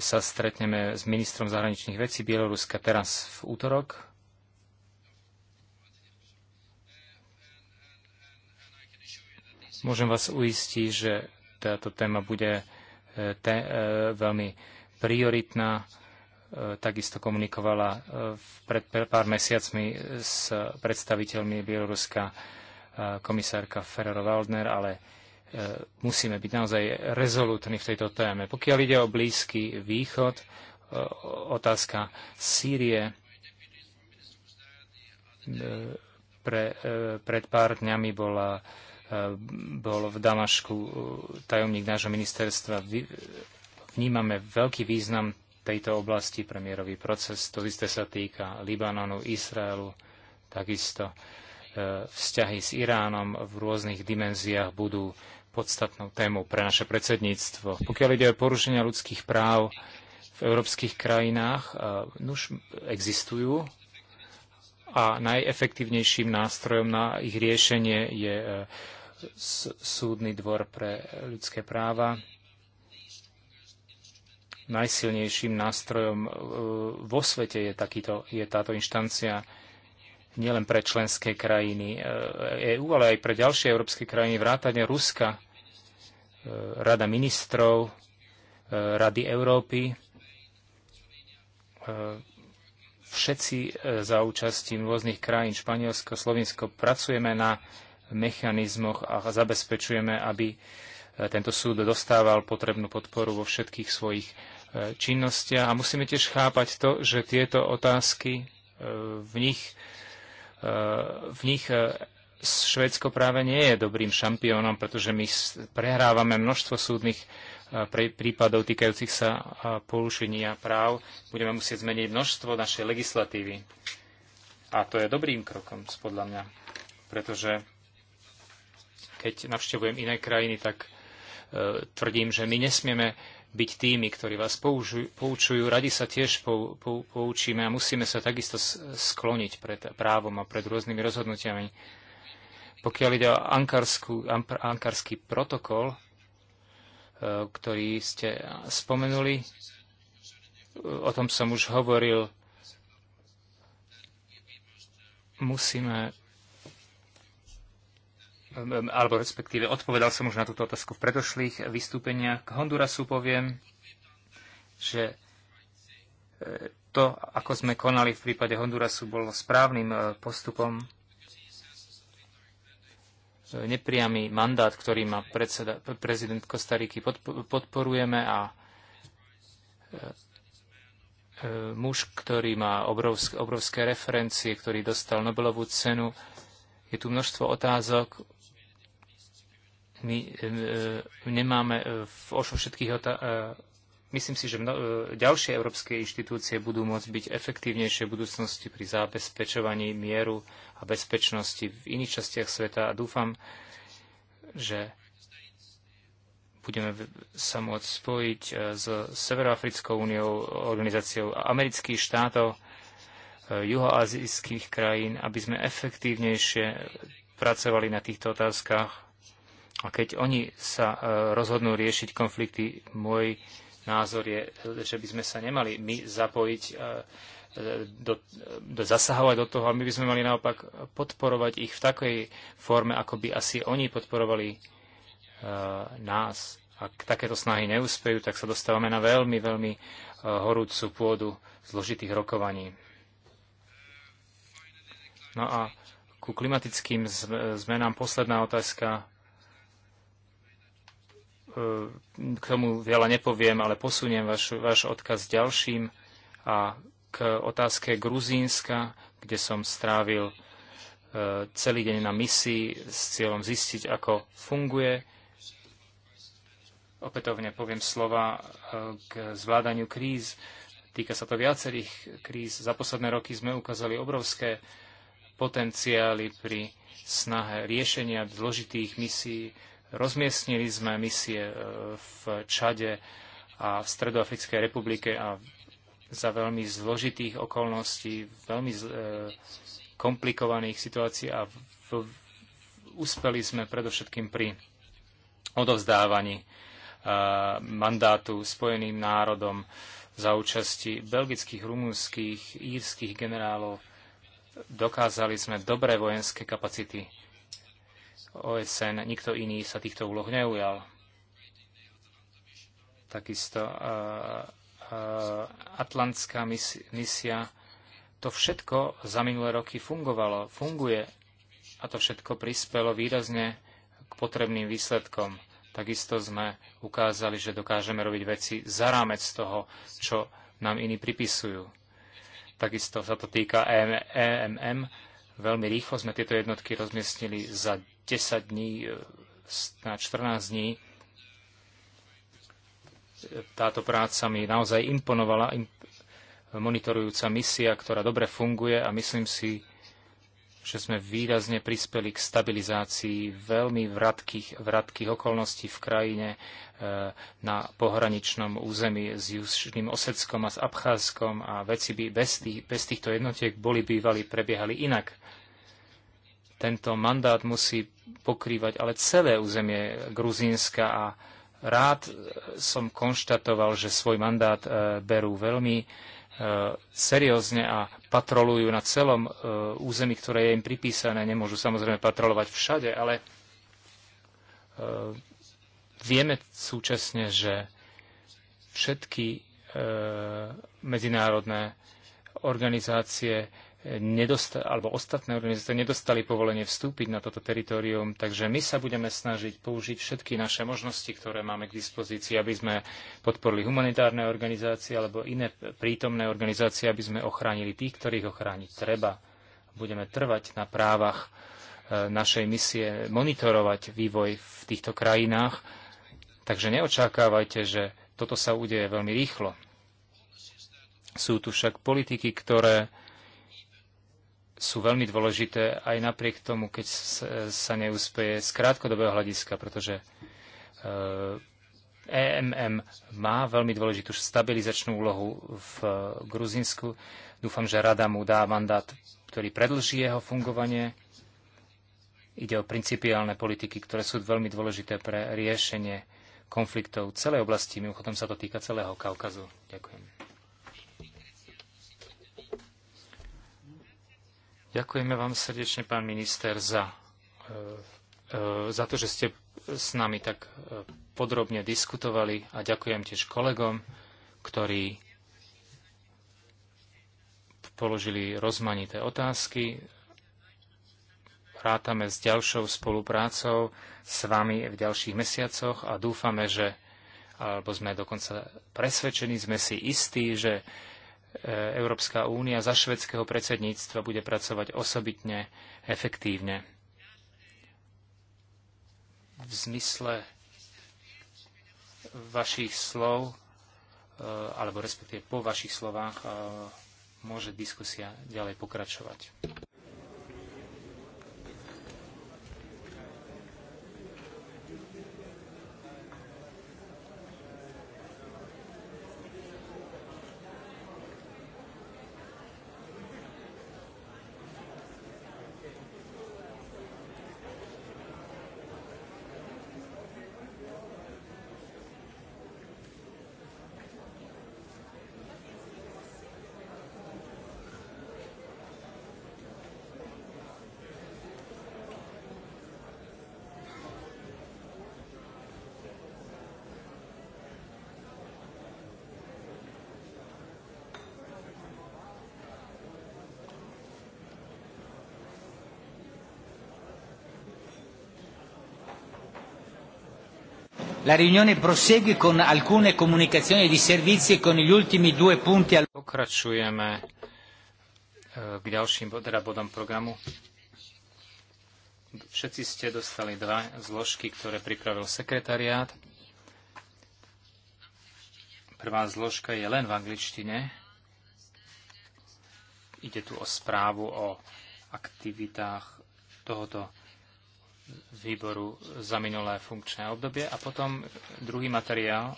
sa stretneme s ministrom zahraničných vecí Bieloruska teraz v útorok Môžem vás uistiť, že táto téma bude te, e, veľmi prioritná. E, takisto komunikovala e, pred pár mesiacmi s predstaviteľmi Bieloruska komisárka Ferrero-Waldner, ale musíme byť naozaj rezolutní v tejto téme. Pokiaľ ide o Blízky východ, otázka Sýrie. Pre, pred pár dňami bola bol v Damašku e, tajomník nášho ministerstva. Vnímame veľký význam tejto oblasti, premiérový proces, to isté sa týka Libanonu, Izraelu, takisto e, vzťahy s Iránom v rôznych dimenziách budú podstatnou témou pre naše predsedníctvo. Pokiaľ ide o porušenia ľudských práv v európskych krajinách, e, nuž existujú a najefektívnejším nástrojom na ich riešenie je Súdny dvor pre ľudské práva najsilnejším nástrojom e, vo svete je, takýto, je táto inštancia nielen pre členské krajiny EÚ, e ale aj pre ďalšie európske krajiny, vrátane Ruska, e, Rada ministrov, Rady Európy. Všetci za účastí rôznych krajín, Španielsko, Slovinsko, pracujeme na mechanizmoch a zabezpečujeme, aby e, tento súd dostával potrebnú podporu vo všetkých svojich e, činnostiach. A musíme tiež chápať to, že tieto otázky e, v nich, v nich Švédsko práve nie je dobrým šampiónom, pretože my prehrávame množstvo súdnych prípadov týkajúcich sa porušenia práv. Budeme musieť zmeniť množstvo našej legislatívy. A to je dobrým krokom, podľa mňa, pretože keď navštevujem iné krajiny, tak e, tvrdím, že my nesmieme byť tými, ktorí vás použujú, poučujú. Radi sa tiež pou, pou, poučíme a musíme sa takisto skloniť pred právom a pred rôznymi rozhodnutiami. Pokiaľ ide o Ankarskú, Ankarský protokol, e, ktorý ste spomenuli, e, o tom som už hovoril, musíme alebo respektíve odpovedal som už na túto otázku v predošlých vystúpeniach. K Hondurasu poviem, že e, to, ako sme konali v prípade Hondurasu, bolo správnym e, postupom. E, nepriamy mandát, ktorý má predseda, prezident Kostariky, podporujeme a muž, ktorý má obrovské, obrovské referencie, ktorý dostal Nobelovú cenu, je tu množstvo otázok, my e, e, nemáme e, o všetkých Myslím si, že mno, ďalšie európske inštitúcie budú môcť byť efektívnejšie v budúcnosti pri zabezpečovaní mieru a bezpečnosti v iných častiach sveta a dúfam, že budeme sa môcť spojiť s Severoafrickou úniou, organizáciou amerických štátov, juhoazijských krajín, aby sme efektívnejšie pracovali na týchto otázkach a keď oni sa e, rozhodnú riešiť konflikty, môj názor je, že by sme sa nemali my zapojiť, e, e, do, do, zasahovať do toho a my by sme mali naopak podporovať ich v takej forme, ako by asi oni podporovali nás. Ak takéto snahy neúspejú, tak sa dostávame na veľmi, veľmi horúcu pôdu zložitých rokovaní. No a ku klimatickým zmenám posledná otázka E, k tomu veľa nepoviem, ale posuniem váš, váš odkaz ďalším a k otázke Gruzínska, kde som strávil e, celý deň na misii s cieľom zistiť, ako funguje. Opätovne poviem slova e, k zvládaniu kríz. Týka sa to viacerých kríz. Za posledné roky sme ukázali obrovské potenciály pri snahe riešenia zložitých misií Rozmiestnili sme misie e, v Čade a v Stredoafrickej republike a za veľmi zložitých okolností, veľmi e, komplikovaných situácií a v, uspeli sme predovšetkým pri odovzdávaní e, mandátu Spojeným národom za účasti belgických, rumúnskych, írskych generálov. Dokázali sme dobré vojenské kapacity OSN, nikto iný sa týchto úloh neujal. Takisto uh, uh, Atlantská misia, to všetko za minulé roky fungovalo, funguje a to všetko prispelo výrazne k potrebným výsledkom. Takisto sme ukázali, že dokážeme robiť veci za rámec toho, čo nám iní pripisujú. Takisto sa to týka EMM. Veľmi rýchlo sme tieto jednotky rozmiestnili za 10 dní e, na 14 dní. E, táto práca mi naozaj imponovala, monitorujúca misia, ktorá dobre funguje a myslím si, že sme výrazne prispeli k stabilizácii veľmi vratkých, vratkých okolností v krajine e, na pohraničnom území s Južným Oseckom a s Abcházskom a veci by bez, tých, bez týchto jednotiek boli bývali prebiehali inak. Tento mandát musí pokrývať ale celé územie Gruzínska a rád som konštatoval, že svoj mandát e, berú veľmi e, seriózne a patrolujú na celom e, území, ktoré je im pripísané. Nemôžu samozrejme patrolovať všade, ale vieme súčasne, že všetky medzinárodné organizácie nedostali, alebo ostatné organizácie nedostali povolenie vstúpiť na toto teritorium, takže my sa budeme snažiť použiť všetky naše možnosti, ktoré máme k dispozícii, aby sme podporili humanitárne organizácie alebo iné prítomné organizácie, aby sme ochránili tých, ktorých ochrániť treba. Budeme trvať na právach e, našej misie monitorovať vývoj v týchto krajinách, takže neočakávajte, že toto sa udeje veľmi rýchlo. Sú tu však politiky, ktoré sú veľmi dôležité aj napriek tomu, keď sa neúspeje z krátkodobého hľadiska, pretože EMM e má veľmi dôležitú stabilizačnú úlohu v Gruzinsku. Dúfam, že rada mu dá mandát, ktorý predlží jeho fungovanie. Ide o principiálne politiky, ktoré sú veľmi dôležité pre riešenie konfliktov celej oblasti. Mimochodom sa to týka celého Kaukazu. Ďakujem. Ďakujeme vám srdečne, pán minister, za, e, e, za to, že ste s nami tak e, podrobne diskutovali a ďakujem tiež kolegom, ktorí položili rozmanité otázky. Rátame s ďalšou spoluprácou s vami v ďalších mesiacoch a dúfame, že alebo sme dokonca presvedčení, sme si istí, že E, Európska únia za švedského predsedníctva bude pracovať osobitne efektívne. V zmysle vašich slov, e, alebo respektíve po vašich slovách, e, môže diskusia ďalej pokračovať. La riunione prosegue con alcune comunicazioni di servizi e con gli ultimi due punti al... Pokračujeme eh, k ďalším teda bodom programu. Všetci ste dostali dva zložky, ktoré pripravil sekretariát. Prvá zložka je len v angličtine. Ide tu o správu o aktivitách tohoto výboru za minulé funkčné obdobie. A potom druhý materiál,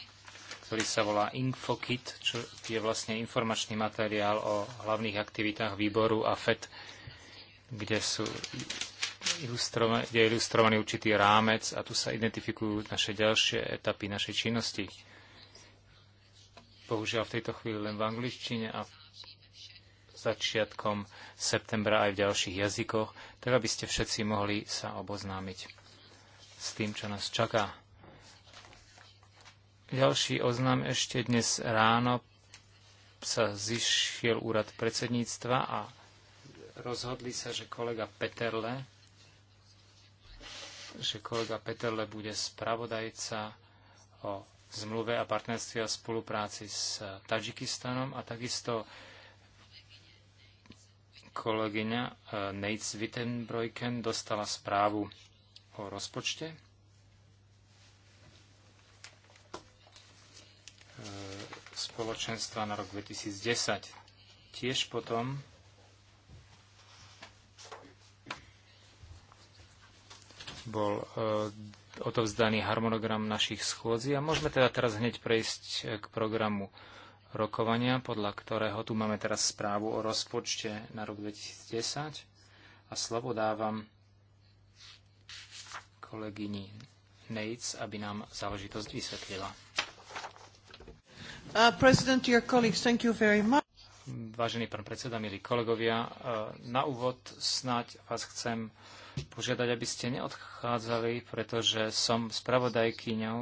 ktorý sa volá InfoKit, čo je vlastne informačný materiál o hlavných aktivitách výboru a FED, kde, sú ilustrovaný, kde je ilustrovaný určitý rámec a tu sa identifikujú naše ďalšie etapy našej činnosti. Bohužiaľ v tejto chvíli len v angličtine a v začiatkom septembra aj v ďalších jazykoch, tak aby ste všetci mohli sa oboznámiť s tým, čo nás čaká. Ďalší oznam ešte dnes ráno sa zišiel úrad predsedníctva a rozhodli sa, že kolega Peterle že kolega Peterle bude spravodajca o zmluve a partnerstve a spolupráci s Tadžikistanom a takisto Kolegyňa eh, Nate Wittenbrojken dostala správu o rozpočte. Eh, spoločenstva na rok 2010. Tiež potom bol eh, odovzdaný harmonogram našich schôdzi a môžeme teda teraz hneď prejsť k programu rokovania, podľa ktorého tu máme teraz správu o rozpočte na rok 2010 a slovo dávam kolegyni Nates, aby nám záležitosť vysvetlila. Uh, Vážený pán predseda, milí kolegovia, uh, na úvod snáď vás chcem požiadať, aby ste neodchádzali, pretože som spravodajkyňou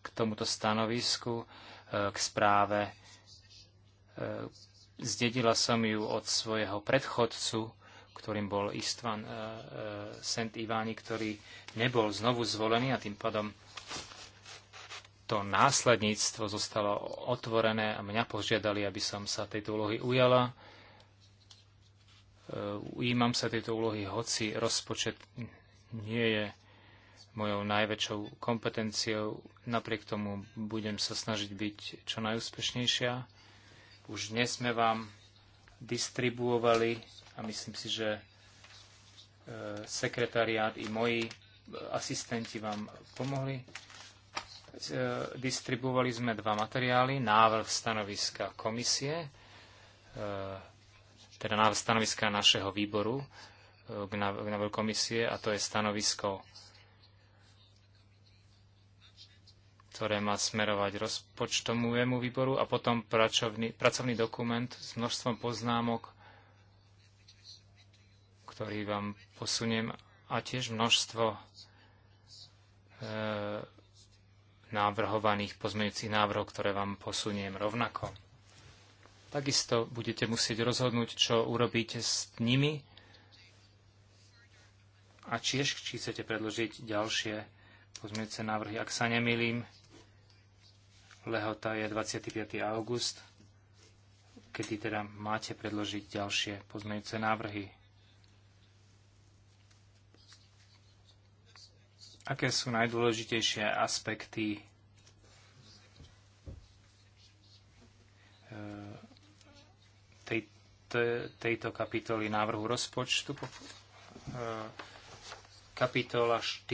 k tomuto stanovisku, uh, k správe E, zdedila som ju od svojho predchodcu, ktorým bol Istvan e, e, Sent Iváni, ktorý nebol znovu zvolený a tým pádom to následníctvo zostalo otvorené a mňa požiadali, aby som sa tejto úlohy ujala. Ujímam sa tejto úlohy, hoci rozpočet nie je mojou najväčšou kompetenciou. Napriek tomu budem sa snažiť byť čo najúspešnejšia už dnes sme vám distribuovali a myslím si, že e, sekretariát i moji e, asistenti vám pomohli. E, distribuovali sme dva materiály. Návrh stanoviska komisie, teda návrh stanoviska našeho výboru k návrhu komisie a to je stanovisko ktoré má smerovať rozpočtovému výboru a potom pracovný, pracovný dokument s množstvom poznámok, ktorý vám posuniem a tiež množstvo e, návrhovaných pozmeňujúcich návrhov, ktoré vám posuniem rovnako. Takisto budete musieť rozhodnúť, čo urobíte s nimi a tiež či chcete predložiť ďalšie pozmeňujúce návrhy. Ak sa nemýlim, Lehota je 25. august, kedy teda máte predložiť ďalšie pozmeňujúce návrhy. Aké sú najdôležitejšie aspekty e, tejto kapitoly návrhu rozpočtu? E, kapitola 4,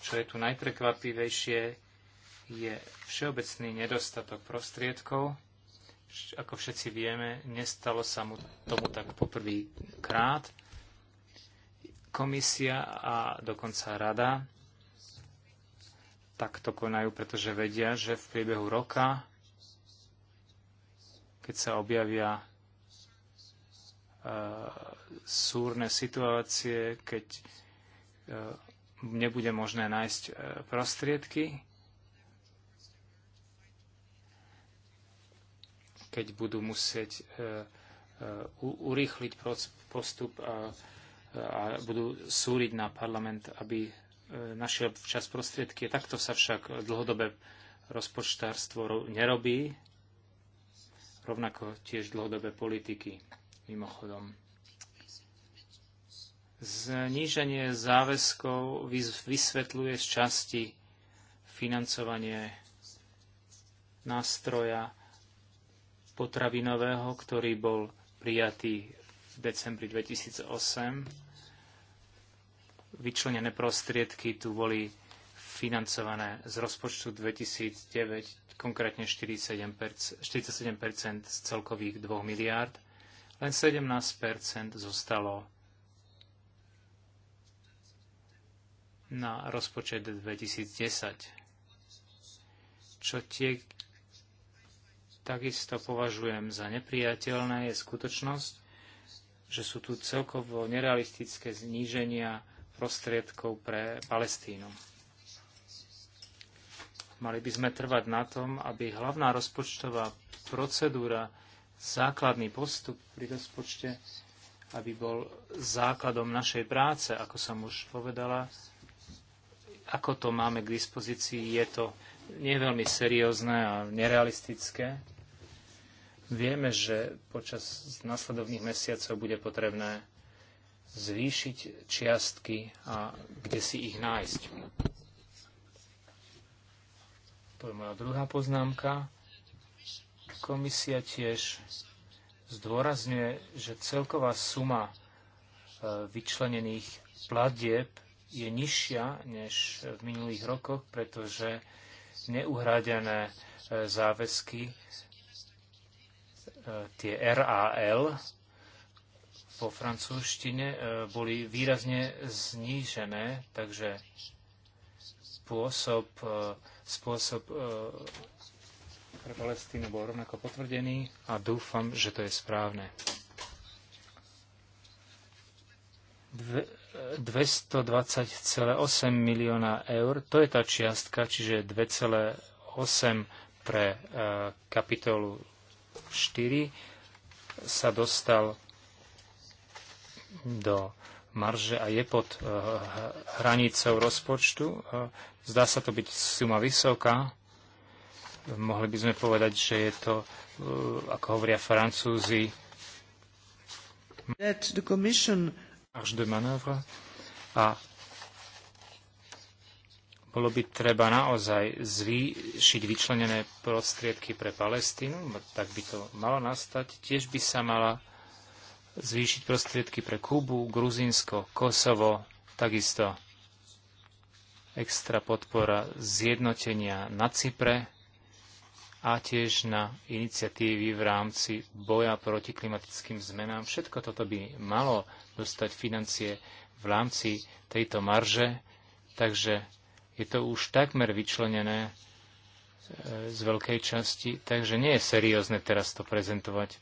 čo je tu najprekvapivejšie, je všeobecný nedostatok prostriedkov. Ako všetci vieme, nestalo sa mu tomu tak poprvý krát. Komisia a dokonca rada takto konajú, pretože vedia, že v priebehu roka, keď sa objavia e, súrne situácie, keď e, nebude možné nájsť e, prostriedky, keď budú musieť e, e, urýchliť postup a, a budú súriť na parlament, aby e, našiel včas prostriedky. Takto sa však dlhodobé rozpočtárstvo nerobí, rovnako tiež dlhodobé politiky, mimochodom. Zníženie záväzkov vysvetľuje z časti financovanie nástroja potravinového, ktorý bol prijatý v decembri 2008. Vyčlenené prostriedky tu boli financované z rozpočtu 2009, konkrétne 47%, 47% z celkových 2 miliárd. Len 17% zostalo na rozpočet 2010. Čo tie, Takisto považujem za nepriateľné je skutočnosť, že sú tu celkovo nerealistické zníženia prostriedkov pre Palestínu. Mali by sme trvať na tom, aby hlavná rozpočtová procedúra, základný postup pri rozpočte, aby bol základom našej práce, ako som už povedala, ako to máme k dispozícii, je to nie veľmi seriózne a nerealistické Vieme, že počas nasledovných mesiacov bude potrebné zvýšiť čiastky a kde si ich nájsť. To je moja druhá poznámka. Komisia tiež zdôrazňuje, že celková suma e, vyčlenených platieb je nižšia než v minulých rokoch, pretože neuhradené e, záväzky E, tie RAL po francúzštine e, boli výrazne znížené, takže spôsob, e, spôsob pre Palestínu bol rovnako potvrdený a dúfam, že to je správne. 220,8 milióna eur, to je tá čiastka, čiže 2,8 pre kapitolu 4 sa dostal do marže a je pod eh, hranicou rozpočtu. Eh, zdá sa to byť suma vysoká. Mohli by sme povedať, že je to, eh, ako hovoria Francúzi, až de manœuvre. A bolo by treba naozaj zvýšiť vyčlenené prostriedky pre Palestínu, tak by to malo nastať. Tiež by sa mala zvýšiť prostriedky pre Kubu, Gruzinsko, Kosovo, takisto extra podpora zjednotenia na Cypre a tiež na iniciatívy v rámci boja proti klimatickým zmenám. Všetko toto by malo dostať financie v rámci tejto marže, takže je to už takmer vyčlenené e, z veľkej časti, takže nie je seriózne teraz to prezentovať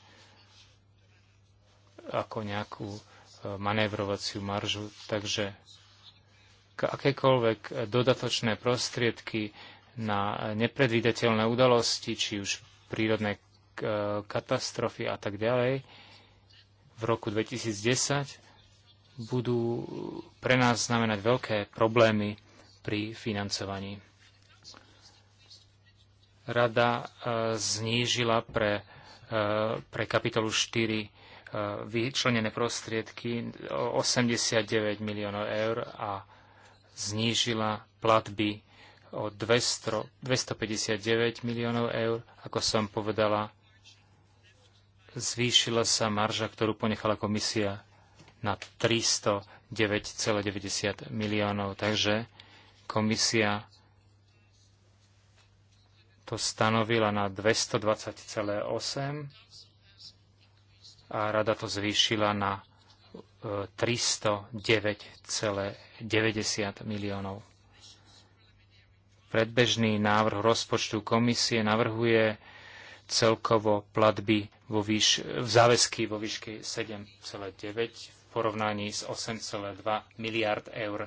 ako nejakú e, manévrovaciu maržu. Takže akékoľvek dodatočné prostriedky na nepredvídateľné udalosti, či už prírodné e, katastrofy a tak ďalej, v roku 2010 budú pre nás znamenať veľké problémy pri financovaní. Rada e, znížila pre, e, pre kapitolu 4 e, vyčlenené prostriedky 89 miliónov eur a znížila platby o 200, 259 miliónov eur. Ako som povedala, zvýšila sa marža, ktorú ponechala komisia na 309,90 miliónov. Takže Komisia to stanovila na 220,8 a rada to zvýšila na 309,90 e, miliónov. Predbežný návrh rozpočtu komisie navrhuje celkovo platby vo výš- v záväzky vo výške 7,9 v porovnaní s 8,2 miliard eur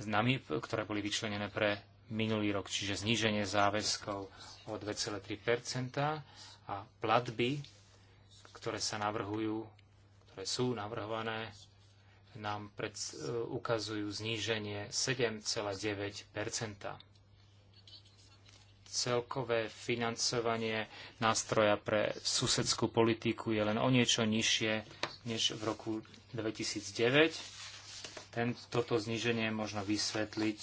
s nami, ktoré boli vyčlenené pre minulý rok, čiže zníženie záväzkov o 2,3 a platby, ktoré sa navrhujú, ktoré sú navrhované, nám pred, e, ukazujú zníženie 7,9 Celkové financovanie nástroja pre susedskú politiku je len o niečo nižšie než v roku 2009 toto zníženie možno vysvetliť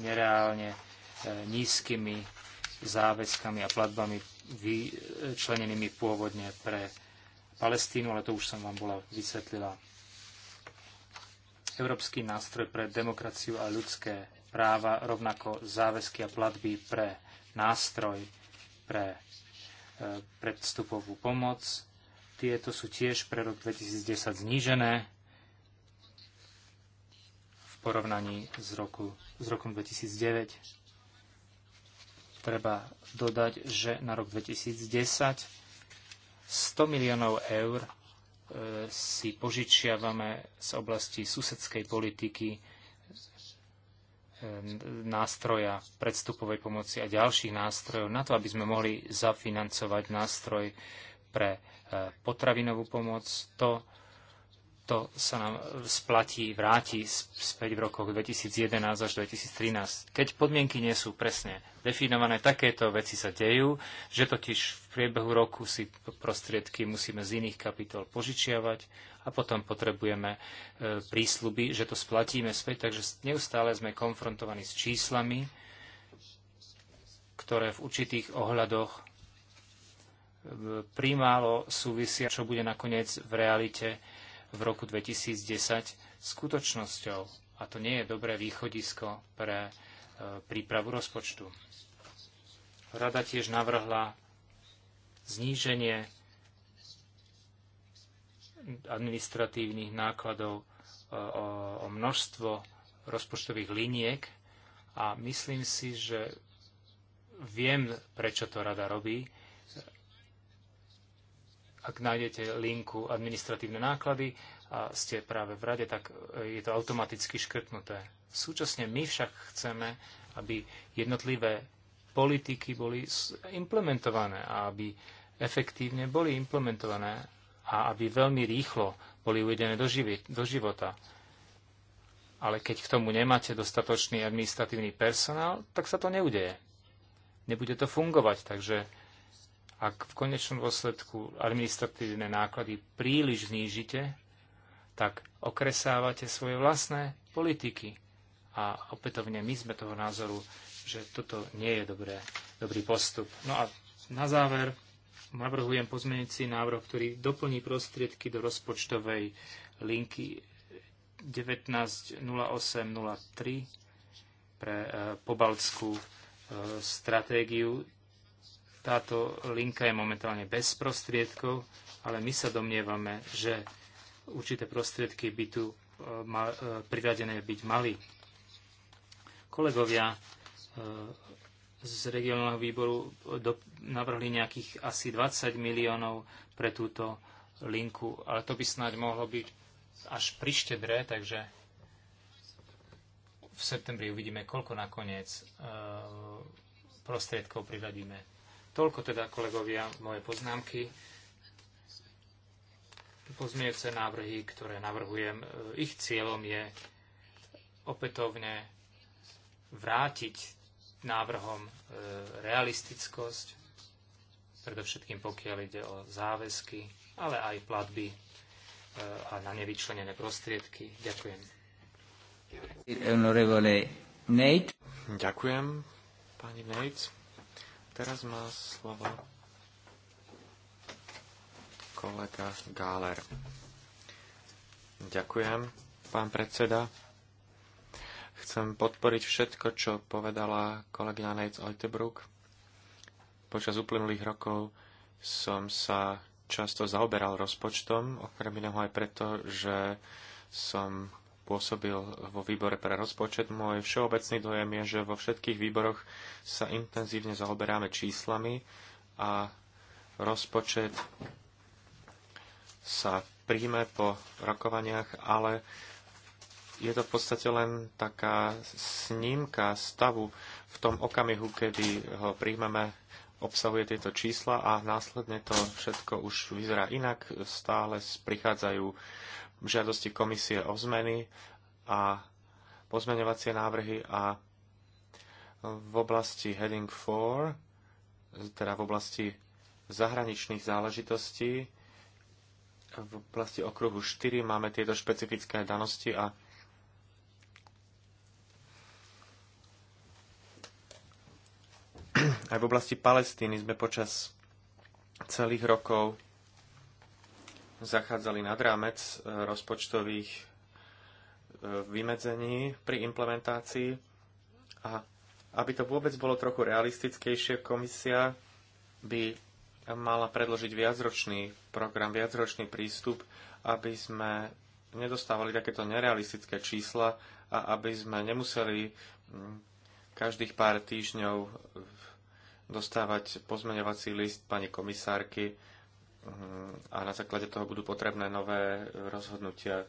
nereálne e, nízkymi záväzkami a platbami vyčlenenými pôvodne pre Palestínu, ale to už som vám bola vysvetlila. Európsky nástroj pre demokraciu a ľudské práva, rovnako záväzky a platby pre nástroj pre e, predstupovú pomoc. Tieto sú tiež pre rok 2010 znížené porovnaní s, roku, s rokom 2009. Treba dodať, že na rok 2010 100 miliónov eur e, si požičiavame z oblasti susedskej politiky e, nástroja predstupovej pomoci a ďalších nástrojov na to, aby sme mohli zafinancovať nástroj pre e, potravinovú pomoc. To to sa nám splatí, vráti späť v rokoch 2011 až 2013. Keď podmienky nie sú presne definované, takéto veci sa dejú, že totiž v priebehu roku si prostriedky musíme z iných kapitol požičiavať a potom potrebujeme e, prísľuby, že to splatíme späť, takže neustále sme konfrontovaní s číslami, ktoré v určitých ohľadoch e, primálo súvisia, čo bude nakoniec v realite v roku 2010 skutočnosťou. A to nie je dobré východisko pre e, prípravu rozpočtu. Rada tiež navrhla zníženie administratívnych nákladov e, o, o množstvo rozpočtových liniek a myslím si, že viem, prečo to rada robí ak nájdete linku administratívne náklady a ste práve v rade, tak e, je to automaticky škrtnuté. Súčasne my však chceme, aby jednotlivé politiky boli implementované a aby efektívne boli implementované a aby veľmi rýchlo boli uvedené do, živi- do života. Ale keď k tomu nemáte dostatočný administratívny personál, tak sa to neudeje. Nebude to fungovať, takže ak v konečnom dôsledku administratívne náklady príliš znížite, tak okresávate svoje vlastné politiky. A opätovne my sme toho názoru, že toto nie je dobré, dobrý postup. No a na záver navrhujem pozmeňujúci návrh, ktorý doplní prostriedky do rozpočtovej linky 190803 pre eh, pobaltskú eh, stratégiu táto linka je momentálne bez prostriedkov, ale my sa domnievame, že určité prostriedky by tu e, e, priradené byť mali. Kolegovia e, z regionálneho výboru navrhli nejakých asi 20 miliónov pre túto linku, ale to by snáď mohlo byť až prištedré, takže v septembri uvidíme, koľko nakoniec prostriedkov priradíme Toľko teda, kolegovia, moje poznámky. Pozmiece návrhy, ktoré navrhujem, e, ich cieľom je opätovne vrátiť návrhom e, realistickosť, predovšetkým pokiaľ ide o záväzky, ale aj platby e, a na nevyčlenené prostriedky. Ďakujem. Ďakujem, pani Nates teraz má slovo kolega Gáler. Ďakujem, pán predseda. Chcem podporiť všetko, čo povedala kolegyňa Nates Oitebruck. Počas uplynulých rokov som sa často zaoberal rozpočtom, okrem iného aj preto, že som pôsobil vo výbore pre rozpočet. Môj všeobecný dojem je, že vo všetkých výboroch sa intenzívne zaoberáme číslami a rozpočet sa príjme po rokovaniach, ale je to v podstate len taká snímka stavu v tom okamihu, kedy ho príjmeme, obsahuje tieto čísla a následne to všetko už vyzerá inak. Stále prichádzajú žiadosti komisie o zmeny a pozmeňovacie návrhy a v oblasti Heading 4, teda v oblasti zahraničných záležitostí, v oblasti okruhu 4 máme tieto špecifické danosti a aj v oblasti Palestíny sme počas celých rokov zachádzali nad rámec e, rozpočtových e, vymedzení pri implementácii a aby to vôbec bolo trochu realistickejšie, komisia by mala predložiť viacročný program, viacročný prístup, aby sme nedostávali takéto nerealistické čísla a aby sme nemuseli mm, každých pár týždňov dostávať pozmeňovací list pani komisárky a na základe toho budú potrebné nové e, rozhodnutia.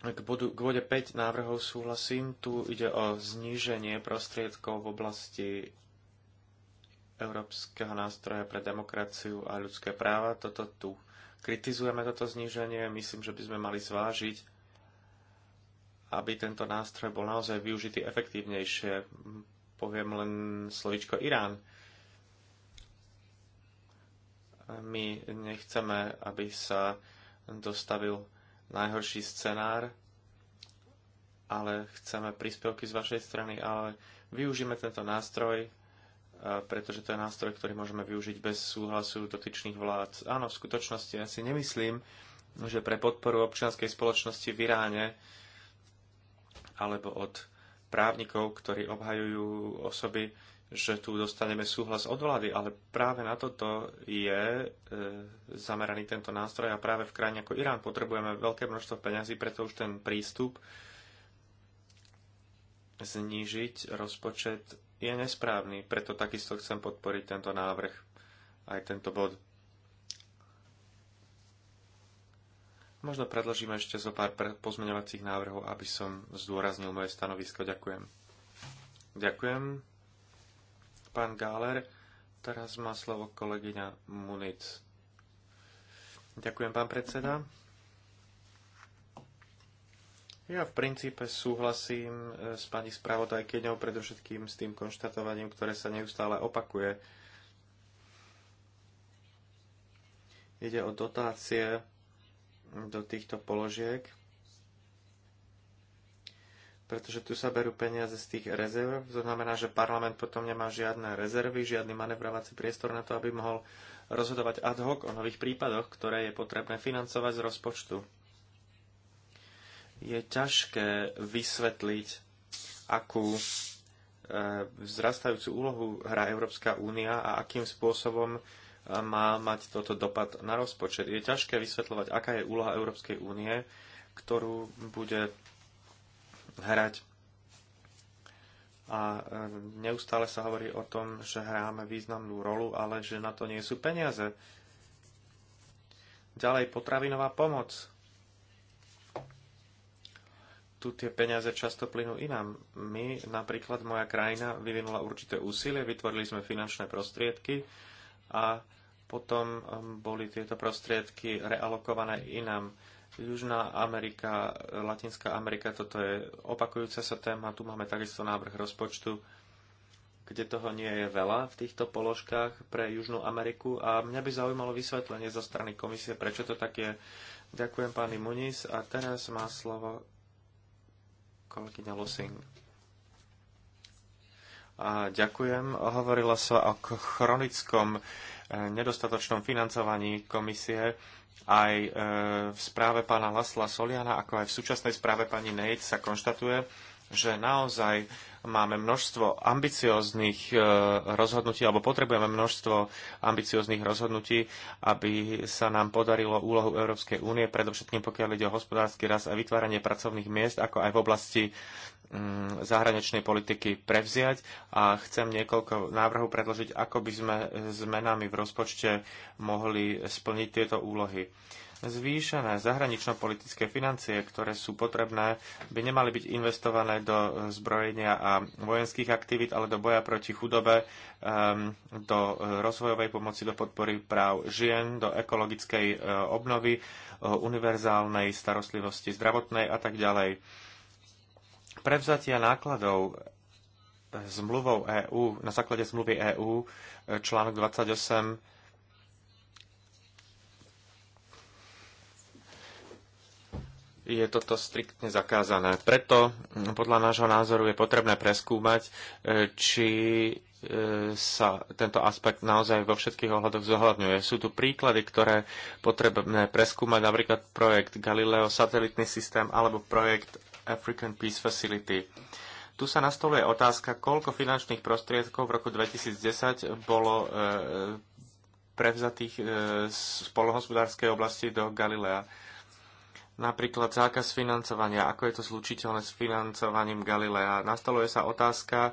K, bodu, k bode 5 návrhov súhlasím. Tu ide o zníženie prostriedkov v oblasti Európskeho nástroja pre demokraciu a ľudské práva. Toto tu kritizujeme, toto zníženie. Myslím, že by sme mali zvážiť, aby tento nástroj bol naozaj využitý efektívnejšie. Poviem len slovičko Irán. My nechceme, aby sa dostavil najhorší scenár, ale chceme príspevky z vašej strany, ale využíme tento nástroj, e, pretože to je nástroj, ktorý môžeme využiť bez súhlasu dotyčných vlád. Áno, v skutočnosti ja si nemyslím, že pre podporu občianskej spoločnosti v Iráne alebo od právnikov, ktorí obhajujú osoby, že tu dostaneme súhlas od vlády, ale práve na toto je e, zameraný tento nástroj a práve v krajine ako Irán potrebujeme veľké množstvo peňazí, preto už ten prístup znížiť rozpočet je nesprávny. Preto takisto chcem podporiť tento návrh, aj tento bod. Možno predložím ešte zo pár pozmeňovacích návrhov, aby som zdôraznil moje stanovisko. Ďakujem. Ďakujem. Pán Gáler, teraz má slovo kolegyňa Munic. Ďakujem, pán predseda. Ja v princípe súhlasím eh, s pani spravodajkyňou, predovšetkým s tým konštatovaním, ktoré sa neustále opakuje. Ide o dotácie do týchto položiek, pretože tu sa berú peniaze z tých rezerv. To znamená, že parlament potom nemá žiadne rezervy, žiadny manevrovací priestor na to, aby mohol rozhodovať ad hoc o nových prípadoch, ktoré je potrebné financovať z rozpočtu. Je ťažké vysvetliť, akú e, vzrastajúcu úlohu hrá Európska únia a akým spôsobom má mať toto dopad na rozpočet. Je ťažké vysvetľovať, aká je úloha Európskej únie, ktorú bude hrať. A e, neustále sa hovorí o tom, že hráme významnú rolu, ale že na to nie sú peniaze. Ďalej potravinová pomoc. Tu tie peniaze často plynú inám. My, napríklad moja krajina, vyvinula určité úsilie, vytvorili sme finančné prostriedky, a potom um, boli tieto prostriedky realokované inám. Južná Amerika, Latinská Amerika, toto je opakujúca sa téma. Tu máme takisto návrh rozpočtu, kde toho nie je veľa v týchto položkách pre Južnú Ameriku. A mňa by zaujímalo vysvetlenie zo strany komisie, prečo to tak je. Ďakujem pani Muniz a teraz má slovo kolegyňa Losing ďakujem. Hovorilo sa o chronickom e, nedostatočnom financovaní komisie aj e, v správe pána Lasla Soliana, ako aj v súčasnej správe pani Nejc sa konštatuje, že naozaj máme množstvo ambicióznych e, rozhodnutí, alebo potrebujeme množstvo ambicióznych rozhodnutí, aby sa nám podarilo úlohu Európskej únie, predovšetkým pokiaľ ide o hospodársky rast a vytváranie pracovných miest, ako aj v oblasti Mm, zahraničnej politiky prevziať a chcem niekoľko návrhov predložiť, ako by sme zmenami v rozpočte mohli splniť tieto úlohy. Zvýšené zahranično-politické financie, ktoré sú potrebné, by nemali byť investované do zbrojenia a vojenských aktivít, ale do boja proti chudobe, ehm, do rozvojovej pomoci, do podpory práv žien, do ekologickej e, obnovy, e, univerzálnej starostlivosti zdravotnej a tak ďalej Prevzatia nákladov zmluvou EÚ, na základe zmluvy EÚ, článok 28 je toto striktne zakázané. Preto podľa nášho názoru je potrebné preskúmať, e, či e, sa tento aspekt naozaj vo všetkých ohľadoch zohľadňuje. Sú tu príklady, ktoré potrebné preskúmať, napríklad projekt Galileo, satelitný systém alebo projekt African Peace Facility. Tu sa nastoluje otázka, koľko finančných prostriedkov v roku 2010 bolo e, prevzatých e, z polohospodárskej oblasti do Galilea. Napríklad zákaz financovania, ako je to zlučiteľné s financovaním Galilea. Nastaluje sa otázka, e,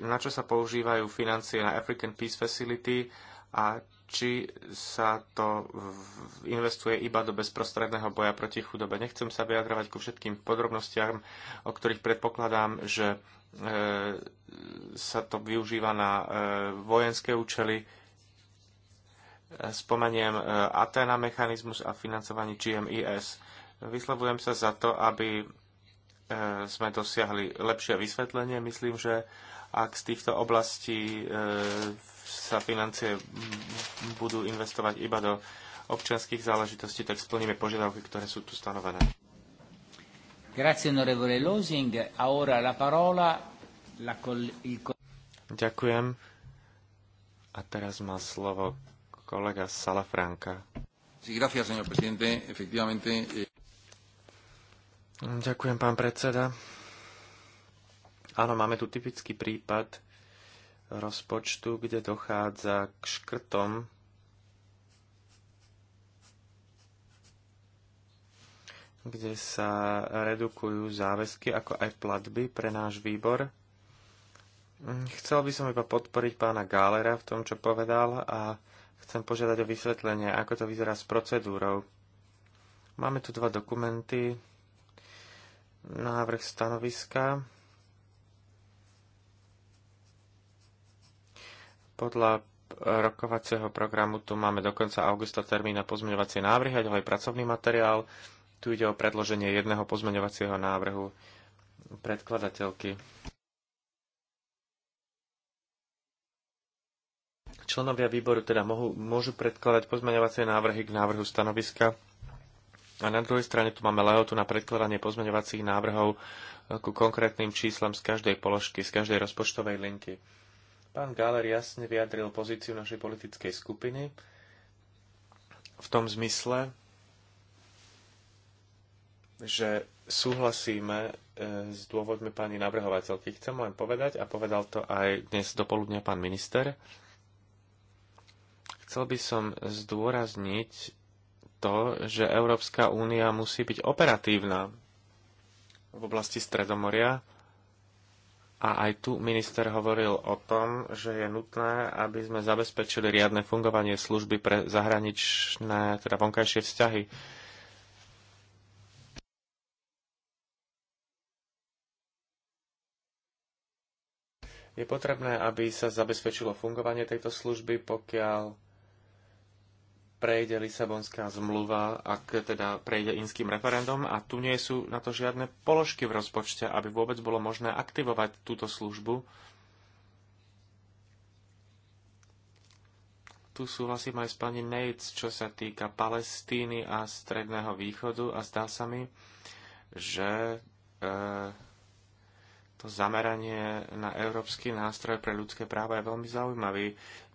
na čo sa používajú financie na African Peace Facility a či sa to investuje iba do bezprostredného boja proti chudobe. Nechcem sa vyjadrovať ku všetkým podrobnostiam, o ktorých predpokladám, že e, sa to využíva na e, vojenské účely. E, spomeniem Atena mechanizmus a financovaní GMIS. Vyslovujem sa za to, aby sme dosiahli lepšie vysvetlenie. Myslím, že ak z týchto oblastí sa financie budú investovať iba do občianských záležitostí, tak splníme požiadavky, ktoré sú tu stanovené. A Ďakujem. A teraz má slovo kolega Salafranka. Eh, Ďakujem, pán predseda. Áno, máme tu typický prípad rozpočtu, kde dochádza k škrtom kde sa redukujú záväzky, ako aj platby pre náš výbor. Chcel by som iba podporiť pána Gálera v tom, čo povedal a chcem požiadať o vysvetlenie, ako to vyzerá s procedúrou. Máme tu dva dokumenty, návrh stanoviska Podľa rokovacieho programu tu máme do konca augusta termín na pozmeňovacie návrhy a ďalej pracovný materiál. Tu ide o predloženie jedného pozmeňovacieho návrhu predkladateľky. Členovia výboru teda mohu, môžu predkladať pozmeňovacie návrhy k návrhu stanoviska. A na druhej strane tu máme lehotu na predkladanie pozmeňovacích návrhov ku konkrétnym číslam z každej položky, z každej rozpočtovej linky. Pán Gáler jasne vyjadril pozíciu našej politickej skupiny v tom zmysle, že súhlasíme e, s dôvodmi pani navrhovateľky. Chcem len povedať, a povedal to aj dnes dopoludne pán minister, chcel by som zdôrazniť to, že Európska únia musí byť operatívna v oblasti Stredomoria, a aj tu minister hovoril o tom, že je nutné, aby sme zabezpečili riadne fungovanie služby pre zahraničné, teda vonkajšie vzťahy. Je potrebné, aby sa zabezpečilo fungovanie tejto služby, pokiaľ prejde Lisabonská zmluva, ak teda prejde inským referendum a tu nie sú na to žiadne položky v rozpočte, aby vôbec bolo možné aktivovať túto službu. Tu súhlasím aj s pani Nates, čo sa týka Palestíny a Stredného východu a zdá sa mi, že e, to zameranie na Európsky nástroj pre ľudské práva je veľmi zaujímavý.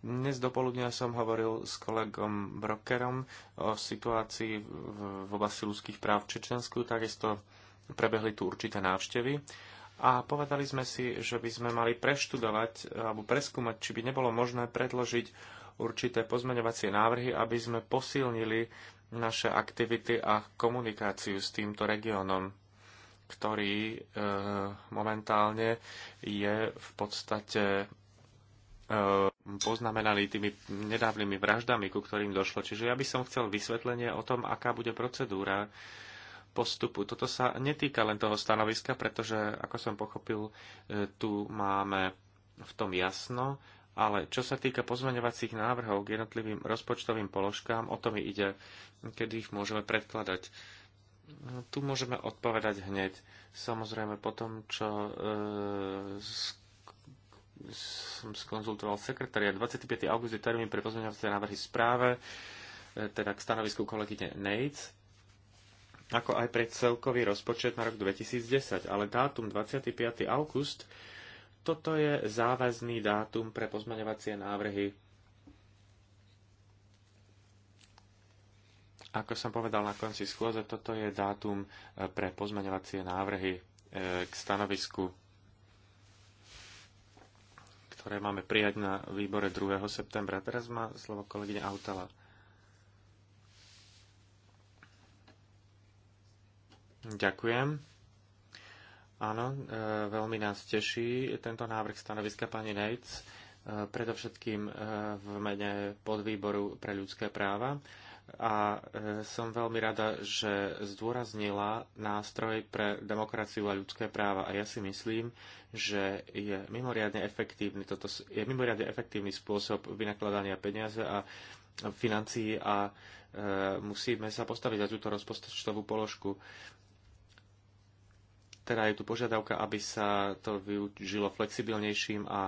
Dnes dopoludnia som hovoril s kolegom Brokerom o situácii v oblasti ľudských práv v Čečensku, takisto prebehli tu určité návštevy a povedali sme si, že by sme mali preštudovať alebo preskúmať, či by nebolo možné predložiť určité pozmeňovacie návrhy, aby sme posilnili naše aktivity a komunikáciu s týmto regiónom, ktorý e, momentálne je v podstate e, poznamenali tými nedávnymi vraždami, ku ktorým došlo. Čiže ja by som chcel vysvetlenie o tom, aká bude procedúra postupu. Toto sa netýka len toho stanoviska, pretože, ako som pochopil, e, tu máme v tom jasno, ale čo sa týka pozmeňovacích návrhov k jednotlivým rozpočtovým položkám, o to mi ide, kedy ich môžeme predkladať. Tu môžeme odpovedať hneď. Samozrejme, po tom, čo e, som skonzultoval sekretariat. 25. august je termín pre pozmeňovacie návrhy správe, e, teda k stanovisku kolegyne Nates, ako aj pre celkový rozpočet na rok 2010. Ale dátum 25. august, toto je záväzný dátum pre pozmeňovacie návrhy. Ako som povedal na konci schôze, toto je dátum e, pre pozmeňovacie návrhy e, k stanovisku ktoré máme prijať na výbore 2. septembra. Teraz má slovo kolegyňa Autala. Ďakujem. Áno, e, veľmi nás teší tento návrh stanoviska pani Nejc, e, predovšetkým e, v mene podvýboru pre ľudské práva a e, som veľmi rada, že zdôraznila nástroj pre demokraciu a ľudské práva. A ja si myslím, že je mimoriadne efektívny, toto je mimoriadne efektívny spôsob vynakladania peniaze a financií a e, musíme sa postaviť za túto rozpočtovú položku. Teda je tu požiadavka, aby sa to využilo flexibilnejším a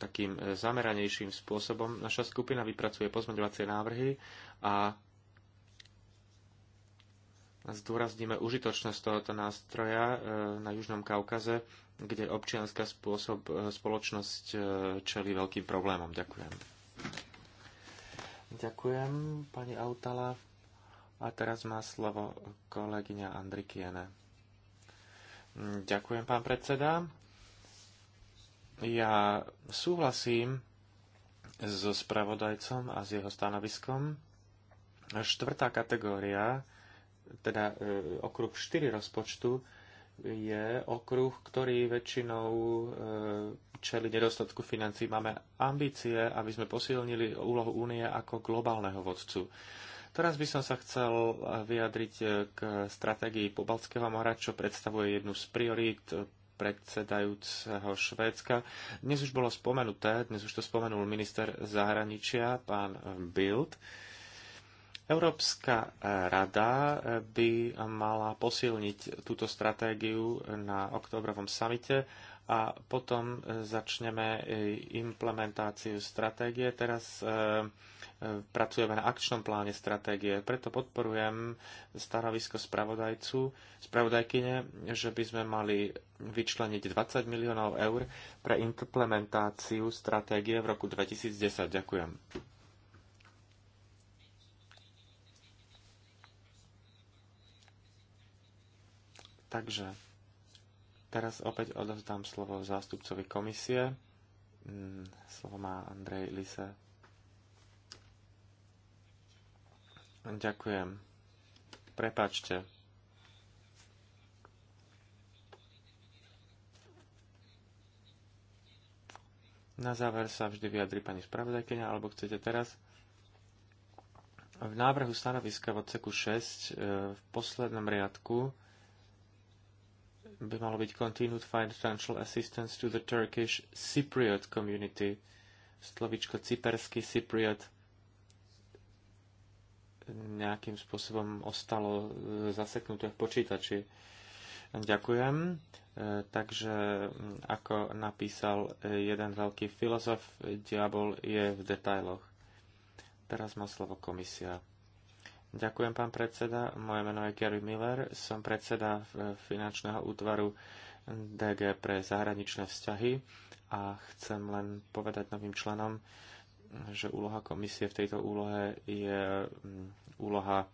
takým e, zameranejším spôsobom. Naša skupina vypracuje pozmeňovacie návrhy a zdôrazníme užitočnosť tohoto nástroja e, na Južnom Kaukaze, kde občianská spôsob, e, spoločnosť e, čeli veľkým problémom. Ďakujem. Ďakujem, pani Autala. A teraz má slovo kolegyňa Andrikiene. Ďakujem, pán predseda. Ja súhlasím so spravodajcom a s jeho stanoviskom. Štvrtá kategória teda e, okruh 4 rozpočtu je okruh, ktorý väčšinou e, čeli nedostatku financí. Máme ambície, aby sme posilnili úlohu únie ako globálneho vodcu. Teraz by som sa chcel e, vyjadriť k stratégii Pobalského mora, čo predstavuje jednu z priorít predsedajúceho Švédska. Dnes už bolo spomenuté, dnes už to spomenul minister zahraničia, pán Bild. Uh, Európska e, rada e, by mala posilniť túto stratégiu na oktobrovom samite a potom e, začneme implementáciu stratégie. Teraz pracujeme na akčnom pláne stratégie, preto podporujem stanovisko spravodajcu, spravodajkyne, že by sme mali vyčleniť 20 miliónov eur pre implementáciu stratégie v roku 2010. Ďakujem. Takže teraz opäť odovzdám slovo zástupcovi komisie. Mm, slovo má Andrej Lise. Ďakujem. Prepačte. Na záver sa vždy vyjadri pani spravodajkyňa, alebo chcete teraz? V návrhu stanoviska v odseku 6 e, v poslednom riadku by malo byť Continued Financial Assistance to the Turkish Cypriot Community. Slovičko cyperský Cypriot nejakým spôsobom ostalo e, zaseknuté v počítači. Ďakujem. E, takže, ako napísal e, jeden veľký filozof, diabol je v detailoch. Teraz má slovo komisia. Ďakujem, pán predseda. Moje meno je Gary Miller, som predseda eh, finančného útvaru DG pre zahraničné vzťahy a chcem len povedať novým členom, že úloha komisie v tejto úlohe je mm, úloha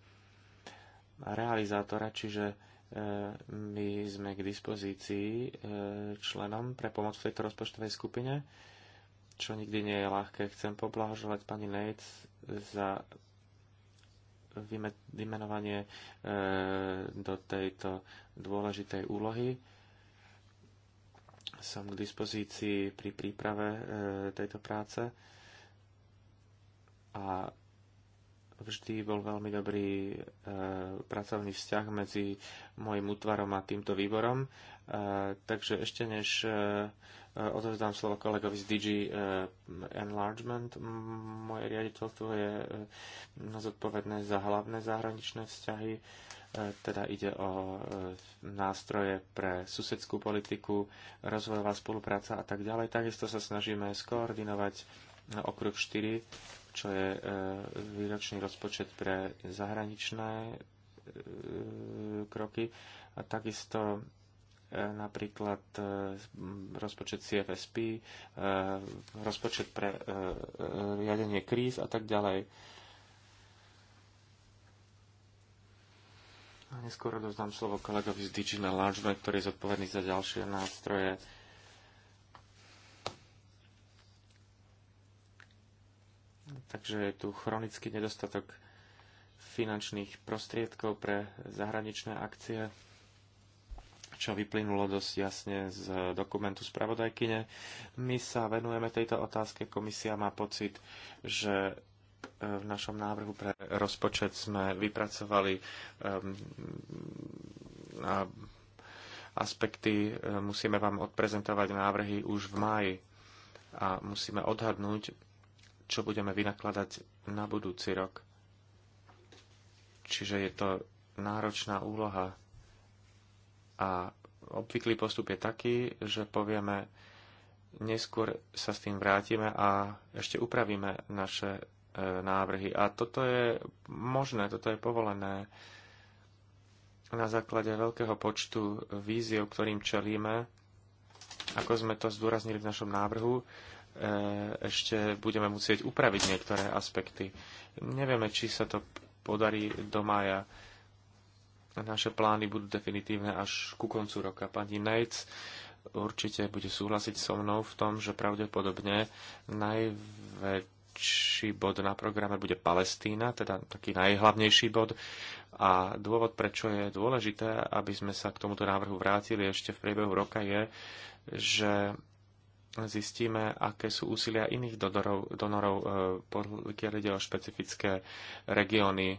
realizátora, čiže eh, my sme k dispozícii eh, členom pre pomoc v tejto rozpočtovej skupine, čo nikdy nie je ľahké. Chcem poblahoželať pani Nates za vymenovanie e, do tejto dôležitej úlohy. Som k dispozícii pri príprave e, tejto práce a vždy bol veľmi dobrý e, pracovný vzťah medzi môjim útvarom a týmto výborom. takže ešte než E, odovzdám slovo kolegovi z DG e, Enlargement. Moje riaditeľstvo je e, zodpovedné za hlavné zahraničné vzťahy, teda ide o nástroje pre susedskú politiku, rozvojová spolupráca a tak ďalej. Takisto sa snažíme skoordinovať okruh 4, čo je výročný rozpočet pre zahraničné kroky a takisto E, napríklad e, rozpočet CFSP, e, rozpočet pre riadenie kríz a tak ďalej. A neskôr dozdám slovo kolegovi z digital na ktorý je zodpovedný za ďalšie nástroje. Takže je tu chronický nedostatok finančných prostriedkov pre zahraničné akcie čo vyplynulo dosť jasne z dokumentu spravodajkyne. My sa venujeme tejto otázke. Komisia má pocit, že e, v našom návrhu pre rozpočet sme vypracovali aspekty. E, musíme vám odprezentovať návrhy už v máji a musíme odhadnúť, čo budeme vynakladať na budúci rok. Čiže je to náročná úloha a obvyklý postup je taký, že povieme, neskôr sa s tým vrátime a ešte upravíme naše e, návrhy. A toto je možné, toto je povolené na základe veľkého počtu víziev, ktorým čelíme. Ako sme to zdôraznili v našom návrhu, e, ešte budeme musieť upraviť niektoré aspekty. Nevieme, či sa to podarí do mája naše plány budú definitívne až ku koncu roka. Pani Nates určite bude súhlasiť so mnou v tom, že pravdepodobne najväčší bod na programe bude Palestína, teda taký najhlavnejší bod. A dôvod, prečo je dôležité, aby sme sa k tomuto návrhu vrátili ešte v priebehu roka, je, že zistíme, aké sú úsilia iných donorov, donorov eh, pokiaľ ide o špecifické regióny, eh,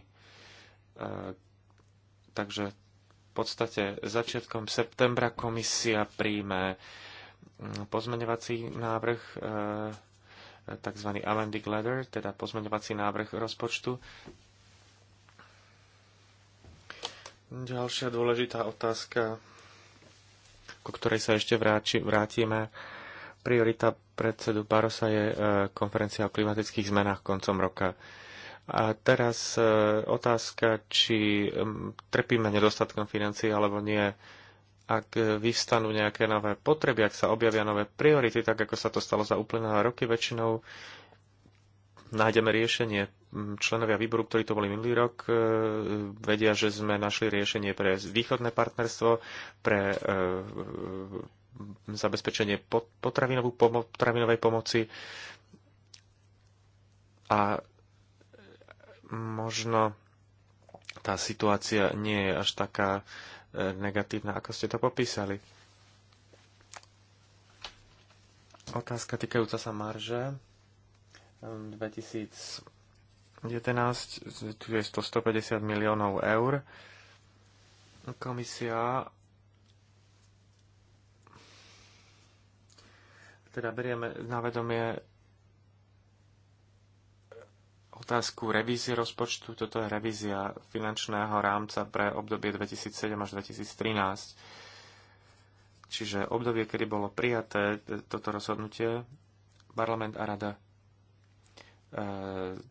Takže v podstate začiatkom septembra komisia príjme mm, pozmeňovací návrh e, tzv. amending letter, teda pozmeňovací návrh rozpočtu. Ďalšia dôležitá otázka, ku ktorej sa ešte vráči, vrátime. Priorita predsedu Barosa je e, konferencia o klimatických zmenách koncom roka. A teraz e, otázka, či trpíme nedostatkom financií alebo nie. Ak vyvstanú nejaké nové potreby, ak sa objavia nové priority, tak ako sa to stalo za uplynulé roky, väčšinou nájdeme riešenie. Členovia výboru, ktorí to boli minulý rok, e, vedia, že sme našli riešenie pre východné partnerstvo, pre e, zabezpečenie potravinovej pomoci a možno tá situácia nie je až taká e, negatívna, ako ste to popísali. Otázka týkajúca sa marže. 2011 ehm, tu je 150 miliónov eur. Komisia teda berieme na vedomie otázku revízie rozpočtu. Toto je revízia finančného rámca pre obdobie 2007 až 2013. Čiže obdobie, kedy bolo prijaté toto rozhodnutie, parlament a rada e,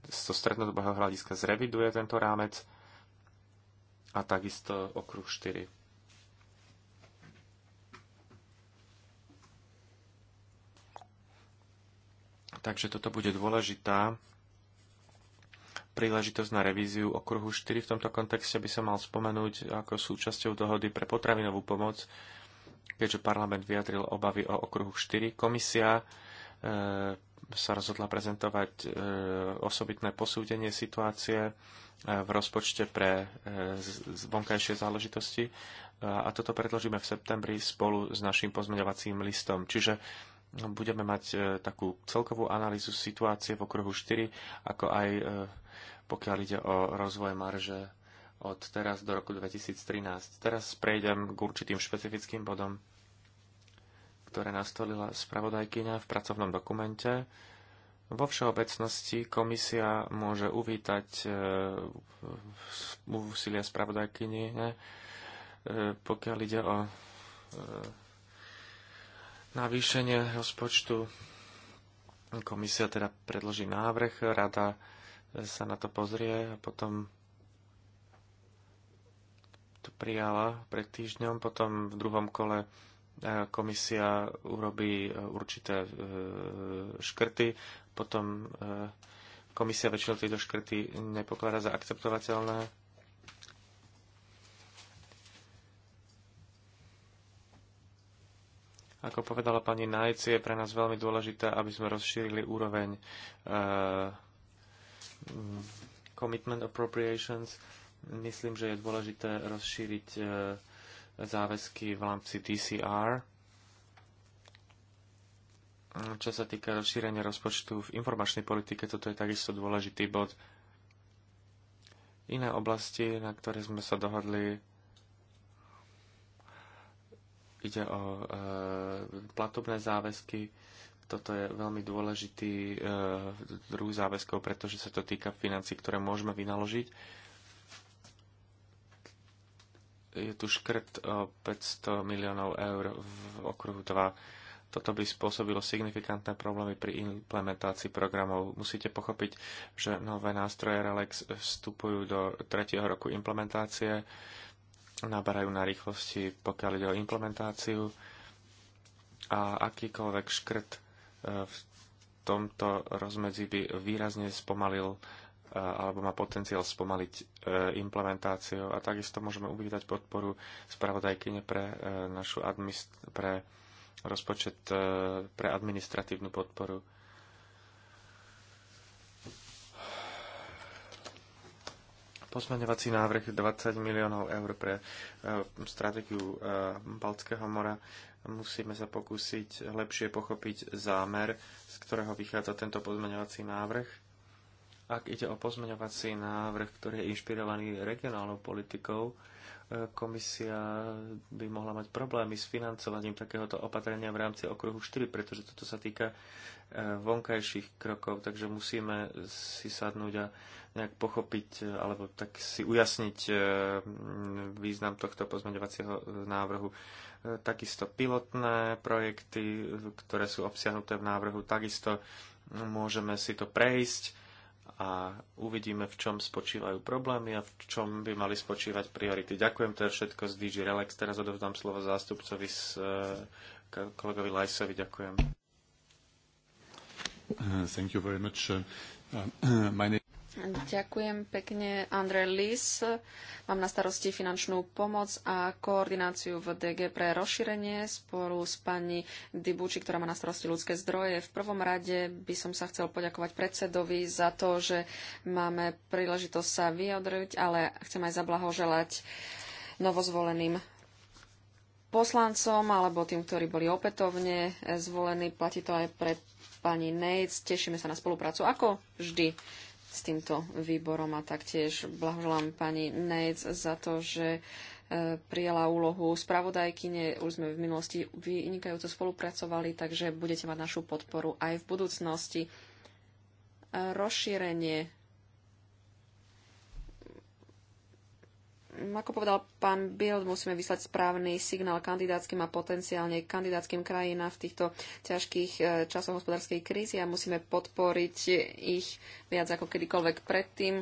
z to strednodobého hľadiska zreviduje tento rámec a takisto okruh 4. Takže toto bude dôležitá príležitosť na revíziu okruhu 4. V tomto kontexte by som mal spomenúť ako súčasťou dohody pre potravinovú pomoc, keďže parlament vyjadril obavy o okruhu 4. Komisia e, sa rozhodla prezentovať e, osobitné posúdenie situácie e, v rozpočte pre e, vonkajšie záležitosti e, a toto predložíme v septembri spolu s našim pozmeňovacím listom. Čiže budeme mať e, takú celkovú analýzu situácie v okruhu 4, ako aj pokiaľ ide o rozvoj marže od teraz do roku 2013. Teraz prejdem k určitým špecifickým bodom, ktoré nastolila spravodajkyňa v pracovnom dokumente. Vo všeobecnosti komisia môže uvítať e, úsilia spravodajkyni, ne? E, pokiaľ ide o e, navýšenie rozpočtu. Komisia teda predloží návrh, rada sa na to pozrie a potom to prijala pred týždňom, potom v druhom kole e, komisia urobí e, určité e, škrty, potom komisia väčšinou tieto škrty nepokladá za akceptovateľné. Ako povedala pani Najc, je pre nás veľmi dôležité, aby sme rozšírili úroveň commitment appropriations, myslím, že je dôležité rozšíriť e, záväzky v rámci DCR, čo sa týka rozšírenia rozpočtu v informačnej politike, toto je takisto dôležitý bod. Iné oblasti, na ktoré sme sa dohodli, ide o e, platobné záväzky, toto je veľmi dôležitý e, druh záväzkov, pretože sa to týka financí, ktoré môžeme vynaložiť. Je tu škrt o 500 miliónov eur v okruhu 2. Toto by spôsobilo signifikantné problémy pri implementácii programov. Musíte pochopiť, že nové nástroje Relax vstupujú do tretieho roku implementácie, naberajú na rýchlosti, pokiaľ ide o implementáciu a akýkoľvek škrt E, v tomto rozmedzi by výrazne spomalil e, alebo má potenciál spomaliť e, implementáciu. A takisto môžeme uvítať podporu spravodajkyne pre, našu administ- pre rozpočet pre administratívnu podporu. Posmeňovací návrh 20 miliónov eur pre stratégiu Baltského mora musíme sa pokúsiť lepšie pochopiť zámer, z ktorého vychádza tento pozmeňovací návrh. Ak ide o pozmeňovací návrh, ktorý je inšpirovaný regionálnou politikou, e, komisia by mohla mať problémy s financovaním takéhoto opatrenia v rámci okruhu 4, pretože toto sa týka e, vonkajších krokov, takže musíme si sadnúť a nejak pochopiť e, alebo tak si ujasniť význam tohto pozmeňovacieho návrhu. E, takisto pilotné projekty, ktoré sú obsiahnuté v návrhu, takisto môžeme si to prejsť a uvidíme, v čom spočívajú problémy a v čom by mali spočívať priority. Ďakujem, to je všetko z DG Relax. Teraz odovzdám slovo zástupcovi s e, kolegovi Lajsovi. Ďakujem. Uh, thank you very much. Uh, uh my name... Ďakujem pekne. Andrej Lis, mám na starosti finančnú pomoc a koordináciu v DG pre rozšírenie spolu s pani Dibuči, ktorá má na starosti ľudské zdroje. V prvom rade by som sa chcel poďakovať predsedovi za to, že máme príležitosť sa vyjadriť, ale chcem aj zablahoželať novozvoleným poslancom alebo tým, ktorí boli opätovne zvolení. Platí to aj pre pani Nates. Tešíme sa na spoluprácu ako vždy s týmto výborom a taktiež blahoželám pani Nec za to, že e, prijala úlohu spravodajkyne. Už sme v minulosti vynikajúco spolupracovali, takže budete mať našu podporu aj v budúcnosti. E, rozšírenie Mm, ako povedal pán Bild, musíme vyslať správny signál kandidátskym a potenciálne kandidátskym krajinám v týchto ťažkých e, časoch hospodárskej krízy a musíme podporiť ich viac ako kedykoľvek predtým,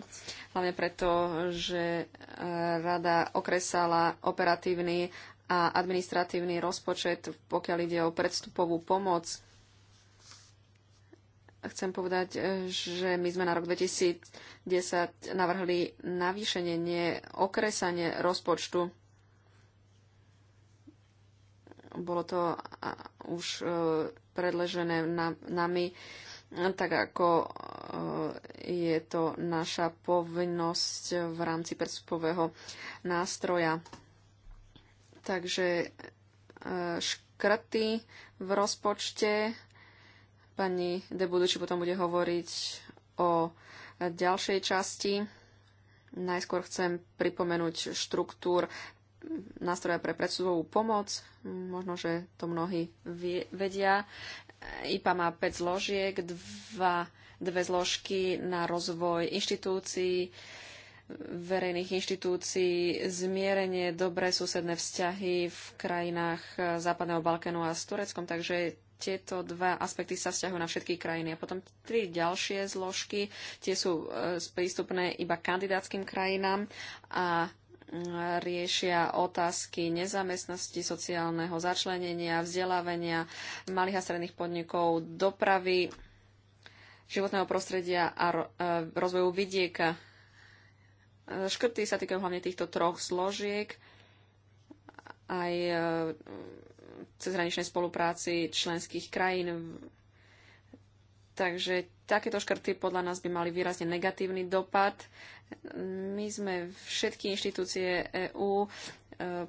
hlavne preto, že e, rada okresala operatívny a administratívny rozpočet, pokiaľ ide o predstupovú pomoc chcem povedať, e, že my sme na rok 2010 navrhli navýšenie, nie okresanie rozpočtu. Bolo to už e, predležené nami, tak ako e, je to naša povinnosť v rámci predstupového nástroja. Takže škrty v rozpočte Pani Debuduči potom bude hovoriť o ďalšej časti. Najskôr chcem pripomenúť štruktúr nástroja pre predsudovú pomoc. Možno, že to mnohí vedia. IPA má 5 zložiek, dva, dve zložky na rozvoj inštitúcií, verejných inštitúcií, zmierenie, dobré susedné vzťahy v krajinách Západného Balkánu a s Tureckom, takže tieto dva aspekty sa vzťahujú na všetky krajiny. A potom tri ďalšie zložky, tie sú e, prístupné iba kandidátskym krajinám a riešia otázky nezamestnosti, sociálneho začlenenia, vzdelávania malých a stredných podnikov, dopravy, životného prostredia a e, rozvoju vidieka. Škrty sa týkajú hlavne týchto troch zložiek. Aj e, cezhraničnej spolupráci členských krajín. Takže takéto škrty podľa nás by mali výrazne negatívny dopad. My sme všetky inštitúcie EÚ, e,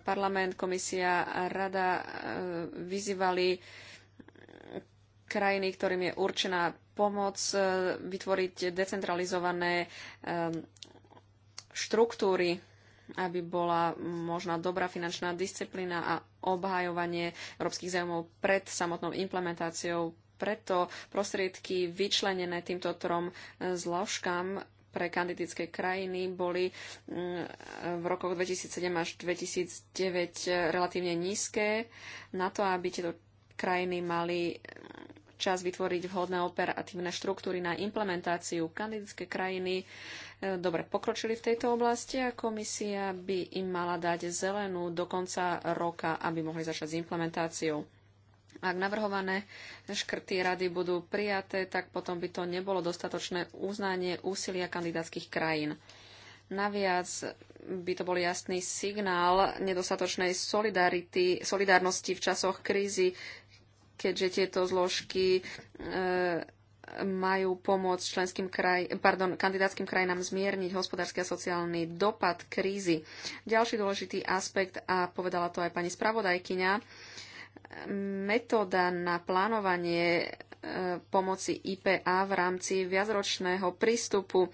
parlament, komisia a rada e, vyzývali krajiny, ktorým je určená pomoc, e, vytvoriť decentralizované štruktúry aby bola možná dobrá finančná disciplína a obhajovanie európskych zájmov pred samotnou implementáciou. Preto prostriedky vyčlenené týmto trom zložkám pre kandidické krajiny boli mm, v rokoch 2007 až 2009 relatívne nízke na to, aby tieto krajiny mali čas vytvoriť vhodné operatívne štruktúry na implementáciu. Kandidátske krajiny e, dobre pokročili v tejto oblasti a komisia by im mala dať zelenú do konca roka, aby mohli začať s implementáciou. Ak navrhované škrty rady budú prijaté, tak potom by to nebolo dostatočné uznanie úsilia kandidátskych krajín. Naviac by to bol jasný signál nedostatočnej solidarity, solidárnosti v časoch krízy keďže tieto zložky e, majú pomôcť členským kraj, pardon, kandidátskym krajinám zmierniť hospodársky a sociálny dopad krízy. Ďalší dôležitý aspekt, a povedala to aj pani spravodajkyňa, metóda na plánovanie pomoci IPA v rámci viacročného prístupu.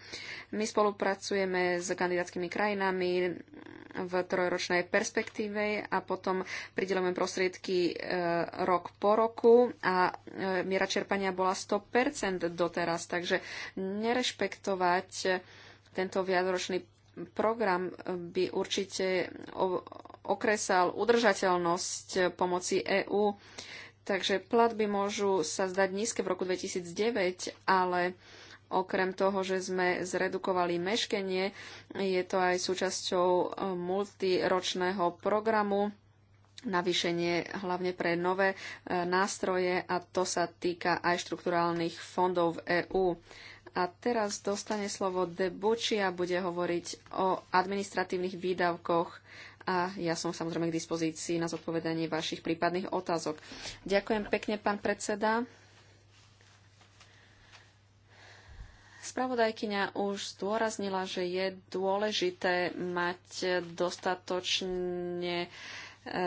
My spolupracujeme s kandidátskymi krajinami v trojročnej perspektíve a potom pridelujeme prostriedky e, rok po roku a e, miera čerpania bola 100% doteraz, takže nerešpektovať tento viacročný program by určite okresal udržateľnosť pomoci EÚ. Takže platby môžu sa zdať nízke v roku 2009, ale okrem toho, že sme zredukovali meškenie, je to aj súčasťou e, multiročného programu navýšenie hlavne pre nové e, nástroje a to sa týka aj štrukturálnych fondov v EÚ. A teraz dostane slovo Debuči a bude hovoriť o administratívnych výdavkoch a ja som samozrejme k dispozícii na zodpovedanie vašich prípadných otázok. Ďakujem pekne, pán predseda. Spravodajkyňa už zdôraznila, že je dôležité mať dostatočne, e,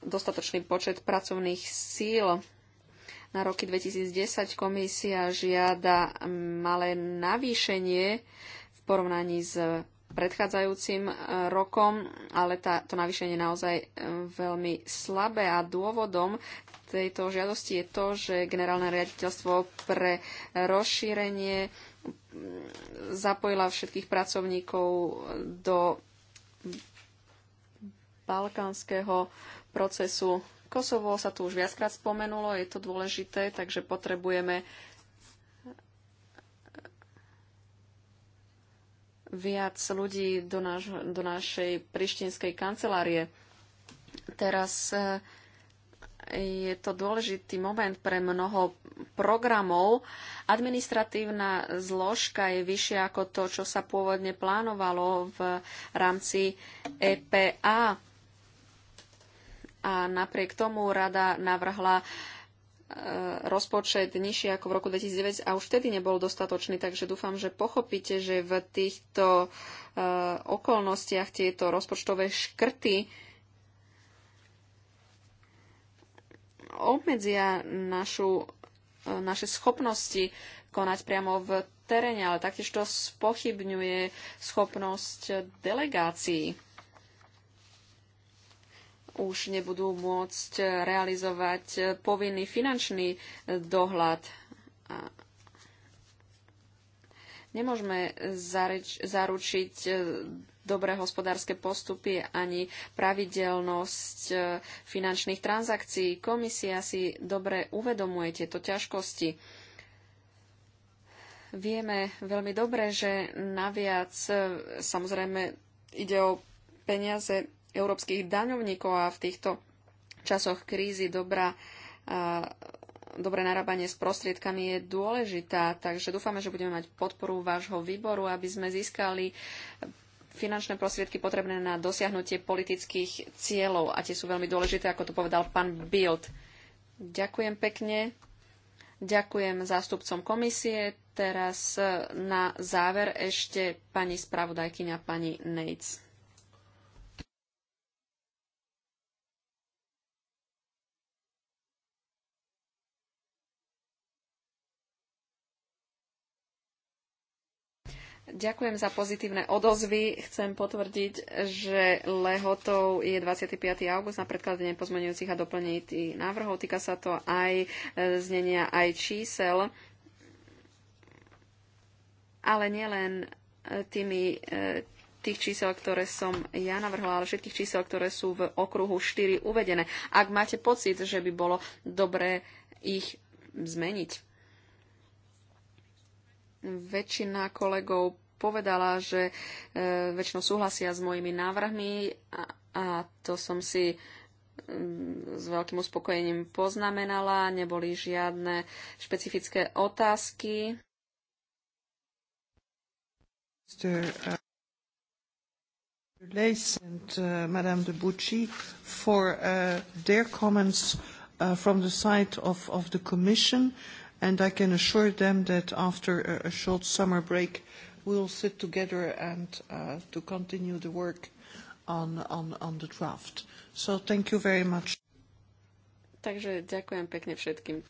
dostatočný počet pracovných síl. Na roky 2010 komisia žiada malé navýšenie v porovnaní s predchádzajúcim e, rokom, ale tá, to navýšenie je naozaj e, veľmi slabé a dôvodom tejto žiadosti je to, že generálne riaditeľstvo pre rozšírenie zapojila všetkých pracovníkov do balkánskeho procesu. Kosovo sa tu už viackrát spomenulo, je to dôležité, takže potrebujeme uh, viac ľudí do, naš, do našej prištinskej kancelárie. Teraz eh, je to dôležitý moment pre mnoho programov. Administratívna zložka je vyššia ako to, čo sa pôvodne plánovalo v rámci EPA. A napriek tomu rada navrhla rozpočet nižší ako v roku 2009 a už vtedy nebol dostatočný, takže dúfam, že pochopíte, že v týchto e, okolnostiach tieto rozpočtové škrty obmedzia našu, e, naše schopnosti konať priamo v teréne, ale taktiež to spochybňuje schopnosť delegácií už nebudú môcť realizovať povinný finančný dohľad. Nemôžeme zareč, zaručiť e, dobré hospodárske postupy ani pravidelnosť e, finančných transakcií. Komisia si dobre uvedomuje tieto ťažkosti. Vieme veľmi dobre, že naviac e, samozrejme ide o peniaze európskych daňovníkov a v týchto časoch krízy dobrá dobré narábanie s prostriedkami je dôležitá, takže dúfame, že budeme mať podporu vášho výboru, aby sme získali finančné prostriedky potrebné na dosiahnutie politických cieľov a tie sú veľmi dôležité, ako to povedal pán Bild. Ďakujem pekne. Ďakujem zástupcom komisie. Teraz na záver ešte pani spravodajkyňa pani Nates. Ďakujem za pozitívne odozvy. Chcem potvrdiť, že lehotou je 25. august na predkladanie pozmenujúcich a doplnených návrhov. Týka sa to aj e, znenia, aj čísel, ale nielen e, tými e, tých čísel, ktoré som ja navrhla, ale všetkých čísel, ktoré sú v okruhu 4 uvedené. Ak máte pocit, že by bolo dobré ich zmeniť. Väčšina kolegov povedala, že e, väčšinou súhlasia s mojimi návrhmi a, a to som si mm, s veľkým uspokojením poznamenala. Neboli žiadne špecifické otázky. Lace uh, and uh, Madame de Bucci for uh, their comments uh, from the side of, of the Commission, and I can assure them that after a, a short summer break, we will sit together and uh, to continue the work on, on, on the draft. So thank you very much. Takže ďakujem pekne všetkým.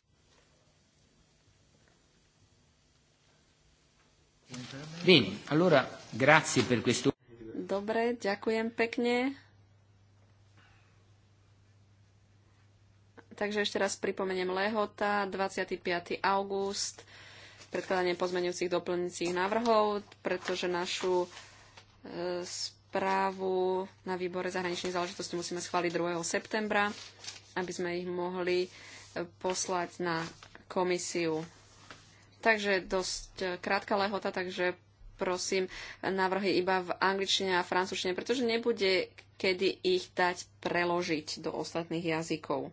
Bene, allora grazie per questo. Dobre, ďakujem pekne. Takže ešte raz pripomeniem lehota, 25. august predkladanie pozmeňujúcich doplňujúcich návrhov, pretože našu e, správu na výbore zahraničných záležitostí musíme schváliť 2. septembra, aby sme ich mohli e, poslať na komisiu. Takže dosť e, krátka lehota, takže prosím návrhy iba v angličtine a francúzštine, pretože nebude kedy ich dať preložiť do ostatných jazykov.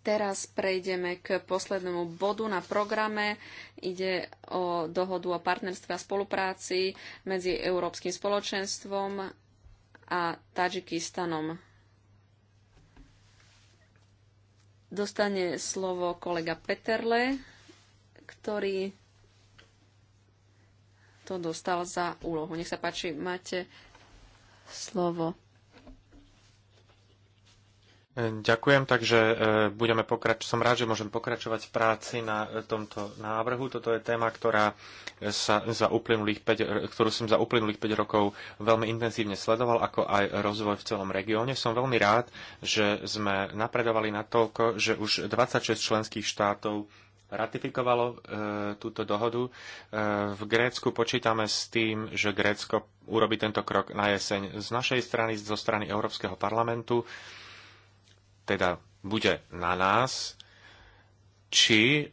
Teraz prejdeme k poslednému bodu na programe. Ide o dohodu o partnerstve a spolupráci medzi Európskym spoločenstvom a Tadžikistanom. Dostane slovo kolega Peterle, ktorý to dostal za úlohu. Nech sa páči, máte slovo. Ďakujem, takže e, budeme pokrač- som rád, že môžem pokračovať v práci na e, tomto návrhu. Toto je téma, ktorá sa za 5, e, ktorú som za uplynulých 5 rokov veľmi intenzívne sledoval, ako aj rozvoj v celom regióne. Som veľmi rád, že sme napredovali na toľko, že už 26 členských štátov ratifikovalo e, túto dohodu. E, v Grécku počítame s tým, že Grécko urobí tento krok na jeseň. Z našej strany, zo strany Európskeho parlamentu, e, teda bude na nás, či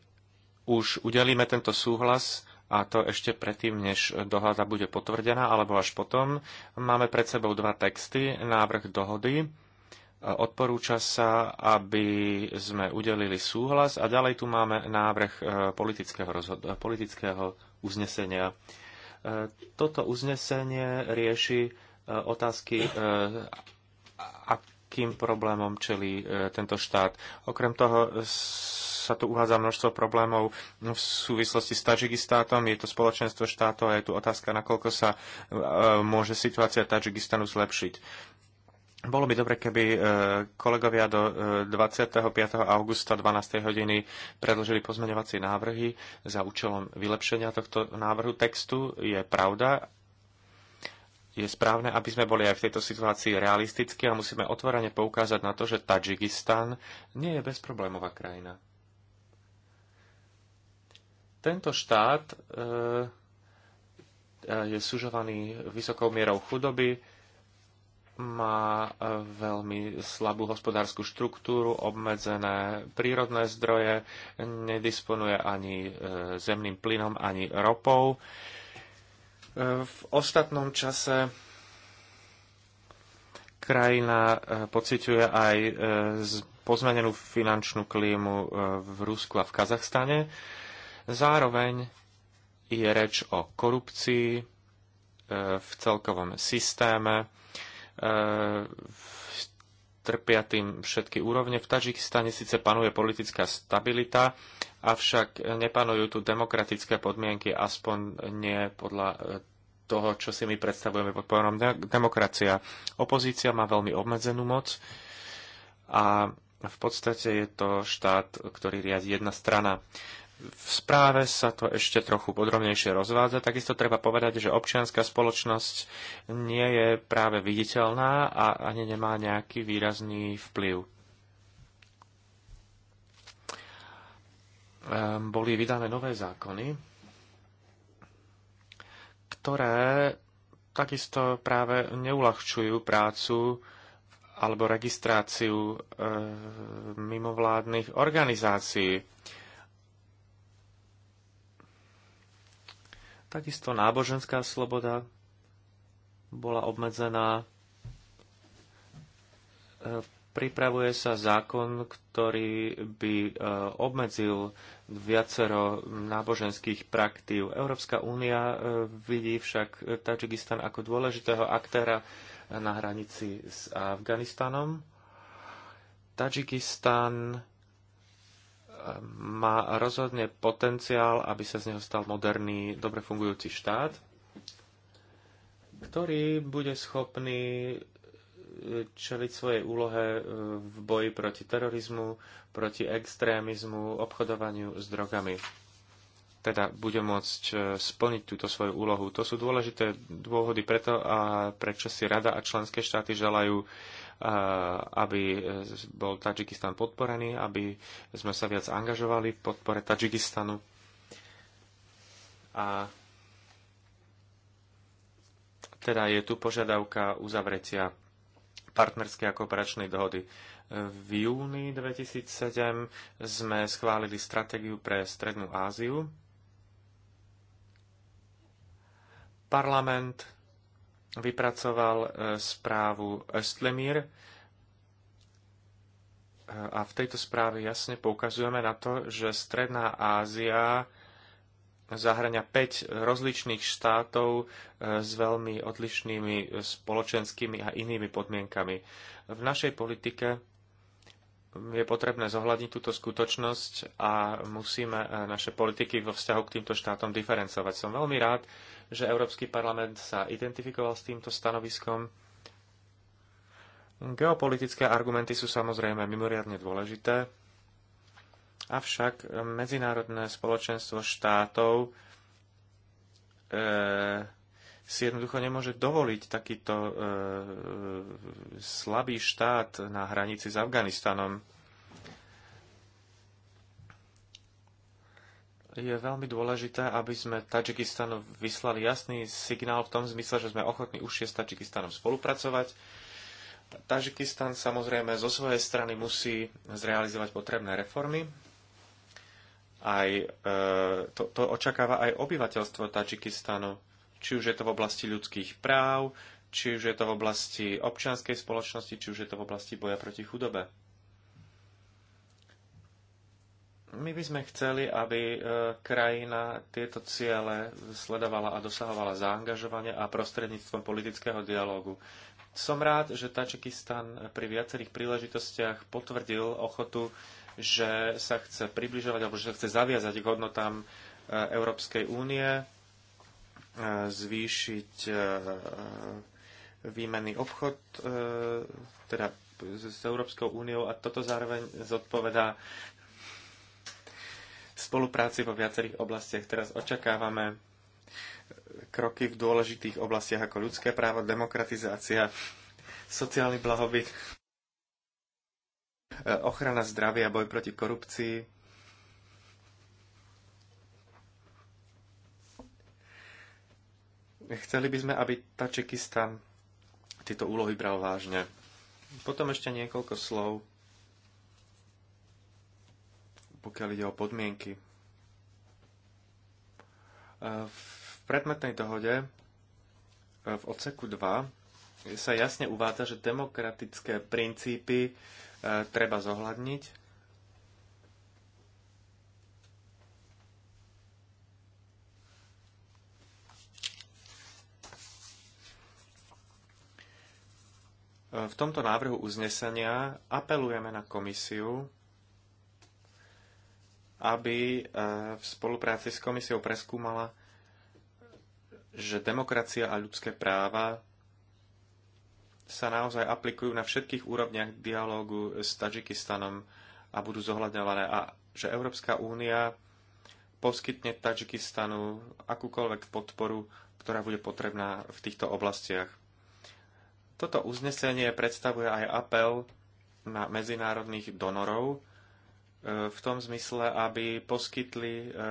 už udelíme tento súhlas a to ešte predtým, než dohoda bude potvrdená, alebo až potom. Máme pred sebou dva texty, návrh dohody. Odporúča sa, aby sme udelili súhlas a ďalej tu máme návrh e, politického, e, politického uznesenia. E, toto uznesenie rieši otázky, akým problémom čelí e, tento štát. Okrem toho e, sa tu uvádza množstvo problémov v súvislosti s Tadžikistátom. Je to spoločenstvo štátov a je tu otázka, nakoľko sa e, môže situácia Tadžikistanu zlepšiť. Bolo by dobre, keby kolegovia do 25. augusta 12. hodiny predložili pozmeňovacie návrhy za účelom vylepšenia tohto návrhu textu. Je pravda, je správne, aby sme boli aj v tejto situácii realistickí a musíme otvorene poukázať na to, že Tadžikistan nie je bezproblémová krajina. Tento štát e, e je sužovaný vysokou mierou chudoby, má e, veľmi slabú hospodárskú štruktúru, obmedzené prírodné zdroje, nedisponuje ani e, zemným plynom, ani ropou. E, v ostatnom čase krajina e, pociťuje aj e, pozmenenú finančnú klímu e, v Rusku a v Kazachstane. Zároveň je reč o korupcii v celkovom systéme. Trpia tým všetky úrovne. V Tadžikistane síce panuje politická stabilita, avšak nepanujú tu demokratické podmienky, aspoň nie podľa e, toho, čo si my predstavujeme pod pojmom demokracia. Opozícia má veľmi obmedzenú moc a v podstate je to štát, ktorý riadi jedna strana. V správe sa to ešte trochu podrobnejšie rozvádza. Takisto treba povedať, že občianská spoločnosť nie je práve viditeľná a ani nemá nejaký výrazný vplyv. Ehm, boli vydané nové zákony, ktoré takisto práve neulahčujú prácu alebo registráciu e, mimovládnych organizácií. Takisto náboženská sloboda bola obmedzená. Ehm, pripravuje sa zákon, ktorý by obmedzil viacero náboženských praktív. Európska únia e, vidí však Tadžikistan ako dôležitého aktéra na hranici s Afganistanom. Tadžikistan e, má rozhodne potenciál, aby sa z neho stal moderný, dobre fungujúci štát, ktorý bude schopný čeliť svojej úlohe e, v boji proti terorizmu, proti extrémizmu, obchodovaniu s drogami. Teda bude môcť e, splniť túto svoju úlohu. To sú dôležité dôvody preto, a prečo si Rada a členské štáty želajú, e, aby bol Tadžikistan podporený, aby sme sa viac angažovali v podpore Tadžikistanu. A teda je tu požiadavka uzavretia partnerskej a kooperačnej dohody. V júni 2007 sme schválili stratégiu pre Strednú Áziu. Parlament vypracoval e, správu Östlemír, e, a v tejto správe jasne poukazujeme na to, že Stredná Ázia zahrania 5 rozličných štátov e, s veľmi odlišnými e, spoločenskými a inými podmienkami. V našej politike je potrebné zohľadniť túto skutočnosť a musíme e, naše politiky vo vzťahu k týmto štátom diferencovať. Som veľmi rád, že Európsky parlament sa identifikoval s týmto stanoviskom. Geopolitické argumenty sú samozrejme mimoriadne dôležité Avšak medzinárodné spoločenstvo štátov e, si jednoducho nemôže dovoliť takýto e, slabý štát na hranici s Afganistanom. Je veľmi dôležité, aby sme Tadžikistanu vyslali jasný signál v tom zmysle, že sme ochotní užšie s Tadžikistanom spolupracovať. Tadžikistan samozrejme zo svojej strany musí zrealizovať potrebné reformy, aj, e, to, to očakáva aj obyvateľstvo Tadžikistanu, či už je to v oblasti ľudských práv, či už je to v oblasti občianskej spoločnosti, či už je to v oblasti boja proti chudobe. My by sme chceli, aby e, krajina tieto ciele sledovala a dosahovala zaangažovanie a prostredníctvom politického dialógu. Som rád, že Tačikistan pri viacerých príležitostiach potvrdil ochotu že sa chce približovať alebo že sa chce zaviazať k hodnotám e, Európskej únie, e, zvýšiť e, výmenný obchod teda s Európskou úniou a toto zároveň zodpovedá spolupráci vo viacerých oblastiach. Teraz očakávame kroky v dôležitých oblastiach ako ľudské právo, demokratizácia, sociálny blahobyt E, ochrana zdravia, a boj proti korupcii. Chceli by sme, aby tačekista tieto úlohy bral vážne. Potom ešte niekoľko slov, pokiaľ ide o podmienky. E, v predmetnej dohode e, v odseku 2 sa jasne uvádza, že demokratické princípy treba zohľadniť. V tomto návrhu uznesenia apelujeme na komisiu, aby e, v spolupráci s komisiou preskúmala, že demokracia a ľudské práva sa naozaj aplikujú na všetkých úrovniach dialógu s Tadžikistanom a budú zohľadňované a že Európska únia poskytne Tadžikistanu akúkoľvek podporu, ktorá bude potrebná v týchto oblastiach. Toto uznesenie predstavuje aj apel na medzinárodných donorov e, v tom zmysle, aby poskytli e, e,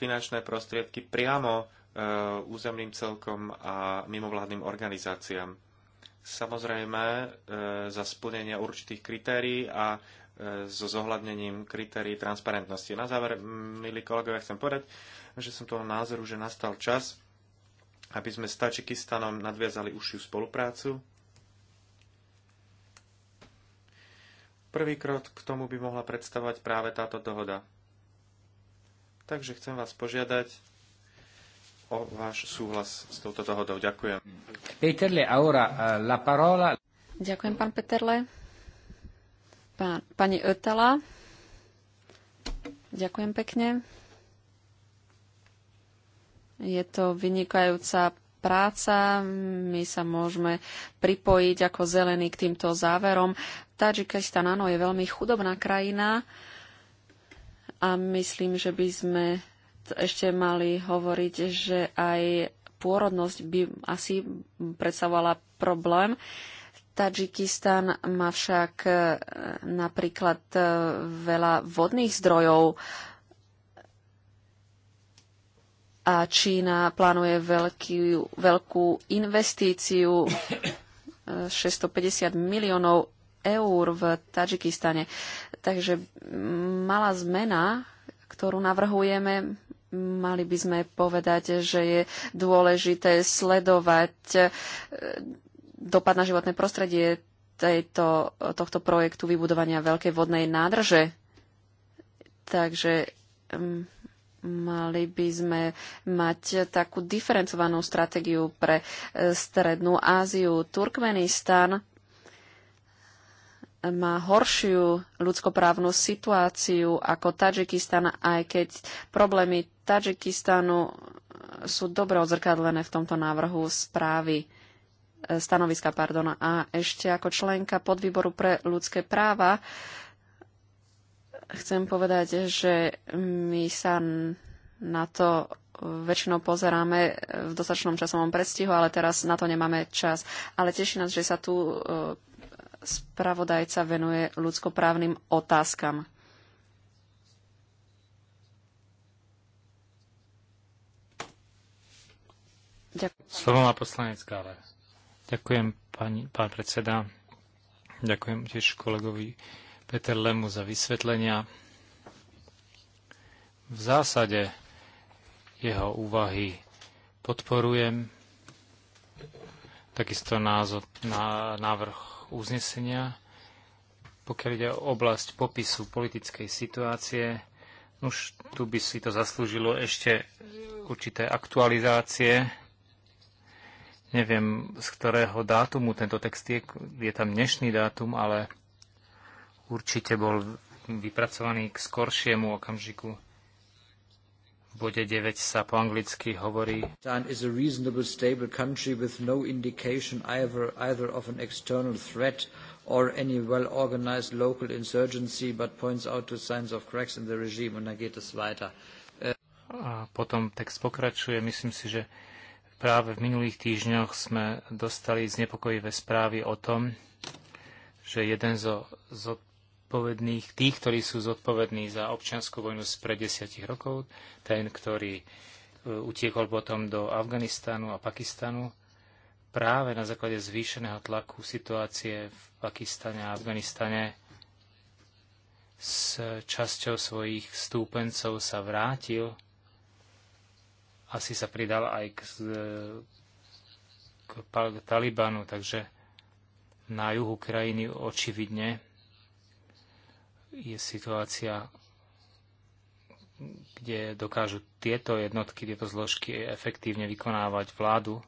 finančné prostriedky priamo Eh, územným celkom a mimovládnym organizáciám. Samozrejme, eh, za splnenie určitých kritérií a eh, so zohľadnením kritérií transparentnosti. Na záver, milí kolegovia, chcem povedať, že som toho názoru, že nastal čas, aby sme s Tačikistanom nadviazali užšiu spoluprácu. Prvý krok k tomu by mohla predstavovať práve táto dohoda. Takže chcem vás požiadať, o váš súhlas s touto dohodou. Ďakujem. Peterle, ahora eh, la parola. Ďakujem, pán Peterle. Pán, pani Ötala. Ďakujem pekne. Je to vynikajúca práca. My sa môžeme pripojiť ako zelení k týmto záverom. Tadžikistan, áno, je veľmi chudobná krajina a myslím, že by sme ešte mali hovoriť, že aj pôrodnosť by asi predstavovala problém. Tadžikistan má však e, napríklad e, veľa vodných zdrojov a Čína plánuje veľký, veľkú investíciu 650 e, miliónov eur v Tadžikistane. Takže malá zmena, ktorú navrhujeme, mali by sme povedať, že je dôležité sledovať eh, dopad na životné prostredie tejto, tohto projektu vybudovania veľkej vodnej nádrže. Takže mm, mali by sme mať takú diferencovanú stratégiu pre eh, Strednú Áziu. Turkmenistan má horšiu ľudskoprávnu situáciu ako Tadžikistan, aj keď problémy Tadžikistanu sú dobre odzrkadlené v tomto návrhu správy e, stanoviska, pardon. A ešte ako členka podvýboru pre ľudské práva chcem povedať, že my sa na to väčšinou pozeráme v dostačnom časovom predstihu, ale teraz na to nemáme čas. Ale teší nás, že sa tu e, spravodajca venuje ľudskoprávnym otázkam. Ďakujem. Slovo má poslanec Gále. Ďakujem, pani, pán predseda. Ďakujem tiež kolegovi Peter Lemu za vysvetlenia. V zásade jeho úvahy podporujem. Takisto názor, na, návrh uznesenia, pokiaľ ide o oblasť popisu politickej situácie. Už tu by si to zaslúžilo ešte určité aktualizácie. Neviem, z ktorého dátumu tento text je, je tam dnešný dátum, ale určite bol vypracovaný k skoršiemu okamžiku bode 9 sa po anglicky hovorí is a reasonable stable country with no indication either, either of an external threat or any well-organized local insurgency but points out to signs of cracks in the regime und geht es weiter. A potom text pokračuje. Myslím si, že práve v minulých týždňoch sme dostali znepokojivé správy o tom, že jeden zo, zo zodpovedných, tých, ktorí sú zodpovední za občianskú vojnu z pred desiatich rokov, ten, ktorý e, utiekol potom do Afganistanu a Pakistanu, práve na základe zvýšeného tlaku situácie v Pakistane a Afganistane s časťou svojich stúpencov sa vrátil, asi sa pridal aj k, k Talibanu, takže na juhu krajiny očividne je situácia, kde dokážu tieto jednotky, tieto zložky efektívne vykonávať vládu.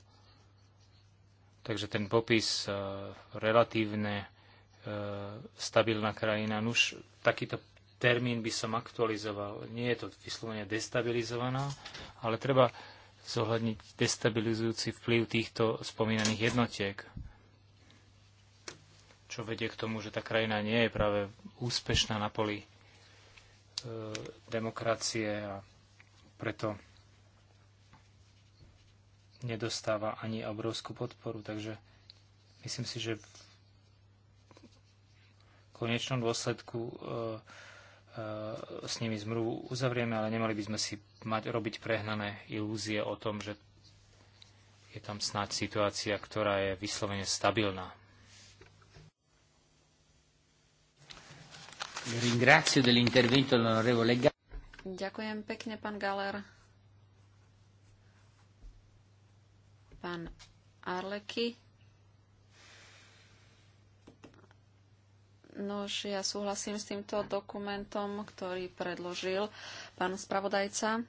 Takže ten popis e, relatívne e, stabilná krajina, už takýto termín by som aktualizoval. Nie je to vyslovene destabilizovaná, ale treba zohľadniť destabilizujúci vplyv týchto spomínaných jednotiek čo vedie k tomu, že tá krajina nie je práve úspešná na poli e, demokracie a preto nedostáva ani obrovskú podporu. Takže myslím si, že v konečnom dôsledku e, e, s nimi zmluvu uzavrieme, ale nemali by sme si mať, robiť prehnané ilúzie o tom, že je tam snáď situácia, ktorá je vyslovene stabilná. Ďakujem pekne, pán Galer. Pán Arleky. Nož, ja súhlasím s týmto dokumentom, ktorý predložil pán spravodajca.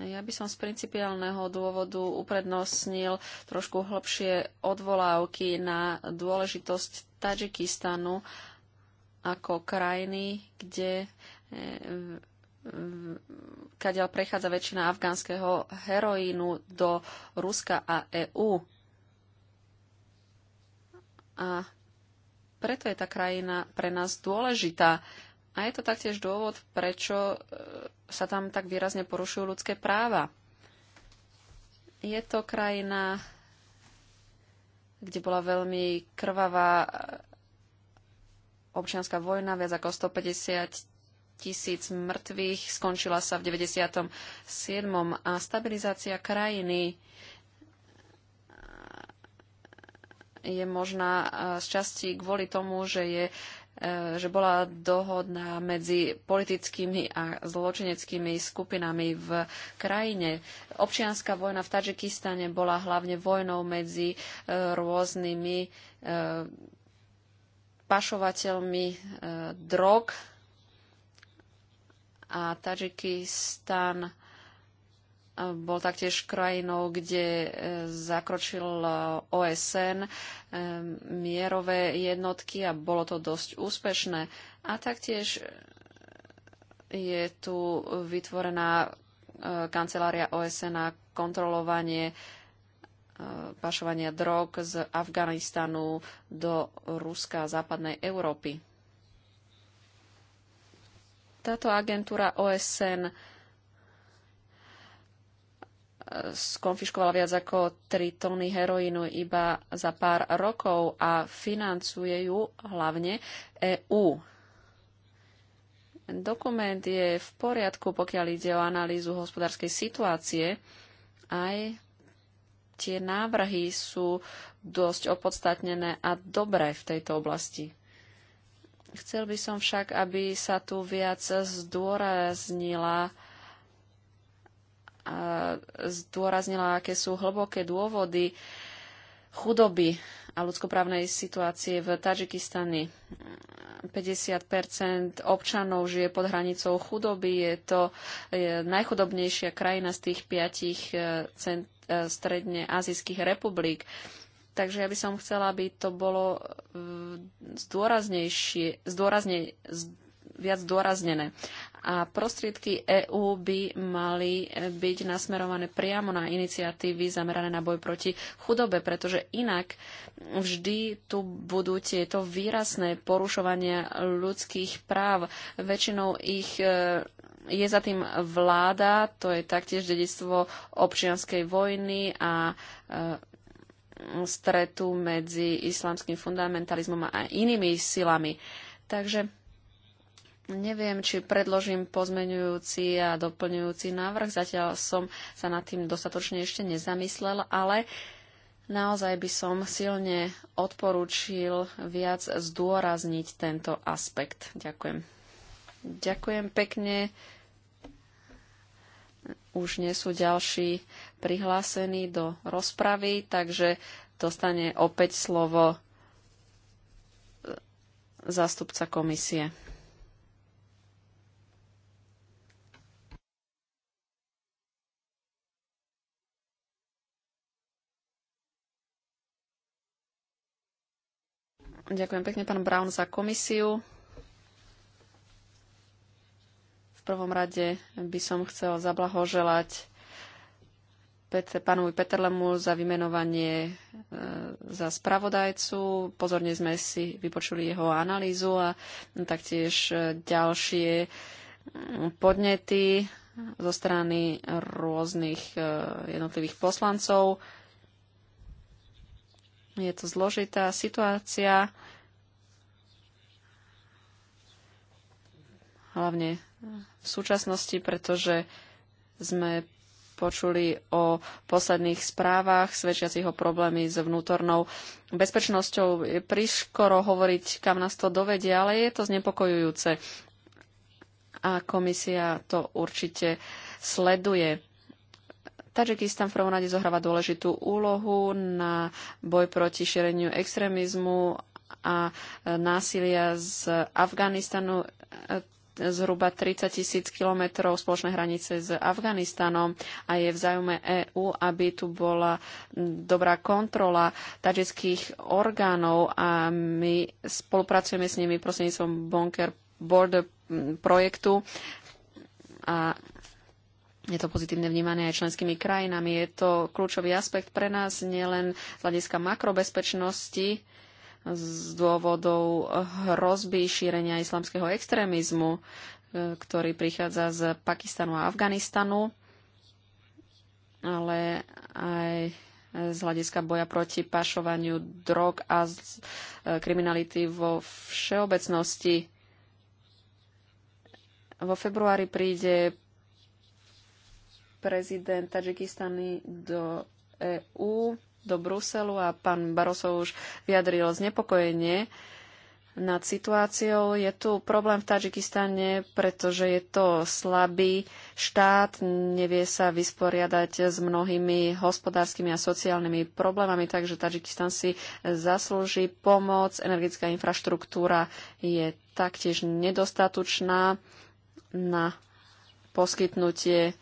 Ja by som z principiálneho dôvodu uprednostnil trošku hlbšie odvolávky na dôležitosť Tadžikistanu ako krajiny, kde e, kadeľ prechádza väčšina afgánskeho heroínu do Ruska a EÚ. A preto je tá krajina pre nás dôležitá. A je to taktiež dôvod, prečo e, sa tam tak výrazne porušujú ľudské práva. Je to krajina, kde bola veľmi krvavá e, občianská vojna, viac ako 150 tisíc mŕtvych, skončila sa v 97. a stabilizácia krajiny e, je možná z časti kvôli tomu, že je Eh, že bola dohodná medzi politickými a zločineckými skupinami v krajine. Občianská vojna v Tadžikistane bola hlavne vojnou medzi eh, rôznymi eh, pašovateľmi drog a Tadžikistan bol taktiež krajinou, kde e, zakročil e, OSN e, mierové jednotky a bolo to dosť úspešné. A taktiež je tu vytvorená kancelária OSN na kontrolovanie pašovania drog z Afganistanu do Ruska a západnej Európy. Táto agentúra OSN skonfiškovala viac ako 3 tony heroínu iba za pár rokov a financuje ju hlavne EÚ. Dokument je v poriadku, pokiaľ ide o analýzu hospodárskej situácie. Aj tie návrhy sú dosť opodstatnené a dobré v tejto oblasti. Chcel by som však, aby sa tu viac zdôraznila zdôraznila, aké sú hlboké dôvody chudoby a ľudskoprávnej situácie v Tadžikistane. 50 občanov žije pod hranicou chudoby. Je to najchudobnejšia krajina z tých piatich e, cent, e, stredne azijských republik. Takže ja by som chcela, aby to bolo e, zdôraznejšie, zdôrazne, viac zdôraznené. A prostriedky EÚ by mali byť nasmerované priamo na iniciatívy zamerané na boj proti chudobe, pretože inak vždy tu budú tieto výrazné porušovania ľudských práv. Väčšinou ich e, je za tým vláda, to je taktiež dedictvo občianskej vojny a e, stretu medzi islamským fundamentalizmom a inými silami. Takže Neviem, či predložím pozmenujúci a doplňujúci návrh. Zatiaľ som sa nad tým dostatočne ešte nezamyslel, ale naozaj by som silne odporúčil viac zdôrazniť tento aspekt. Ďakujem. Ďakujem pekne. Už nie sú ďalší prihlásení do rozpravy, takže dostane opäť slovo e, zástupca komisie. Ďakujem pekne, pán Brown, za komisiu. V prvom rade by som chcel zablahoželať pánovi Peterlemu za vymenovanie e, za spravodajcu. Pozorne sme si vypočuli jeho analýzu a taktiež e, ďalšie podnety zo strany rôznych e, jednotlivých poslancov. Je to zložitá situácia, hlavne v súčasnosti, pretože sme počuli o posledných správach svedčiacich o problémy s vnútornou bezpečnosťou. Je priškoro hovoriť, kam nás to dovedie, ale je to znepokojujúce. A komisia to určite sleduje. Tadžikistan v prvom rade zohráva dôležitú úlohu na boj proti šíreniu extrémizmu a e, násilia z Afganistanu e, zhruba 30 tisíc kilometrov spoločnej hranice s Afganistanom a je v záujme EÚ, aby tu bola dobrá kontrola tadžických orgánov a my spolupracujeme s nimi prostredníctvom Bonker Border projektu a je to pozitívne vnímané aj členskými krajinami. Je to kľúčový aspekt pre nás nielen z hľadiska makrobezpečnosti, z dôvodov hrozby šírenia islamského extrémizmu, e, ktorý prichádza z Pakistanu a Afganistanu, ale aj z hľadiska boja proti pašovaniu drog a e, kriminality vo všeobecnosti. Vo februári príde prezident Tadžikistany do EÚ, do Bruselu a pán Baroso už vyjadril znepokojenie nad situáciou. Je tu problém v Tadžikistane, pretože je to slabý štát, nevie sa vysporiadať s mnohými hospodárskymi a sociálnymi problémami, takže Tadžikistan si zaslúži pomoc. Energická infraštruktúra je taktiež nedostatočná na poskytnutie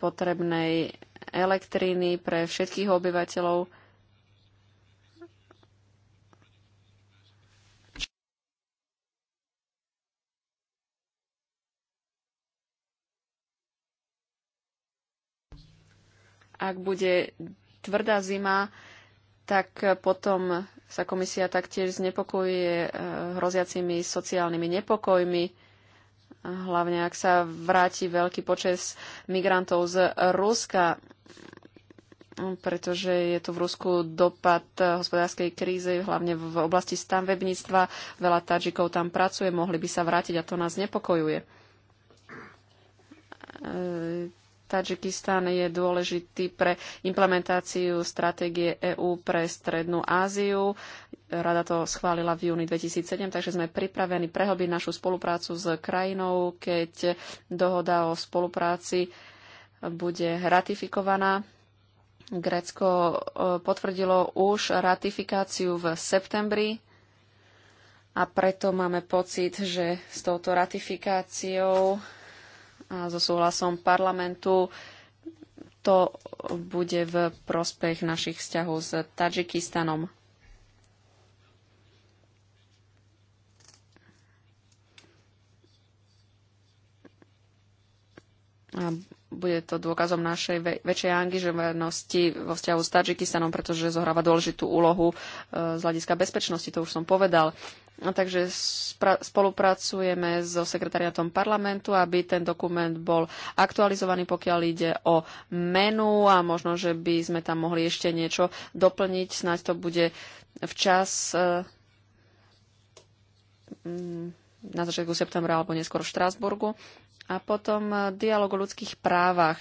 potrebnej elektriny pre všetkých obyvateľov. Ak bude tvrdá zima, tak potom sa komisia taktiež znepokojuje eh, hroziacimi sociálnymi nepokojmi hlavne ak sa vráti veľký počet migrantov z Ruska, pretože je tu v Rusku dopad hospodárskej krízy, hlavne v oblasti stavebníctva. Veľa Tadžikov tam pracuje, mohli by sa vrátiť a to nás nepokojuje e, Tadžikistan je dôležitý pre implementáciu stratégie EÚ pre Strednú Áziu. Rada to schválila v júni 2007, takže sme pripravení prehlbiť našu spoluprácu s krajinou, keď dohoda o spolupráci bude ratifikovaná. Grécko e, potvrdilo už ratifikáciu v septembri a preto máme pocit, že s touto ratifikáciou a so súhlasom parlamentu to bude v prospech našich vzťahov s Tadžikistanom. A bude to dôkazom našej väčšej angažovanosti vo vzťahu s Tadžikistanom, pretože zohráva dôležitú úlohu e, z hľadiska bezpečnosti, to už som povedal. A takže spolupracujeme so sekretariatom parlamentu, aby ten dokument bol aktualizovaný, pokiaľ ide o menu a možno, že by sme tam mohli ešte niečo doplniť. Snaď to bude včas e, mm, na začiatku septembra alebo neskôr v Štrásburgu. A potom e, dialog o ľudských právach.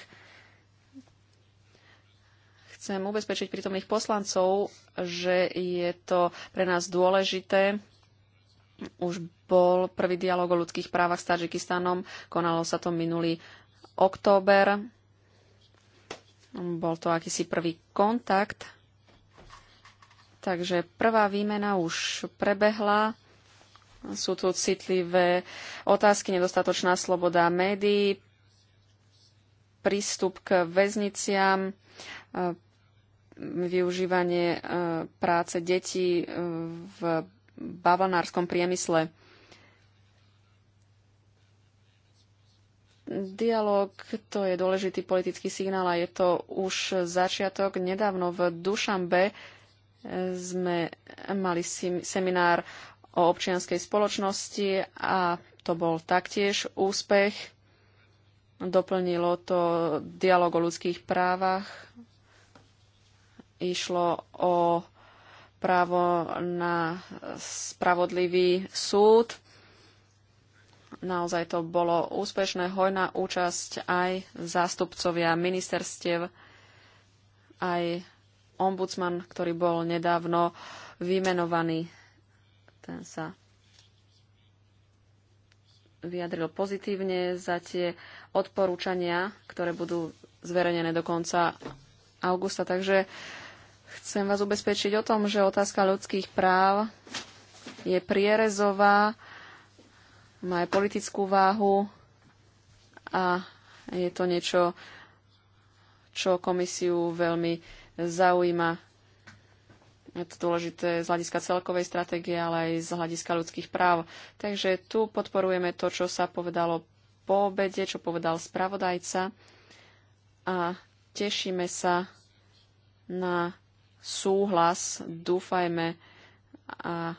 Chcem ubezpečiť prítomných poslancov, že je to pre nás dôležité. Už bol prvý dialog o ľudských právach s Tadžikistanom. Konalo sa to minulý október. Bol to akýsi prvý kontakt. Takže prvá výmena už prebehla sú tu citlivé otázky, nedostatočná sloboda médií, prístup k väzniciam, e, využívanie e, práce detí e, v bavlnárskom priemysle. Dialóg to je dôležitý politický signál a je to už začiatok. Nedávno v Dušambe sme mali seminár o občianskej spoločnosti a to bol taktiež úspech. Doplnilo to dialog o ľudských právach. Išlo o právo na spravodlivý súd. Naozaj to bolo úspešné, hojná účasť aj zástupcovia ministerstiev, aj ombudsman, ktorý bol nedávno vymenovaný ten sa vyjadril pozitívne za tie odporúčania, ktoré budú zverejnené do konca augusta. Takže chcem vás ubezpečiť o tom, že otázka ľudských práv je prierezová, má aj politickú váhu a je to niečo, čo komisiu veľmi zaujíma. Je to dôležité z hľadiska celkovej stratégie, ale aj z hľadiska ľudských práv. Takže tu podporujeme to, čo sa povedalo po obede, čo povedal spravodajca a tešíme sa na súhlas, dúfajme, a,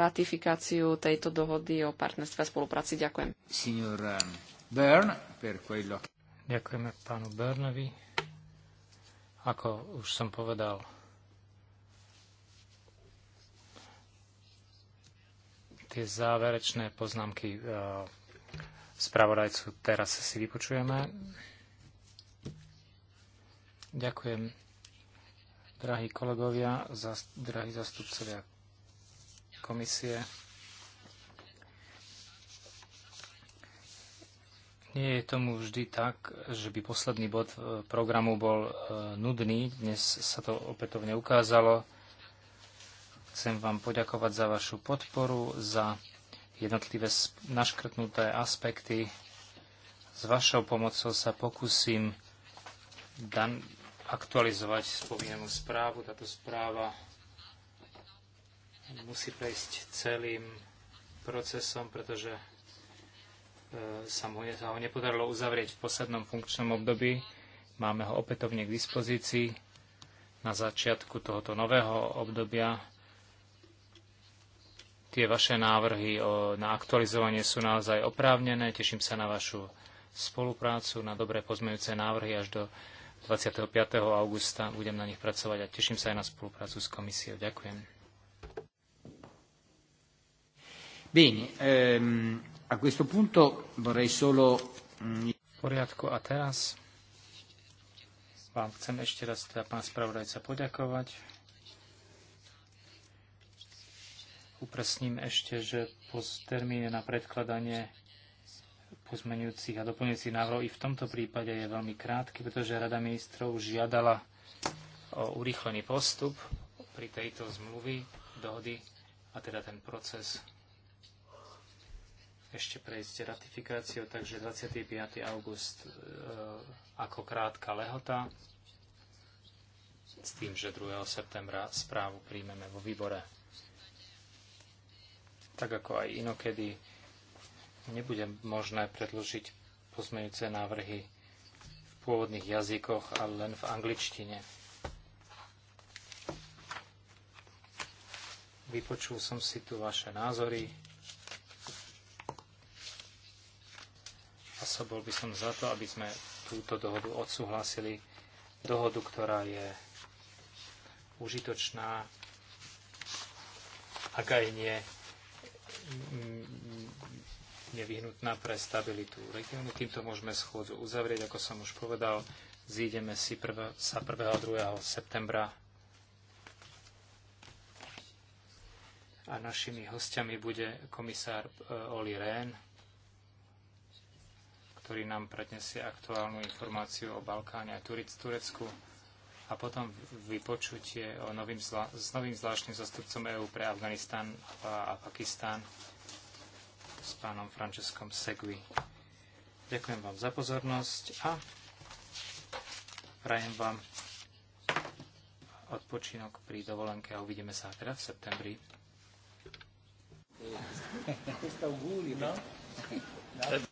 ratifikáciu tejto dohody o partnerstve a spolupráci. Ďakujem. Eh, Ďakujeme pánu Bernovi. Ako už som povedal, tie záverečné poznámky e, spravodajcu teraz si vypočujeme. Ďakujem, drahí kolegovia, zas, drahí zastupcovia komisie. Nie je tomu vždy tak, že by posledný bod e, programu bol e, nudný. Dnes sa to opätovne ukázalo. Chcem vám poďakovať za vašu podporu, za jednotlivé naškrtnuté aspekty. S vašou pomocou sa pokúsim dan- aktualizovať spomínanú správu. Táto správa musí prejsť celým procesom, pretože e, sa mu ne, sa ho nepodarilo uzavrieť v poslednom funkčnom období. Máme ho opätovne k dispozícii na začiatku tohoto nového obdobia Tie vaše návrhy o, na aktualizovanie sú naozaj oprávnené. Teším sa na vašu spoluprácu, na dobré pozmejúce návrhy až do 25. augusta. Budem na nich pracovať a teším sa aj na spoluprácu s komisiou. Ďakujem. Bene, ehm, a questo punto vorrei solo... Mm, v poriadku, a teraz vám chcem ešte raz, teda pán spravodajca, poďakovať. Upresním ešte, že po termíne na predkladanie pozmenujúcich a doplňujúcich návrhov i v tomto prípade je veľmi krátky, pretože Rada ministrov žiadala o urýchlený postup pri tejto zmluvy, dohody a teda ten proces ešte prejsť ratifikáciou, takže 25. august e, ako krátka lehota, s tým, že 2. septembra správu príjmeme vo výbore tak ako aj inokedy, nebude možné predložiť pozmeňujúce návrhy v pôvodných jazykoch, ale len v angličtine. Vypočul som si tu vaše názory a sa bol by som za to, aby sme túto dohodu odsúhlasili. Dohodu, ktorá je užitočná, ak aj nie nevyhnutná pre stabilitu regiónu. Týmto môžeme schôdzu uzavrieť, ako som už povedal. Zídeme si prv, sa 1. a 2. septembra a našimi hostiami bude komisár e, Oli Rehn, ktorý nám prednesie aktuálnu informáciu o Balkáne a Turecku a potom vypočutie o novým zla, s novým zvláštnym zastupcom EÚ pre Afganistan a, a Pakistan s pánom Franceskom Segui. Ďakujem vám za pozornosť a prajem vám odpočinok pri dovolenke a uvidíme sa teda v septembri. no?